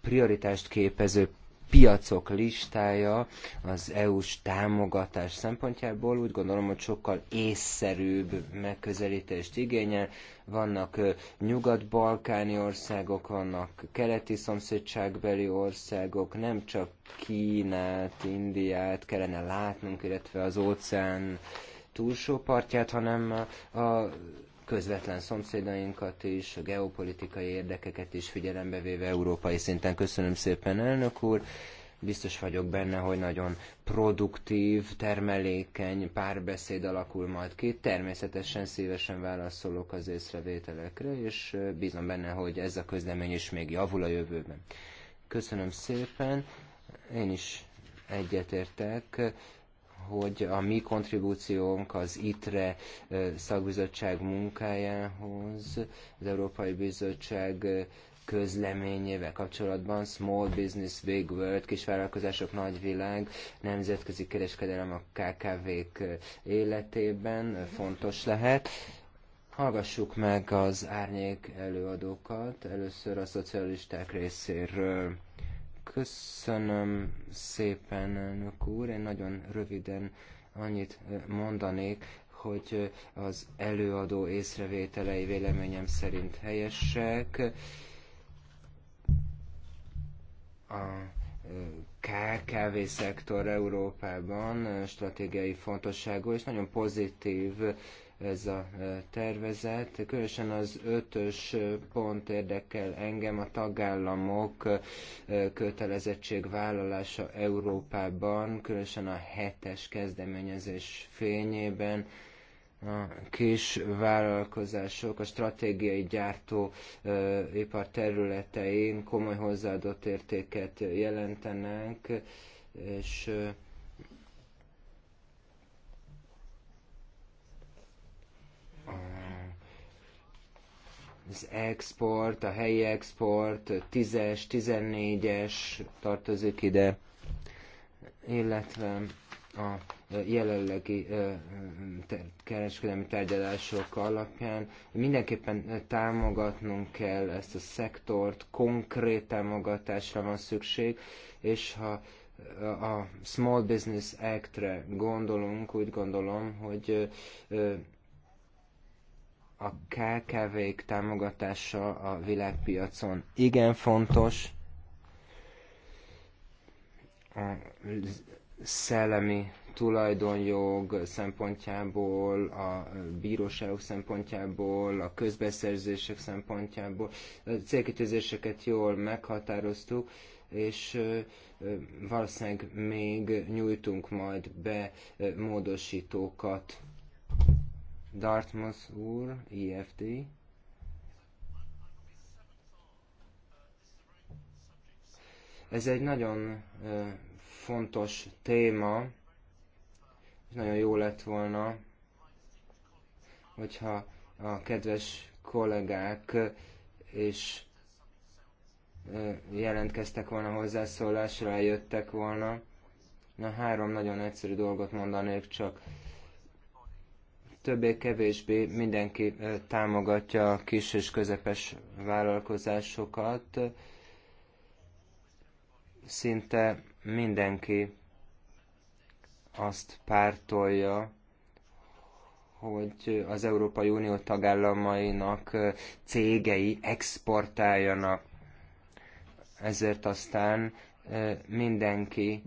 prioritást képező piacok listája az EU-s támogatás szempontjából úgy gondolom, hogy sokkal észszerűbb megközelítést igényel. Vannak nyugat-balkáni országok, vannak keleti szomszédságbeli országok, nem csak Kínát, Indiát kellene látnunk, illetve az óceán túlsó partját, hanem a közvetlen szomszédainkat is, a geopolitikai érdekeket is figyelembe véve európai szinten. Köszönöm szépen, elnök úr! Biztos vagyok benne, hogy nagyon produktív, termelékeny párbeszéd alakul majd ki. Természetesen szívesen válaszolok az észrevételekre, és bízom benne, hogy ez a közlemény is még javul a jövőben. Köszönöm szépen, én is egyetértek hogy a mi kontribúciónk az ITRE szakbizottság munkájához, az Európai Bizottság közleményével kapcsolatban, Small Business Big World, kisvállalkozások nagyvilág, nemzetközi kereskedelem a KKV-k életében fontos lehet. Hallgassuk meg az árnyék előadókat, először a szocialisták részéről. Köszönöm szépen, elnök úr. Én nagyon röviden annyit mondanék, hogy az előadó észrevételei véleményem szerint helyesek. A KKV szektor Európában stratégiai fontosságú és nagyon pozitív ez a e, tervezet. Különösen az ötös pont érdekel engem a tagállamok e, kötelezettségvállalása Európában, különösen a hetes kezdeményezés fényében a kis vállalkozások, a stratégiai gyártó e, ipar területein komoly hozzáadott értéket jelentenek, és az export, a helyi export, 10-es, 14-es tartozik ide, illetve a jelenlegi kereskedelmi tárgyalások alapján mindenképpen támogatnunk kell ezt a szektort, konkrét támogatásra van szükség, és ha a Small Business Act-re gondolunk, úgy gondolom, hogy a KKV-k támogatása a világpiacon igen fontos. A szellemi tulajdonjog szempontjából, a bíróságok szempontjából, a közbeszerzések szempontjából. A célkitűzéseket jól meghatároztuk, és valószínűleg még nyújtunk majd be módosítókat Dartmouth úr, EFT. Ez egy nagyon fontos téma, és nagyon jó lett volna, hogyha a kedves kollégák és jelentkeztek volna hozzászólásra, eljöttek volna. Na, három nagyon egyszerű dolgot mondanék csak többé-kevésbé mindenki támogatja a kis és közepes vállalkozásokat. Szinte mindenki azt pártolja, hogy az Európai Unió tagállamainak cégei exportáljanak. Ezért aztán mindenki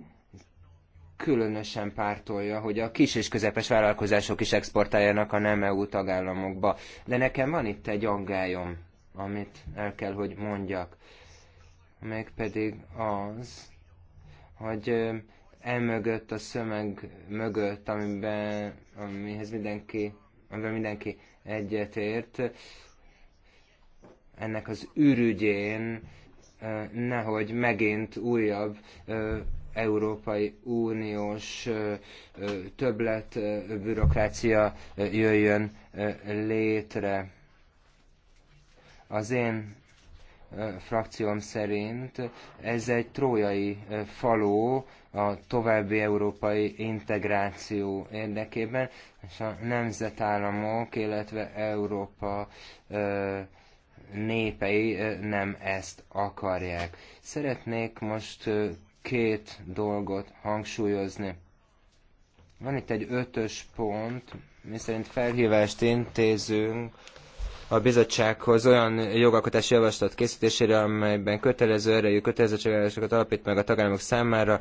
különösen pártolja, hogy a kis és közepes vállalkozások is exportáljanak a nem EU tagállamokba. De nekem van itt egy angályom, amit el kell, hogy mondjak. Meg pedig az, hogy emögött a szömeg mögött, amiben, amihez mindenki, amiben mindenki egyetért, ennek az ürügyén nehogy megint újabb Európai Uniós többlet bürokrácia jöjjön létre. Az én frakcióm szerint ez egy trójai faló a további európai integráció érdekében, és a nemzetállamok, illetve Európa népei nem ezt akarják. Szeretnék most két dolgot hangsúlyozni. Van itt egy ötös pont, miszerint felhívást intézünk a bizottsághoz olyan jogalkotási javaslat készítésére, amelyben kötelező erejű kötelezettségállásokat alapít meg a tagállamok számára,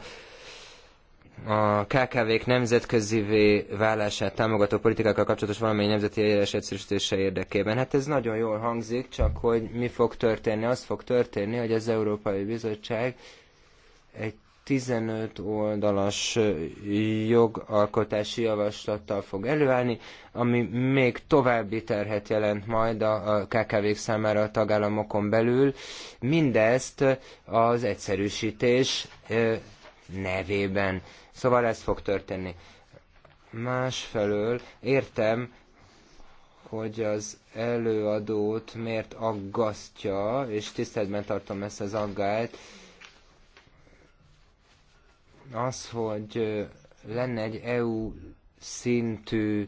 a KKV-k nemzetközivé válását támogató politikákkal kapcsolatos valamely nemzeti eljárás egyszerűsítése érdekében. Hát ez nagyon jól hangzik, csak hogy mi fog történni? Az fog történni, hogy az Európai Bizottság egy 15 oldalas jogalkotási javaslattal fog előállni, ami még további terhet jelent majd a KKV-k számára a tagállamokon belül. Mindezt az egyszerűsítés nevében. Szóval ez fog történni. Másfelől értem, hogy az előadót miért aggasztja, és tiszteletben tartom ezt az aggályt, az, hogy lenne egy EU szintű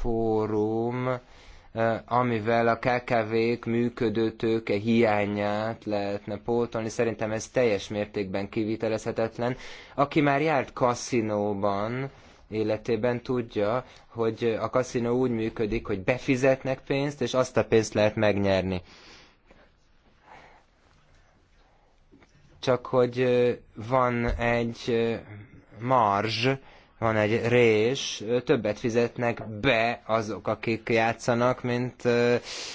fórum, amivel a KKV-k működő tőke hiányát lehetne pótolni. Szerintem ez teljes mértékben kivitelezhetetlen. Aki már járt kaszinóban, életében tudja, hogy a kaszinó úgy működik, hogy befizetnek pénzt, és azt a pénzt lehet megnyerni. csak hogy van egy marzs, van egy rés, többet fizetnek be azok, akik játszanak, mint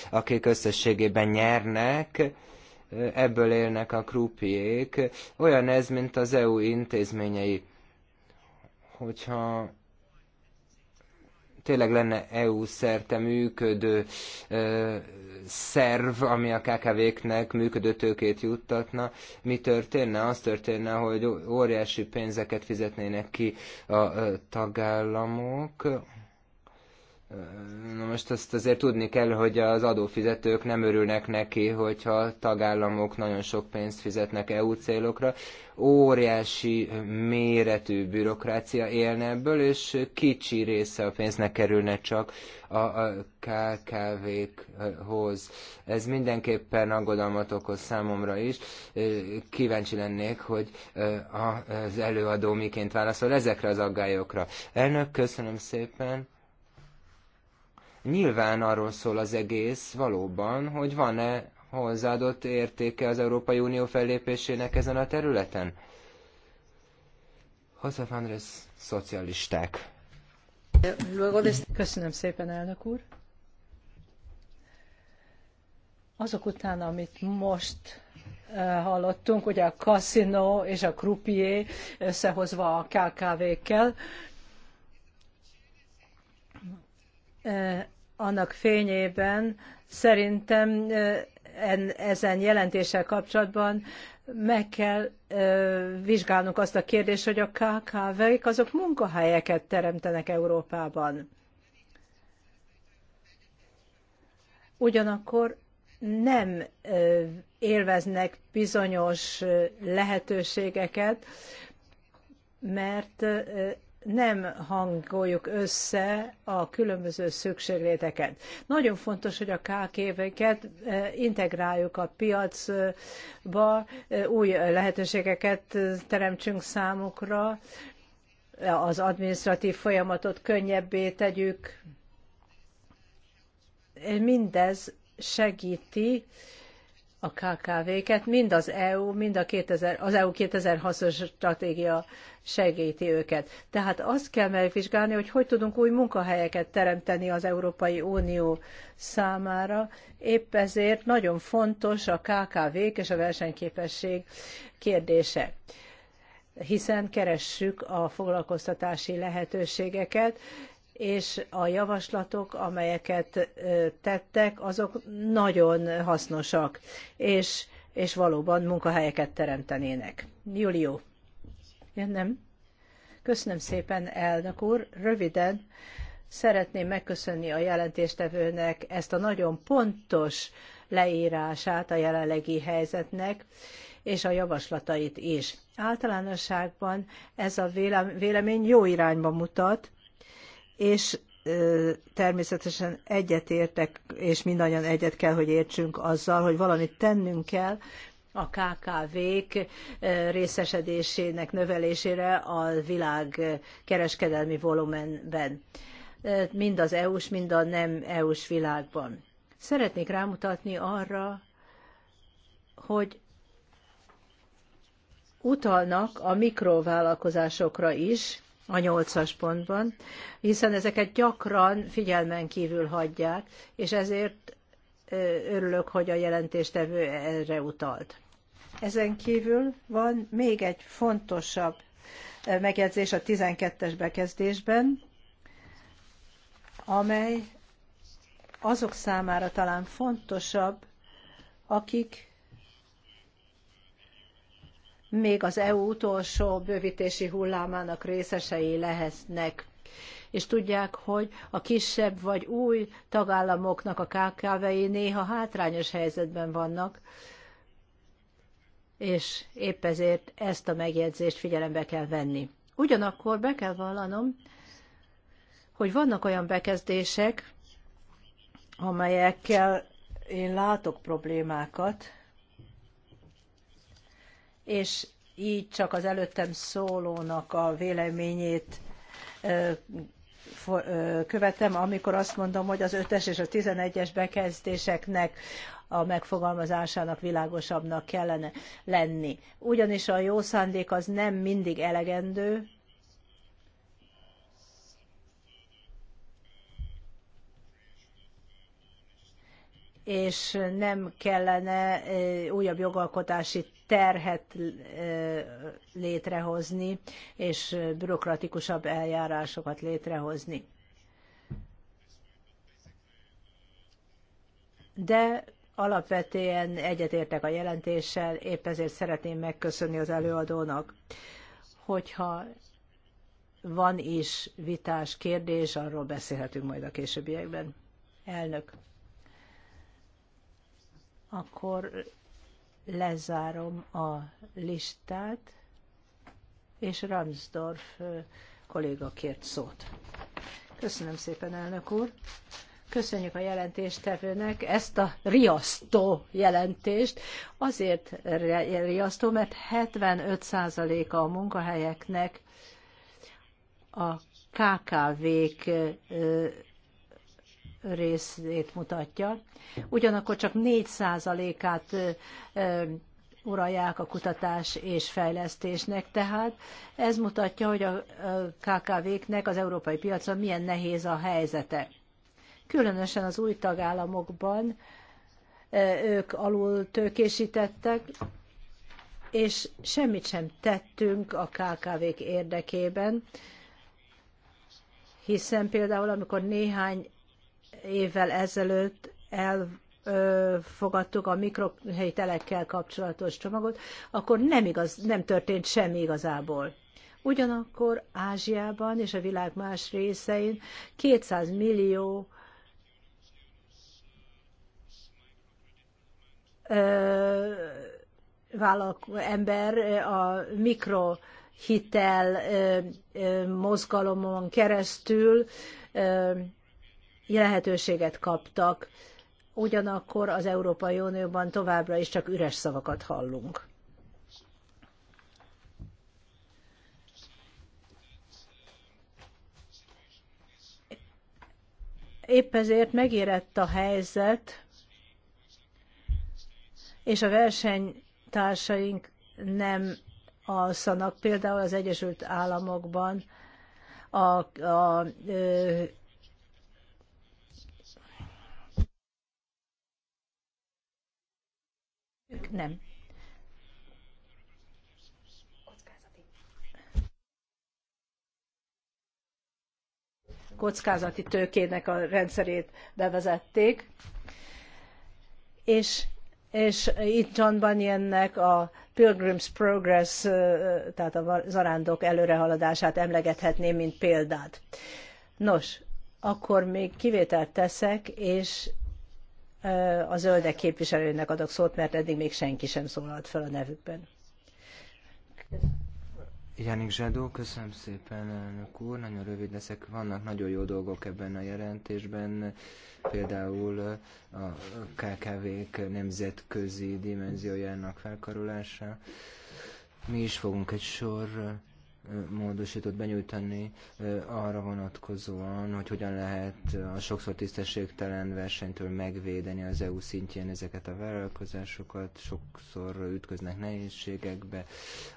akik összességében nyernek, ebből élnek a krupiék. Olyan ez, mint az EU intézményei. Hogyha tényleg lenne EU szerte működő szerv, ami a KKV-knek működő tőkét juttatna, mi történne? Az történne, hogy óriási pénzeket fizetnének ki a tagállamok, Na most azt azért tudni kell, hogy az adófizetők nem örülnek neki, hogyha tagállamok nagyon sok pénzt fizetnek EU célokra. Óriási méretű bürokrácia élne ebből, és kicsi része a pénznek kerülne csak a, a KKV-khoz. Ez mindenképpen aggodalmat okoz számomra is. Kíváncsi lennék, hogy az előadó miként válaszol ezekre az aggályokra. Elnök, köszönöm szépen! Nyilván arról szól az egész valóban, hogy van-e hozzáadott értéke az Európai Unió fellépésének ezen a területen. Josef Andrés, szocialisták. Köszönöm szépen, elnök úr. Azok után, amit most eh, hallottunk, ugye a kaszinó és a krupié összehozva a KKV-kkel, annak fényében szerintem ezen jelentéssel kapcsolatban meg kell vizsgálnunk azt a kérdést, hogy a KKV-k azok munkahelyeket teremtenek Európában. Ugyanakkor nem élveznek bizonyos lehetőségeket, mert nem hangoljuk össze a különböző szükségleteket. Nagyon fontos, hogy a KKV-ket eh, integráljuk a piacba, eh, új lehetőségeket eh, teremtsünk számukra, az administratív folyamatot könnyebbé tegyük. Mindez segíti a KKV-ket, mind az EU, mind a 2000, az EU 2020-as stratégia segíti őket. Tehát azt kell megvizsgálni, hogy hogy tudunk új munkahelyeket teremteni az Európai Unió számára. Épp ezért nagyon fontos a KKV-k és a versenyképesség kérdése hiszen keressük a foglalkoztatási lehetőségeket, és a javaslatok, amelyeket tettek, azok nagyon hasznosak, és, és valóban munkahelyeket teremtenének. Julió. Ja, nem? Köszönöm szépen, elnök úr. Röviden szeretném megköszönni a jelentéstevőnek ezt a nagyon pontos leírását a jelenlegi helyzetnek, és a javaslatait is. Általánosságban ez a vélemény jó irányba mutat, és természetesen egyetértek, és mindannyian egyet kell, hogy értsünk azzal, hogy valamit tennünk kell a KKV-k részesedésének növelésére a világ kereskedelmi volumenben, mind az EU-s, mind a nem EU-s világban. Szeretnék rámutatni arra, hogy utalnak a mikrovállalkozásokra is, a nyolcas pontban, hiszen ezeket gyakran figyelmen kívül hagyják, és ezért örülök, hogy a jelentéstevő erre utalt. Ezen kívül van még egy fontosabb megjegyzés a 12-es bekezdésben, amely azok számára talán fontosabb, akik még az EU utolsó bővítési hullámának részesei lehetnek és tudják, hogy a kisebb vagy új tagállamoknak a KKV-i néha hátrányos helyzetben vannak, és épp ezért ezt a megjegyzést figyelembe kell venni. Ugyanakkor be kell vallanom, hogy vannak olyan bekezdések, amelyekkel én látok problémákat, és így csak az előttem szólónak a véleményét követem, amikor azt mondom, hogy az 5-es és a 11-es bekezdéseknek a megfogalmazásának világosabbnak kellene lenni. Ugyanis a jó szándék az nem mindig elegendő, és nem kellene újabb jogalkotási terhet létrehozni, és bürokratikusabb eljárásokat létrehozni. De alapvetően egyetértek a jelentéssel, épp ezért szeretném megköszönni az előadónak, hogyha van is vitás kérdés, arról beszélhetünk majd a későbbiekben. Elnök. Akkor lezárom a listát, és Ramsdorf kolléga kért szót. Köszönöm szépen, elnök úr. Köszönjük a jelentéstevőnek ezt a riasztó jelentést. Azért riasztó, mert 75%-a a munkahelyeknek a KKV-k részét mutatja. Ugyanakkor csak 4%-át uralják a kutatás és fejlesztésnek, tehát ez mutatja, hogy a KKV-knek az európai piacon milyen nehéz a helyzete. Különösen az új tagállamokban ők alul tőkésítettek, és semmit sem tettünk a KKV-k érdekében, hiszen például amikor néhány évvel ezelőtt elfogadtuk a mikrohelytelekkel kapcsolatos csomagot, akkor nem, igaz, nem történt semmi igazából. Ugyanakkor Ázsiában és a világ más részein 200 millió ember a mikrohitel mozgalomon keresztül lehetőséget kaptak, ugyanakkor az Európai Unióban továbbra is csak üres szavakat hallunk. Épp ezért megérett a helyzet, és a versenytársaink nem alszanak. Például az Egyesült Államokban a, a, a Nem. kockázati tőkének a rendszerét bevezették, és, és itt John Bunyannek a Pilgrim's Progress, tehát a zarándok előrehaladását emlegethetném, mint példát. Nos, akkor még kivételt teszek, és a zöldek képviselőnek adok szót, mert eddig még senki sem szólalt fel a nevükben. Jánik Zsadó, köszönöm szépen, elnök úr. Nagyon rövid leszek. Vannak nagyon jó dolgok ebben a jelentésben, például a KKV-k nemzetközi dimenziójának felkarolása. Mi is fogunk egy sor módosított benyújtani arra vonatkozóan, hogy hogyan lehet a sokszor tisztességtelen versenytől megvédeni az EU szintjén ezeket a vállalkozásokat, sokszor ütköznek nehézségekbe,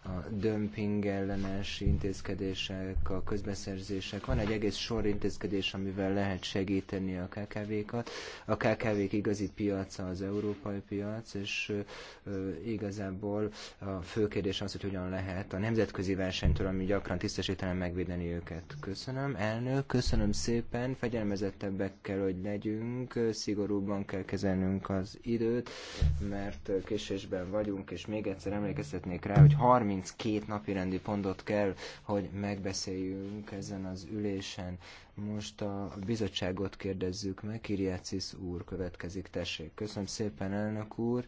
a dömping ellenes intézkedések, a közbeszerzések. Van egy egész sor intézkedés, amivel lehet segíteni a KKV-kat. A KKV-k igazi piaca az európai piac, és igazából a fő kérdés az, hogy hogyan lehet a nemzetközi versenytől, nem gyakran tisztesítelen megvédeni őket. Köszönöm, elnök, köszönöm szépen, fegyelmezettebbek kell, hogy legyünk, szigorúban kell kezelnünk az időt, mert késésben vagyunk, és még egyszer emlékeztetnék rá, hogy 32 napi rendi pontot kell, hogy megbeszéljünk ezen az ülésen. Most a bizottságot kérdezzük meg, Kiriacis úr következik, tessék. Köszönöm szépen, elnök úr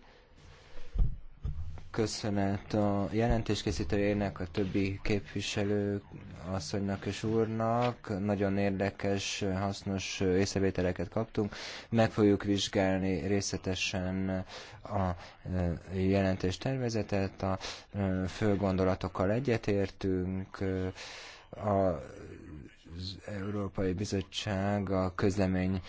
köszönet a jelentéskészítőjének, a többi képviselő asszonynak és úrnak. Nagyon érdekes, hasznos észrevételeket kaptunk. Meg fogjuk vizsgálni részletesen a jelentés tervezetet, a fő gondolatokkal egyetértünk, a az Európai Bizottság a közlemény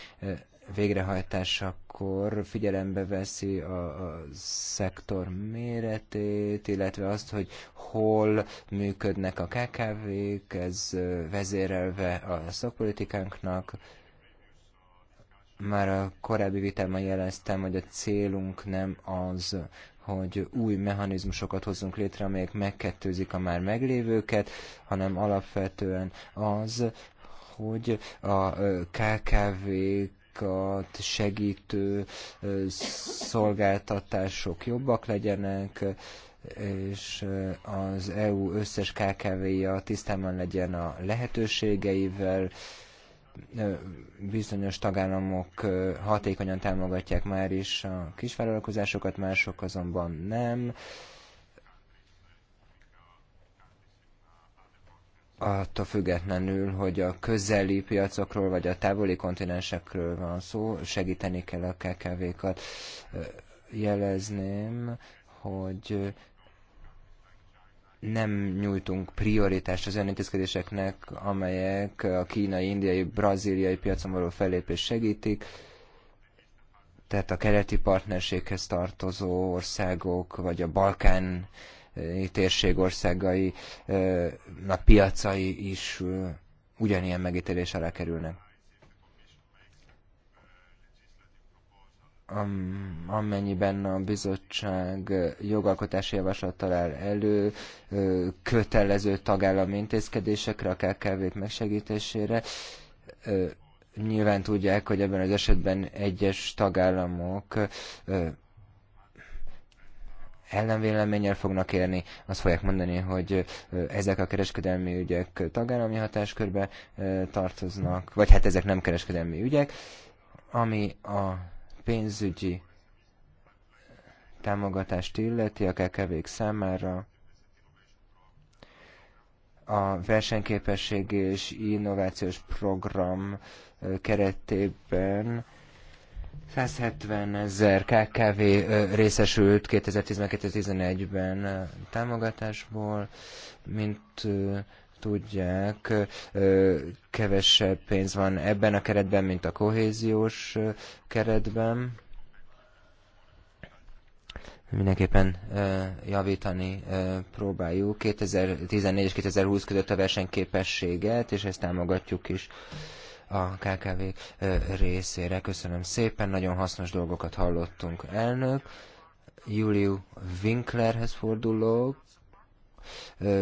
végrehajtásakor figyelembe veszi a, a szektor méretét, illetve azt, hogy hol működnek a KKV-k, ez vezérelve a szakpolitikánknak. Már a korábbi vitában jeleztem, hogy a célunk nem az, hogy új mechanizmusokat hozzunk létre, amelyek megkettőzik a már meglévőket, hanem alapvetően az, hogy a KKV-k kollégákat segítő szolgáltatások jobbak legyenek, és az EU összes KKV-ja tisztában legyen a lehetőségeivel, bizonyos tagállamok hatékonyan támogatják már is a kisvállalkozásokat, mások azonban nem. attól függetlenül, hogy a közeli piacokról vagy a távoli kontinensekről van szó, segíteni kell a KKV-kat. Jelezném, hogy nem nyújtunk prioritást az olyan intézkedéseknek, amelyek a kínai, indiai, braziliai piacon való fellépést segítik, tehát a keleti partnerséghez tartozó országok, vagy a Balkán Eh, térség országainak eh, piacai is eh, ugyanilyen megítélés alá kerülnek. amennyiben a bizottság jogalkotási javaslattal áll elő, kötelező tagállami intézkedésekre, a kkv megsegítésére. Nyilván tudják, hogy ebben az esetben egyes tagállamok ellenvéleménnyel fognak élni, azt fogják mondani, hogy ezek a kereskedelmi ügyek tagállami hatáskörbe tartoznak, vagy hát ezek nem kereskedelmi ügyek, ami a pénzügyi támogatást illeti a kkv számára, a versenyképességi és innovációs program keretében 170 ezer KKV részesült 2010-2011-ben támogatásból, mint tudják, kevesebb pénz van ebben a keretben, mint a kohéziós keretben. Mindenképpen javítani próbáljuk 2014 és 2020 között a versenyképességet, és ezt támogatjuk is a KKV részére. Köszönöm szépen, nagyon hasznos dolgokat hallottunk. Elnök, Juliu Winklerhez fordulok,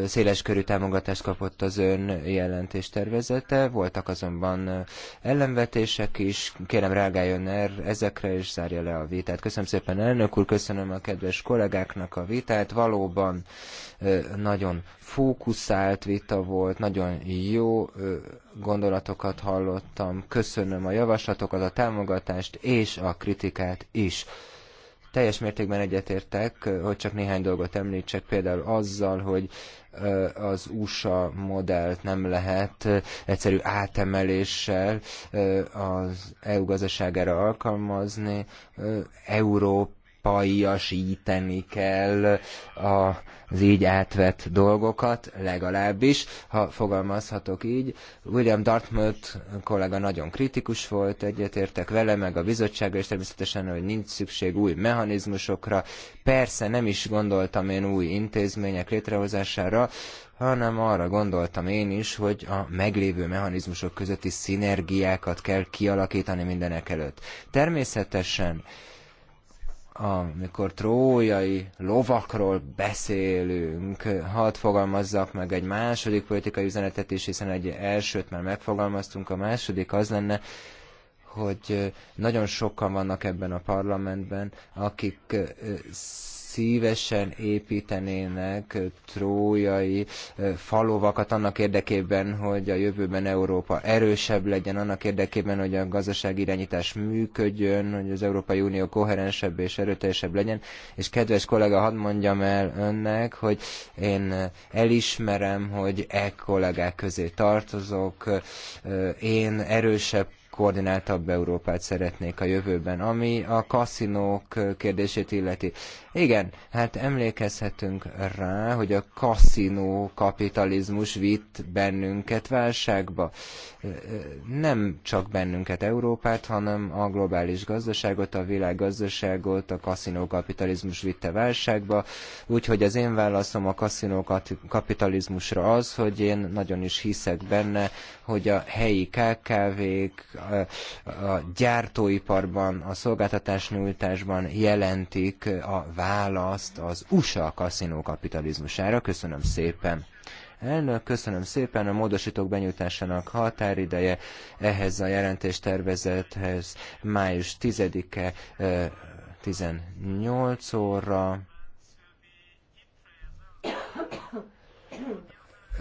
széleskörű támogatást kapott az ön jelentés tervezete, voltak azonban ellenvetések is, kérem reagáljon el er-, ezekre és zárja le a vitát. Köszönöm szépen elnök úr, köszönöm a kedves kollégáknak a vitát, valóban nagyon fókuszált vita volt, nagyon jó gondolatokat hallottam, köszönöm a javaslatokat, a támogatást és a kritikát is. Teljes mértékben egyetértek, hogy csak néhány dolgot említsek, például azzal, hogy az USA modellt nem lehet egyszerű átemeléssel az EU gazdaságára alkalmazni. Európaiasíteni kell a az így átvett dolgokat, legalábbis, ha fogalmazhatok így. William Dartmouth kollega nagyon kritikus volt, egyetértek vele, meg a bizottsága, és természetesen, hogy nincs szükség új mechanizmusokra. Persze nem is gondoltam én új intézmények létrehozására, hanem arra gondoltam én is, hogy a meglévő mechanizmusok közötti szinergiákat kell kialakítani mindenek előtt. Természetesen amikor trójai lovakról beszélünk, hadd fogalmazzak meg egy második politikai üzenetet is, hiszen egy elsőt már megfogalmaztunk, a második az lenne, hogy nagyon sokan vannak ebben a parlamentben, akik szívesen építenének trójai falovakat annak érdekében, hogy a jövőben Európa erősebb legyen, annak érdekében, hogy a gazdasági irányítás működjön, hogy az Európai Unió koherensebb és erőteljesebb legyen. És kedves kollega, hadd mondjam el önnek, hogy én elismerem, hogy e kollégák közé tartozok, én erősebb koordináltabb Európát szeretnék a jövőben. Ami a kaszinók kérdését illeti, igen, hát emlékezhetünk rá, hogy a kaszinó kapitalizmus vitt bennünket válságba. Nem csak bennünket, Európát, hanem a globális gazdaságot, a világgazdaságot, a kaszinó kapitalizmus vitte válságba. Úgyhogy az én válaszom a kaszinó kapitalizmusra az, hogy én nagyon is hiszek benne, hogy a helyi KKV-k a gyártóiparban, a szolgáltatásnyújtásban jelentik a választ az USA kaszinó kapitalizmusára. Köszönöm szépen! Elnök, köszönöm szépen a módosítók benyújtásának határideje ehhez a jelentéstervezethez május 10-e 18 óra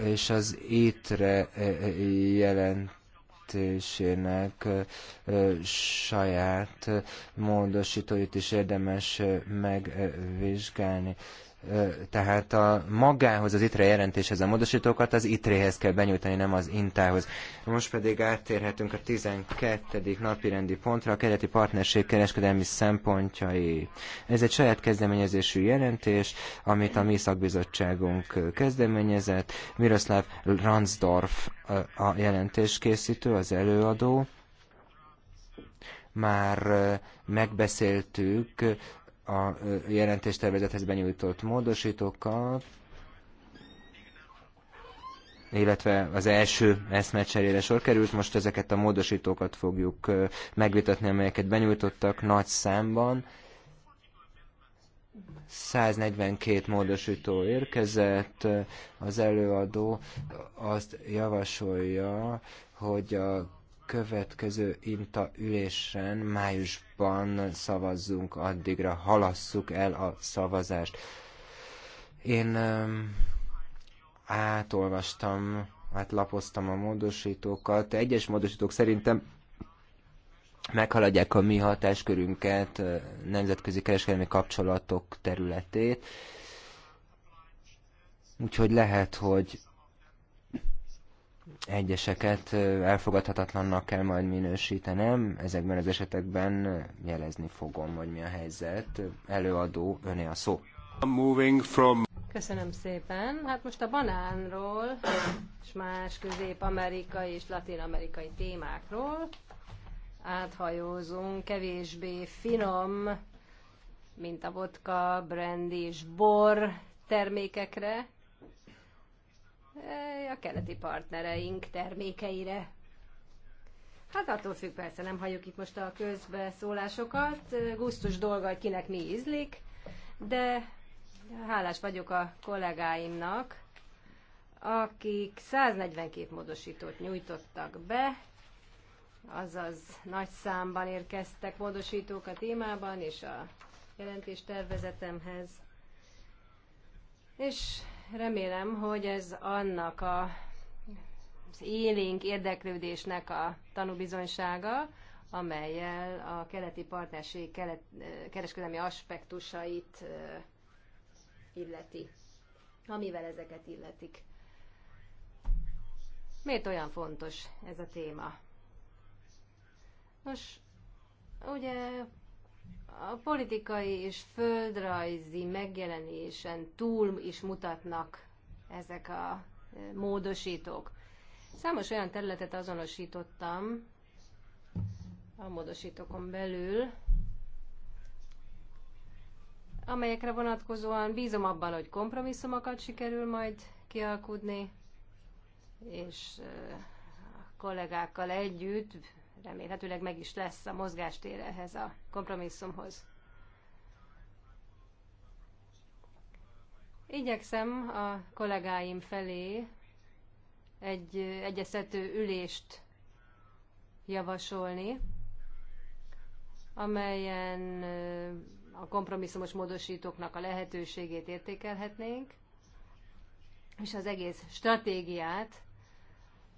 és az itre jelent jelentésének saját módosítóit is érdemes megvizsgálni tehát a magához, az ITRE jelentéshez a módosítókat az ITRE-hez kell benyújtani, nem az intához. Most pedig áttérhetünk a 12. napirendi pontra, a keleti partnerség kereskedelmi szempontjai. Ez egy saját kezdeményezésű jelentés, amit a mi szakbizottságunk kezdeményezett. Miroslav Ransdorf a jelentéskészítő, az előadó már megbeszéltük a jelentéstervezethez benyújtott módosítókat, illetve az első eszmecserére sor került. Most ezeket a módosítókat fogjuk megvitatni, amelyeket benyújtottak nagy számban. 142 módosító érkezett, az előadó azt javasolja, hogy a következő INTA ülésen májusban szavazzunk, addigra halasszuk el a szavazást. Én átolvastam, lapoztam a módosítókat. Egyes módosítók szerintem meghaladják a mi hatáskörünket, nemzetközi kereskedelmi kapcsolatok területét. Úgyhogy lehet, hogy egyeseket elfogadhatatlannak kell majd minősítenem, ezekben az esetekben jelezni fogom, hogy mi a helyzet. Előadó, öné a szó. Köszönöm szépen. Hát most a banánról és más közép-amerikai és latin-amerikai témákról áthajózunk kevésbé finom, mint a vodka, brandy és bor termékekre, a keleti partnereink termékeire. Hát attól függ persze, nem halljuk itt most a közbeszólásokat, gusztus dolga, hogy kinek mi ízlik, de hálás vagyok a kollégáimnak, akik 142 módosítót nyújtottak be, azaz nagy számban érkeztek módosítók a témában és a jelentéstervezetemhez. És Remélem, hogy ez annak a, az élénk érdeklődésnek a tanúbizonysága, amelyel a keleti partnerség kelet, kereskedelmi aspektusait illeti, amivel ezeket illetik. Miért olyan fontos ez a téma? Nos, ugye a politikai és földrajzi megjelenésen túl is mutatnak ezek a e, módosítók. Számos olyan területet azonosítottam a módosítókon belül, amelyekre vonatkozóan bízom abban, hogy kompromisszumokat sikerül majd kialkudni, és e, kollégákkal együtt remélhetőleg meg is lesz a mozgástér ehhez a kompromisszumhoz. Igyekszem a kollégáim felé egy egyeztető ülést javasolni, amelyen a kompromisszumos módosítóknak a lehetőségét értékelhetnénk, és az egész stratégiát,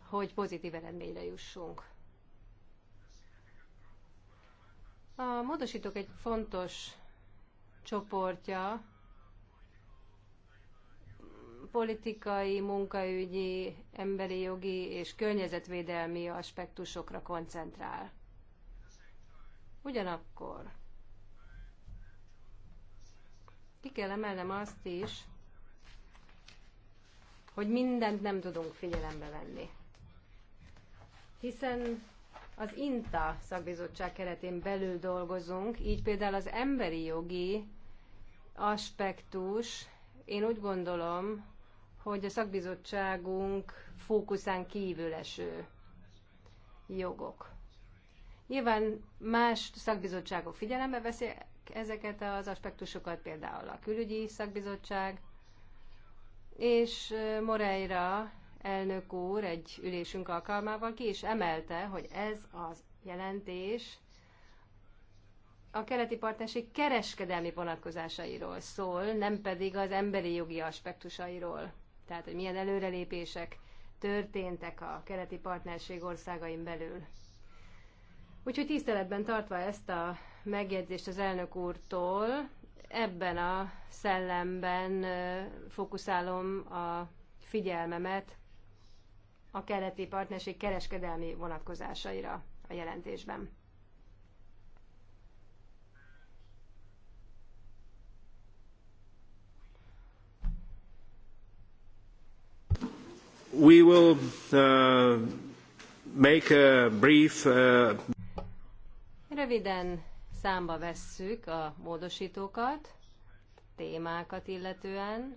hogy pozitív eredményre jussunk. A módosítók egy fontos csoportja politikai, munkaügyi, emberi jogi és környezetvédelmi aspektusokra koncentrál. Ugyanakkor ki kell emelnem azt is, hogy mindent nem tudunk figyelembe venni. Hiszen az INTA szakbizottság keretén belül dolgozunk, így például az emberi jogi aspektus, én úgy gondolom, hogy a szakbizottságunk fókuszán kívül eső jogok. Nyilván más szakbizottságok figyelembe veszik ezeket az aspektusokat, például a külügyi szakbizottság, és Moreira elnök úr egy ülésünk alkalmával ki is emelte, hogy ez az jelentés a keleti partnerség kereskedelmi vonatkozásairól szól, nem pedig az emberi jogi aspektusairól. Tehát, hogy milyen előrelépések történtek a keleti partnerség országain belül. Úgyhogy tiszteletben tartva ezt a megjegyzést az elnök úrtól, ebben a szellemben fókuszálom a figyelmemet a keleti partnerség kereskedelmi vonatkozásaira a jelentésben. We will uh, make a brief uh... Röviden számba vesszük a módosítókat, témákat illetően,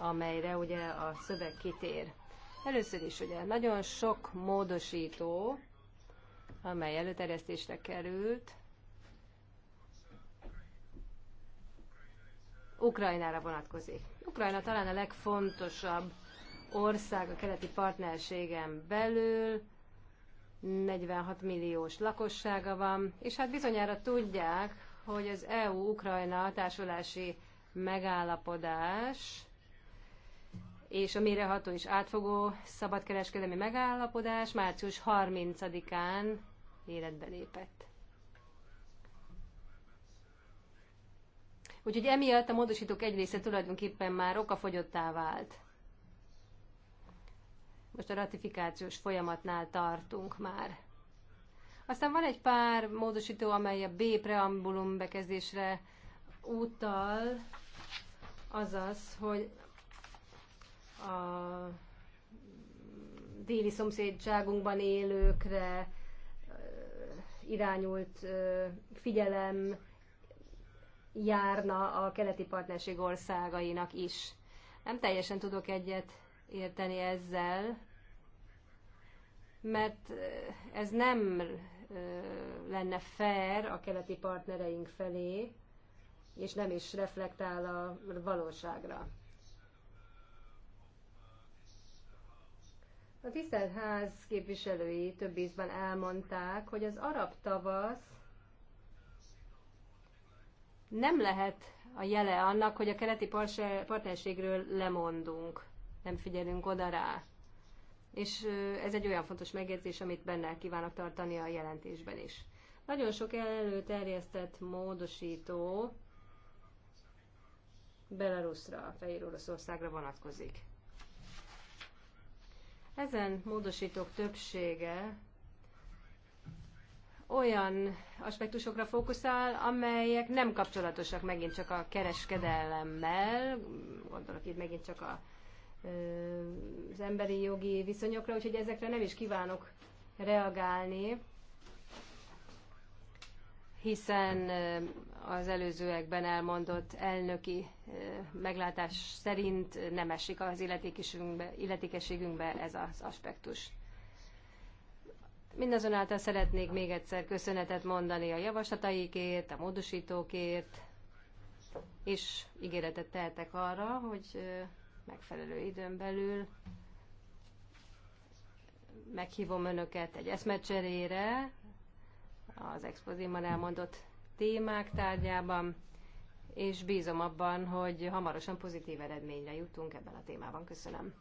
amelyre ugye a szöveg kitér. Először is ugye nagyon sok módosító, amely előterjesztésre került, Ukrajnára vonatkozik. Ukrajna talán a legfontosabb ország a keleti partnerségen belül, 46 milliós lakossága van, és hát bizonyára tudják, hogy az EU-Ukrajna társulási megállapodás és a méreható és átfogó szabadkereskedelmi megállapodás március 30-án életbe lépett. Úgyhogy emiatt a módosítók egy része tulajdonképpen már okafogyottá vált. Most a ratifikációs folyamatnál tartunk már. Aztán van egy pár módosító, amely a B preambulum bekezdésre utal, azaz, hogy a déli szomszédságunkban élőkre irányult figyelem járna a keleti partnerség országainak is. Nem teljesen tudok egyet érteni ezzel, mert ez nem lenne fair a keleti partnereink felé, és nem is reflektál a valóságra. A tisztelt ház képviselői több ízben elmondták, hogy az arab tavasz nem lehet a jele annak, hogy a keleti partnerségről lemondunk, nem figyelünk oda rá. És ez egy olyan fontos megjegyzés, amit benne kívánok tartani a jelentésben is. Nagyon sok előterjesztett módosító Belarusra, Fehér Oroszországra vonatkozik. Ezen módosítók többsége olyan aspektusokra fókuszál, amelyek nem kapcsolatosak megint csak a kereskedelemmel, gondolok itt megint csak a, az emberi jogi viszonyokra, úgyhogy ezekre nem is kívánok reagálni, hiszen az előzőekben elmondott elnöki meglátás szerint nem esik az illetékességünkbe ez az aspektus. Mindazonáltal szeretnék még egyszer köszönetet mondani a javaslataikért, a módosítókért, és ígéretet tehetek arra, hogy megfelelő időn belül meghívom önöket egy eszmecserére, az expozémban elmondott témák tárgyában, és bízom abban, hogy hamarosan pozitív eredményre jutunk ebben a témában. Köszönöm.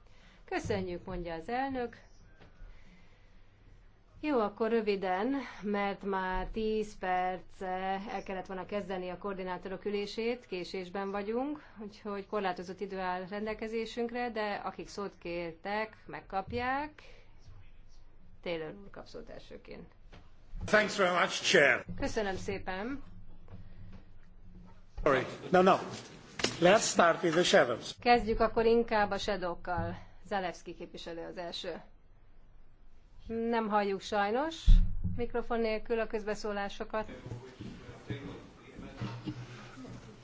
Köszönjük, mondja az elnök. Jó, akkor röviden, mert már 10 perc el kellett volna kezdeni a koordinátorok ülését, késésben vagyunk, úgyhogy korlátozott idő áll rendelkezésünkre, de akik szót kértek, megkapják. Taylor úr kap szót elsőként. Köszönöm szépen. Sorry. No, no. Let's start with the shadows. Kezdjük akkor inkább a shadowkkal. Zalewski képviselő az első. Nem halljuk sajnos mikrofon nélkül a közbeszólásokat.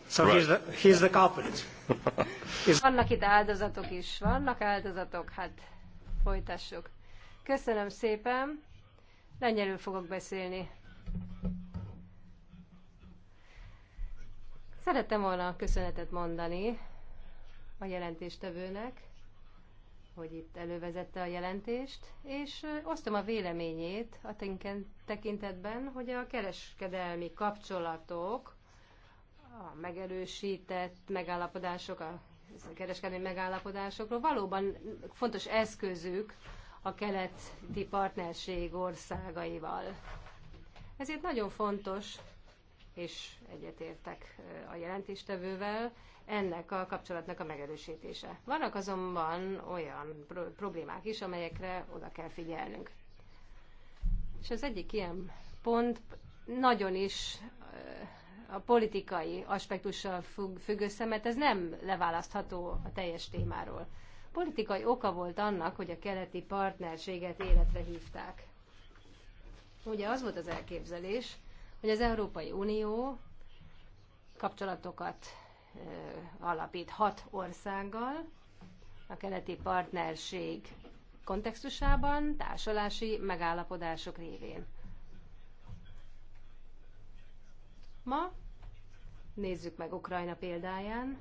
So he's the, he's the culprit. vannak itt áldozatok is, vannak áldozatok, hát folytassuk. Köszönöm szépen. Lengyelül fogok beszélni. Szerettem volna köszönetet mondani a jelentéstevőnek, hogy itt elővezette a jelentést, és osztom a véleményét a tekintetben, hogy a kereskedelmi kapcsolatok, a megerősített megállapodások, a kereskedelmi megállapodásokról valóban fontos eszközük a keleti partnerség országaival. Ezért nagyon fontos, és egyetértek a jelentéstevővel, ennek a kapcsolatnak a megerősítése. Vannak azonban olyan problémák is, amelyekre oda kell figyelnünk. És az egyik ilyen pont nagyon is a politikai aspektussal függ, függ össze, mert ez nem leválasztható a teljes témáról politikai oka volt annak, hogy a keleti partnerséget életre hívták. Ugye az volt az elképzelés, hogy az Európai Unió kapcsolatokat ö, alapít hat országgal a keleti partnerség kontextusában, társulási megállapodások révén. Ma nézzük meg Ukrajna példáján,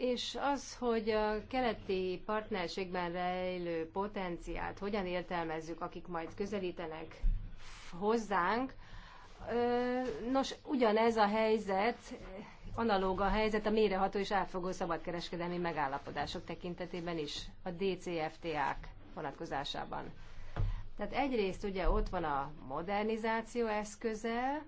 és az, hogy a keleti partnerségben rejlő potenciált hogyan értelmezzük, akik majd közelítenek hozzánk, nos, ugyanez a helyzet, analóg a helyzet a méreható és átfogó szabadkereskedelmi megállapodások tekintetében is, a DCFTA-k vonatkozásában. Tehát egyrészt ugye ott van a modernizáció eszköze,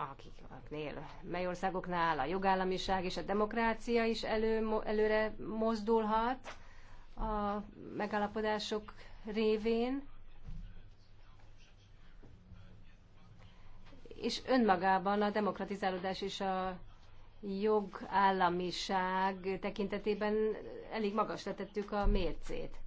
akiknél, mely országoknál a jogállamiság és a demokrácia is elő, előre mozdulhat a megállapodások révén, és önmagában a demokratizálódás és a jogállamiság tekintetében elég magasra tettük a mércét.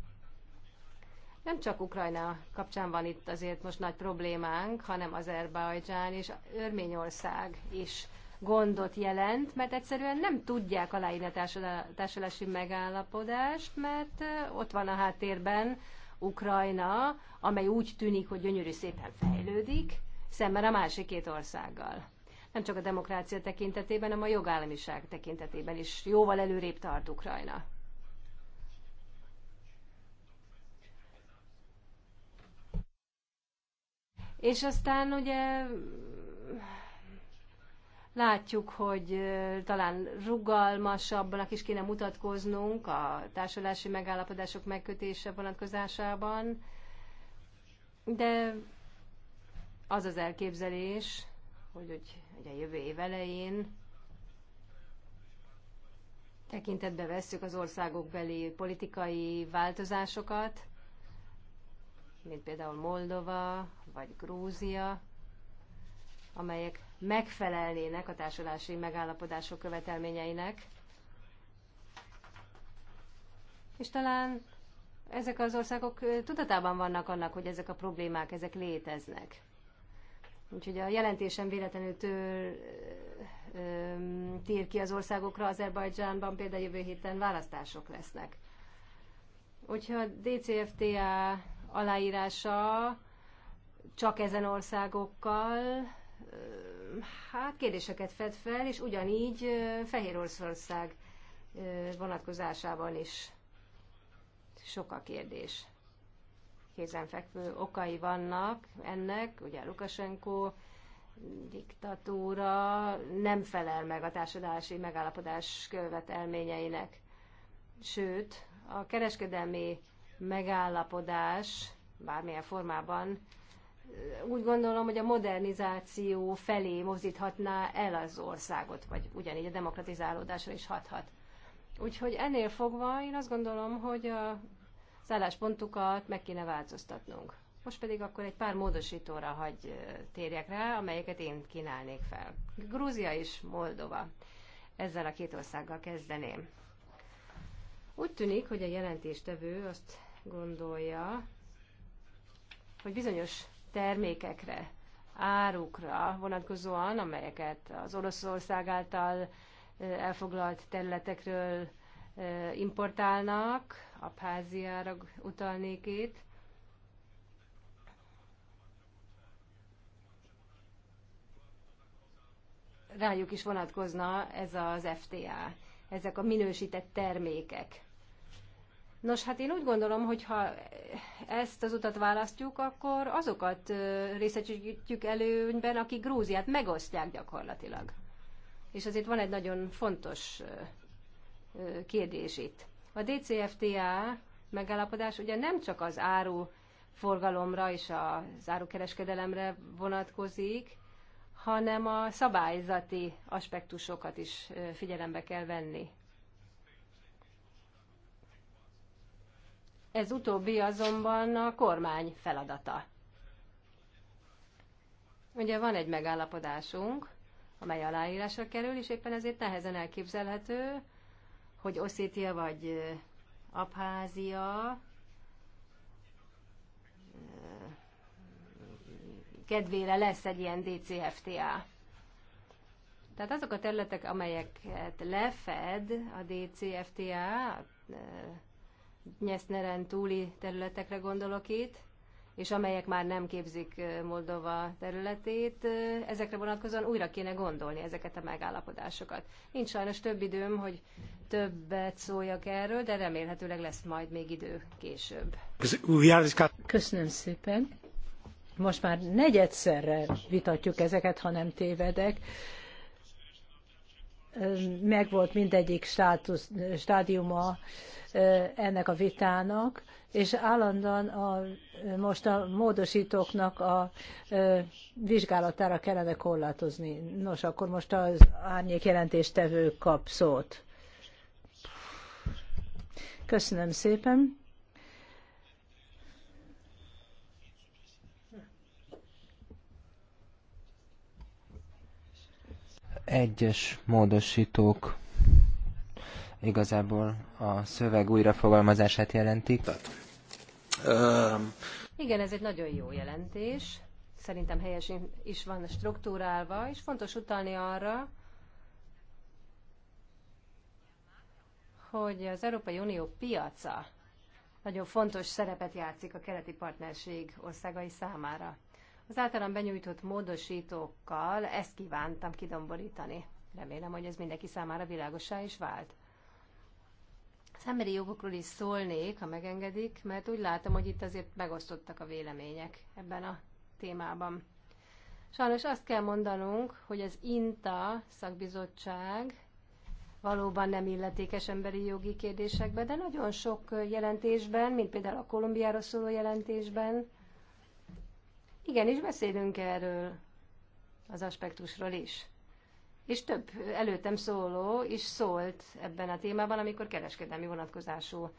Nem csak Ukrajna kapcsán van itt azért most nagy problémánk, hanem Azerbajdzsán és Örményország is gondot jelent, mert egyszerűen nem tudják aláírni a társadalási megállapodást, mert ott van a háttérben Ukrajna, amely úgy tűnik, hogy gyönyörű szépen fejlődik, szemben a másik két országgal. Nem csak a demokrácia tekintetében, hanem a jogállamiság tekintetében is jóval előrébb tart Ukrajna. És aztán ugye látjuk, hogy talán rugalmasabban is kéne mutatkoznunk a társulási megállapodások megkötése vonatkozásában, de az az elképzelés, hogy, hogy, hogy a jövő év elején tekintetbe vesszük az országok beli politikai változásokat, mint például Moldova vagy Grúzia, amelyek megfelelnének a társulási megállapodások követelményeinek. És talán ezek az országok tudatában vannak annak, hogy ezek a problémák, ezek léteznek. Úgyhogy a jelentésem véletlenül tör, tír ki az országokra, Azerbajdzsánban például jövő héten választások lesznek. Hogyha DCFTA aláírása csak ezen országokkal, hát kérdéseket fed fel, és ugyanígy Oroszország vonatkozásában is sok a kérdés. Kézenfekvő okai vannak ennek, ugye Lukasenko diktatúra nem felel meg a társadalmi megállapodás követelményeinek. Sőt, a kereskedelmi megállapodás bármilyen formában úgy gondolom, hogy a modernizáció felé mozdíthatná el az országot, vagy ugyanígy a demokratizálódásra is hathat. Úgyhogy ennél fogva én azt gondolom, hogy a szálláspontukat meg kéne változtatnunk. Most pedig akkor egy pár módosítóra hagy térjek rá, amelyeket én kínálnék fel. Grúzia és Moldova. Ezzel a két országgal kezdeném. Úgy tűnik, hogy a jelentéstevő azt gondolja, hogy bizonyos termékekre, árukra vonatkozóan, amelyeket az Oroszország által elfoglalt területekről importálnak, Abháziára utalnék itt, rájuk is vonatkozna ez az FTA, ezek a minősített termékek. Nos, hát én úgy gondolom, hogy ha ezt az utat választjuk, akkor azokat részesítjük előnyben, akik Grúziát megosztják gyakorlatilag. És azért van egy nagyon fontos kérdés itt. A DCFTA megállapodás ugye nem csak az áru forgalomra és az árukereskedelemre vonatkozik, hanem a szabályzati aspektusokat is figyelembe kell venni. Ez utóbbi azonban a kormány feladata. Ugye van egy megállapodásunk, amely aláírásra kerül, és éppen ezért nehezen elképzelhető, hogy Oszétia vagy Abházia kedvére lesz egy ilyen DCFTA. Tehát azok a területek, amelyeket lefed a DCFTA, Nyeszneren túli területekre gondolok itt, és amelyek már nem képzik Moldova területét, ezekre vonatkozóan újra kéne gondolni ezeket a megállapodásokat. Nincs sajnos több időm, hogy többet szóljak erről, de remélhetőleg lesz majd még idő később. Köszönöm szépen. Most már negyedszerre vitatjuk ezeket, ha nem tévedek. Megvolt mindegyik státusz, stádiuma ennek a vitának, és állandóan a, most a módosítóknak a vizsgálatára kellene korlátozni. Nos, akkor most az árnyék jelentéstevő kap szót. Köszönöm szépen. Egyes módosítók igazából a szöveg újrafogalmazását jelenti, Tehát, um... Igen, ez egy nagyon jó jelentés. Szerintem helyesen is van struktúrálva, és fontos utalni arra, hogy az Európai Unió piaca nagyon fontos szerepet játszik a keleti partnerség országai számára. Az általam benyújtott módosítókkal ezt kívántam kidomborítani. Remélem, hogy ez mindenki számára világosá is vált az emberi jogokról is szólnék, ha megengedik, mert úgy látom, hogy itt azért megosztottak a vélemények ebben a témában. Sajnos azt kell mondanunk, hogy az INTA szakbizottság valóban nem illetékes emberi jogi kérdésekben, de nagyon sok jelentésben, mint például a Kolumbiára szóló jelentésben, igenis beszélünk erről az aspektusról is és több előttem szóló is szólt ebben a témában, amikor kereskedelmi vonatkozású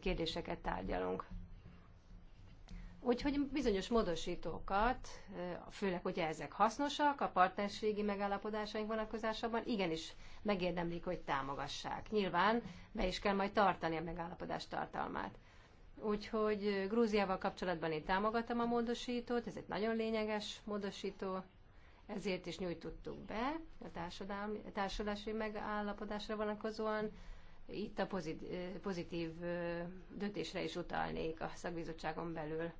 kérdéseket tárgyalunk. Úgyhogy bizonyos módosítókat, főleg, hogy ezek hasznosak, a partnerségi megállapodásaink vonatkozásában igenis megérdemlik, hogy támogassák. Nyilván be is kell majd tartani a megállapodás tartalmát. Úgyhogy Grúziával kapcsolatban én támogatom a módosítót, ez egy nagyon lényeges módosító, ezért is nyújtottuk be a társadalmi, megállapodásra vonatkozóan. Itt a pozitív, pozitív döntésre is utalnék a szakbizottságon belül.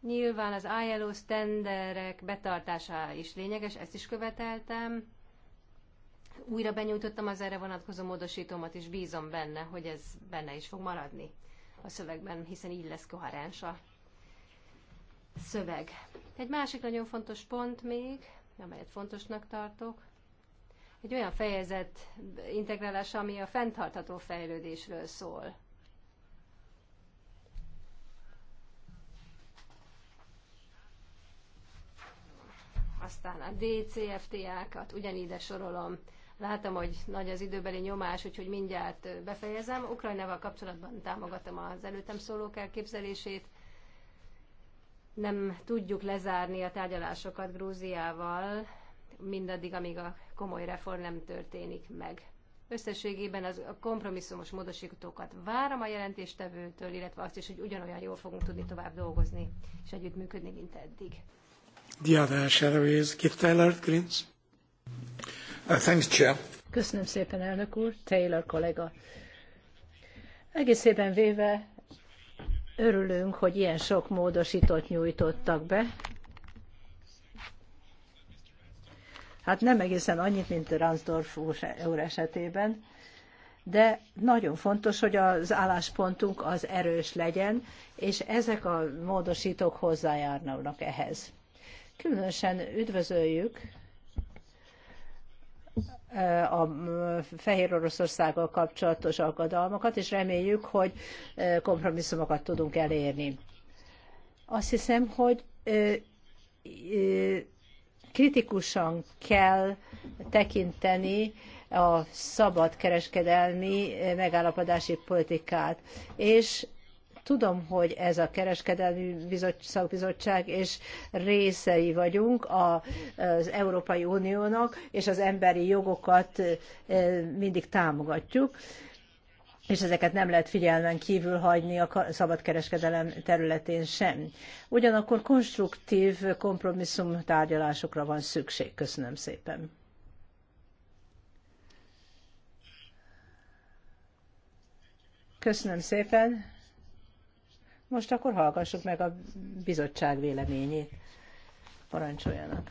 Nyilván az ILO sztenderek betartása is lényeges, ezt is követeltem. Újra benyújtottam az erre vonatkozó módosítómat, és bízom benne, hogy ez benne is fog maradni a szövegben, hiszen így lesz koherens a szöveg. Egy másik nagyon fontos pont még, amelyet fontosnak tartok. Egy olyan fejezet integrálása, ami a fenntartható fejlődésről szól. Aztán a DCFTA-kat ugyanígy sorolom. Látom, hogy nagy az időbeli nyomás, úgyhogy mindjárt befejezem. Ukrajnával kapcsolatban támogatom az előttem szólók elképzelését nem tudjuk lezárni a tárgyalásokat Grúziával, mindaddig, amíg a komoly reform nem történik meg. Összességében az a kompromisszumos módosítókat várom a jelentéstevőtől, illetve azt is, hogy ugyanolyan jól fogunk tudni tovább dolgozni és együttműködni, mint eddig. The other shadow is Keith Taylor, Greens. Uh, thanks, Chair. Köszönöm szépen, elnök úr, Taylor kollega. Egészében véve Örülünk, hogy ilyen sok módosítót nyújtottak be. Hát nem egészen annyit, mint Ransdorf úr esetében, de nagyon fontos, hogy az álláspontunk az erős legyen, és ezek a módosítók hozzájárnak ehhez. Különösen üdvözöljük a Fehér Oroszországgal kapcsolatos aggodalmakat, és reméljük, hogy kompromisszumokat tudunk elérni. Azt hiszem, hogy kritikusan kell tekinteni a szabad kereskedelmi megállapodási politikát, és Tudom, hogy ez a kereskedelmi szakbizottság, és részei vagyunk az Európai Uniónak, és az emberi jogokat mindig támogatjuk és ezeket nem lehet figyelmen kívül hagyni a szabadkereskedelem területén sem. Ugyanakkor konstruktív kompromisszum tárgyalásokra van szükség. Köszönöm szépen. Köszönöm szépen. Most akkor hallgassuk meg a bizottság véleményét. Parancsoljanak.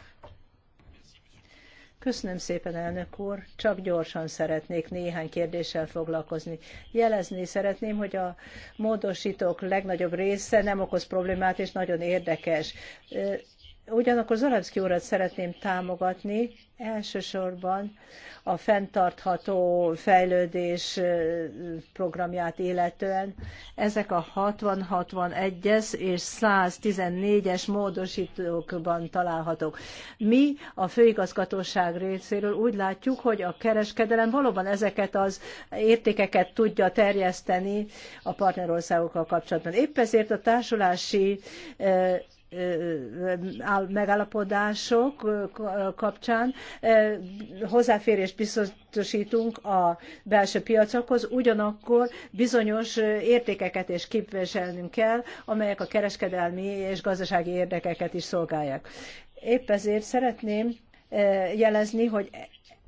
Köszönöm szépen, elnök úr. Csak gyorsan szeretnék néhány kérdéssel foglalkozni. Jelezni szeretném, hogy a módosítók legnagyobb része nem okoz problémát, és nagyon érdekes. Ugyanakkor Zalewski urat szeretném támogatni, elsősorban a fenntartható fejlődés programját illetően. Ezek a 60-61-es és 114-es módosítókban találhatók. Mi a főigazgatóság részéről úgy látjuk, hogy a kereskedelem valóban ezeket az értékeket tudja terjeszteni a partnerországokkal kapcsolatban. Épp ezért a társulási megállapodások kapcsán hozzáférést biztosítunk a belső piacokhoz, ugyanakkor bizonyos értékeket is képviselnünk kell, amelyek a kereskedelmi és gazdasági érdekeket is szolgálják. Épp ezért szeretném jelezni, hogy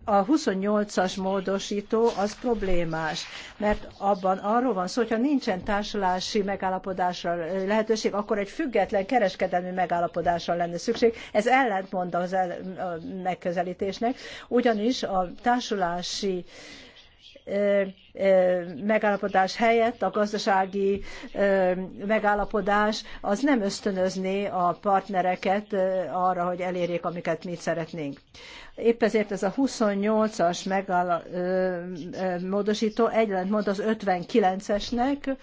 a 28-as módosító az problémás, mert abban arról van szó, hogyha nincsen társulási megállapodásra lehetőség, akkor egy független kereskedelmi megállapodásra lenne szükség. Ez ellentmond az el, a megközelítésnek, ugyanis a társulási megállapodás helyett a gazdasági megállapodás az nem ösztönözné a partnereket arra, hogy elérjék, amiket mi szeretnénk. Épp ezért ez a 28-as megáll... módosító mond az 59-esnek,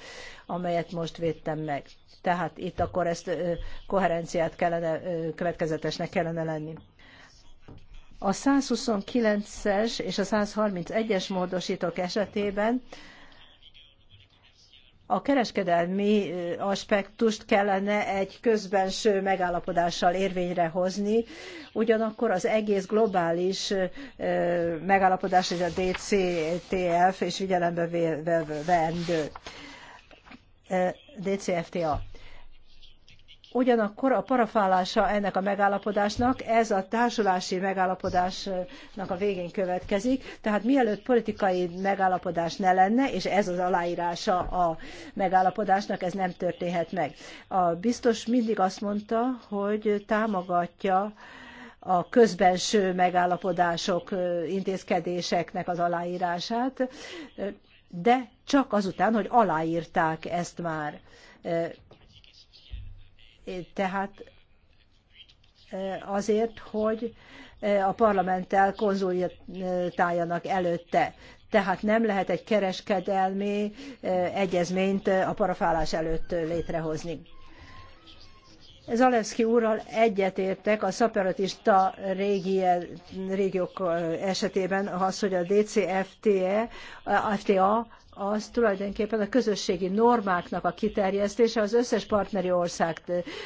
amelyet most védtem meg. Tehát itt akkor ezt koherenciát kellene, következetesnek kellene lenni. A 129-es és a 131-es módosítók esetében a kereskedelmi aspektust kellene egy közbenső megállapodással érvényre hozni, ugyanakkor az egész globális megállapodás, ez a DCTF és figyelembe vendő. DCFTA. Ugyanakkor a parafálása ennek a megállapodásnak, ez a társulási megállapodásnak a végén következik, tehát mielőtt politikai megállapodás ne lenne, és ez az aláírása a megállapodásnak, ez nem történhet meg. A biztos mindig azt mondta, hogy támogatja a közbenső megállapodások, intézkedéseknek az aláírását, de csak azután, hogy aláírták ezt már tehát azért, hogy a parlamenttel konzultáljanak előtte. Tehát nem lehet egy kereskedelmi egyezményt a parafálás előtt létrehozni. Zalewski úrral egyetértek a szaperatista régiók esetében az, hogy a DCFTA e, az tulajdonképpen a közösségi normáknak a kiterjesztése az összes partneri ország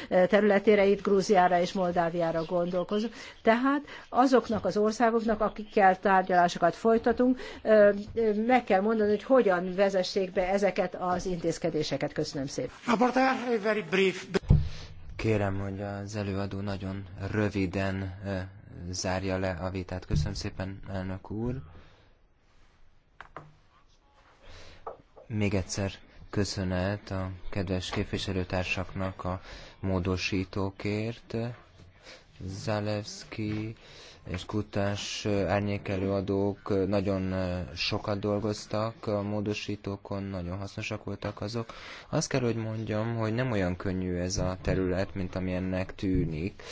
területére, itt Grúziára és Moldáviára gondolkozunk. Tehát azoknak az országoknak, akikkel tárgyalásokat folytatunk, meg kell mondani, hogy hogyan vezessék be ezeket az intézkedéseket. Köszönöm szépen. Kérem, hogy az előadó nagyon röviden zárja le a vitát. Köszönöm szépen, elnök úr. Még egyszer köszönet a kedves képviselőtársaknak a módosítókért. Zalewski és Kutás árnyékelőadók nagyon sokat dolgoztak a módosítókon, nagyon hasznosak voltak azok. Azt kell, hogy mondjam, hogy nem olyan könnyű ez a terület, mint amilyennek tűnik.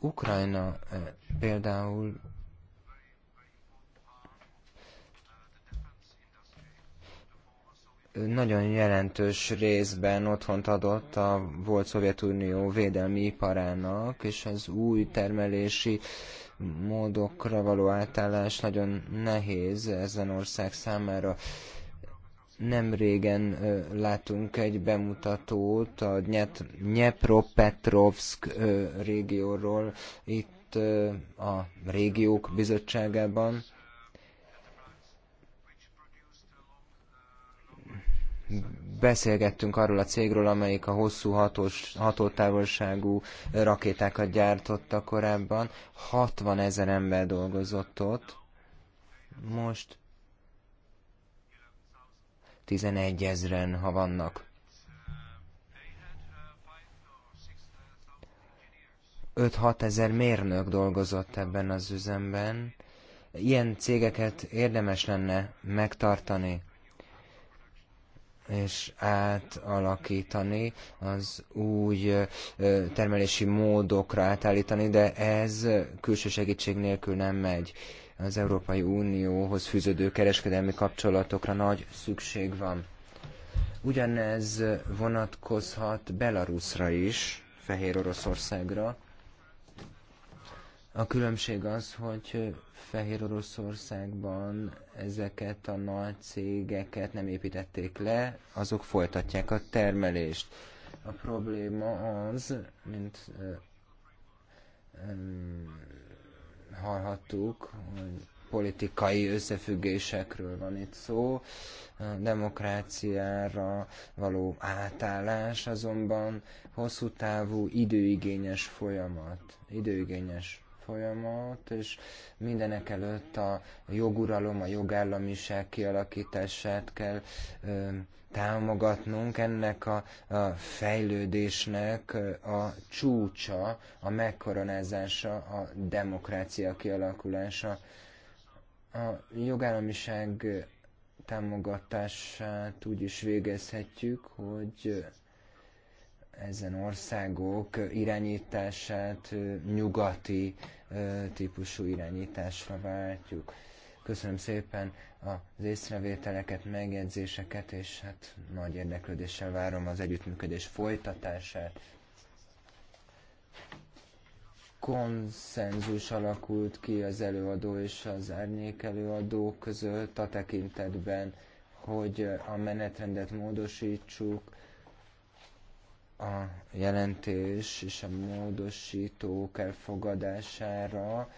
Ukrajna például nagyon jelentős részben otthont adott a volt Szovjetunió védelmi iparának, és az új termelési módokra való átállás nagyon nehéz ezen ország számára. Nem régen látunk egy bemutatót a Dnepropetrovsk régióról itt a régiók bizottságában beszélgettünk arról a cégről, amelyik a hosszú hatós, hatótávolságú rakétákat gyártotta korábban. 60 ezer ember dolgozott ott. Most 11 ezeren, ha vannak. 5-6 ezer mérnök dolgozott ebben az üzemben. Ilyen cégeket érdemes lenne megtartani és átalakítani, az új termelési módokra átállítani, de ez külső segítség nélkül nem megy. Az Európai Unióhoz fűződő kereskedelmi kapcsolatokra nagy szükség van. Ugyanez vonatkozhat Belarusra is, Fehér Oroszországra. A különbség az, hogy Fehér Oroszországban ezeket a nagy cégeket nem építették le, azok folytatják a termelést. A probléma az, mint hallhattuk, hogy politikai összefüggésekről van itt szó. A demokráciára való átállás azonban hosszú távú időigényes folyamat, időigényes folyamat, és mindenek előtt a joguralom, a jogállamiság kialakítását kell ö, támogatnunk. Ennek a, a fejlődésnek a csúcsa, a megkoronázása, a demokrácia kialakulása. A jogállamiság támogatását úgy is végezhetjük, hogy ezen országok irányítását nyugati típusú irányításra váltjuk. Köszönöm szépen az észrevételeket, megjegyzéseket, és hát nagy érdeklődéssel várom az együttműködés folytatását. Konszenzus alakult ki az előadó és az árnyék előadó között a tekintetben, hogy a menetrendet módosítsuk, a jelentés és a módosítók elfogadására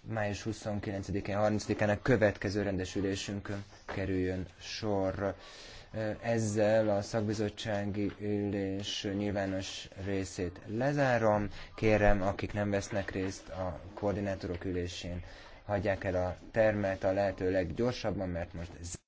május 29-én, 30-án a következő rendesülésünkön kerüljön sor. Ezzel a szakbizottsági ülés nyilvános részét lezárom. Kérem, akik nem vesznek részt a koordinátorok ülésén, hagyják el a termet a lehető leggyorsabban, mert most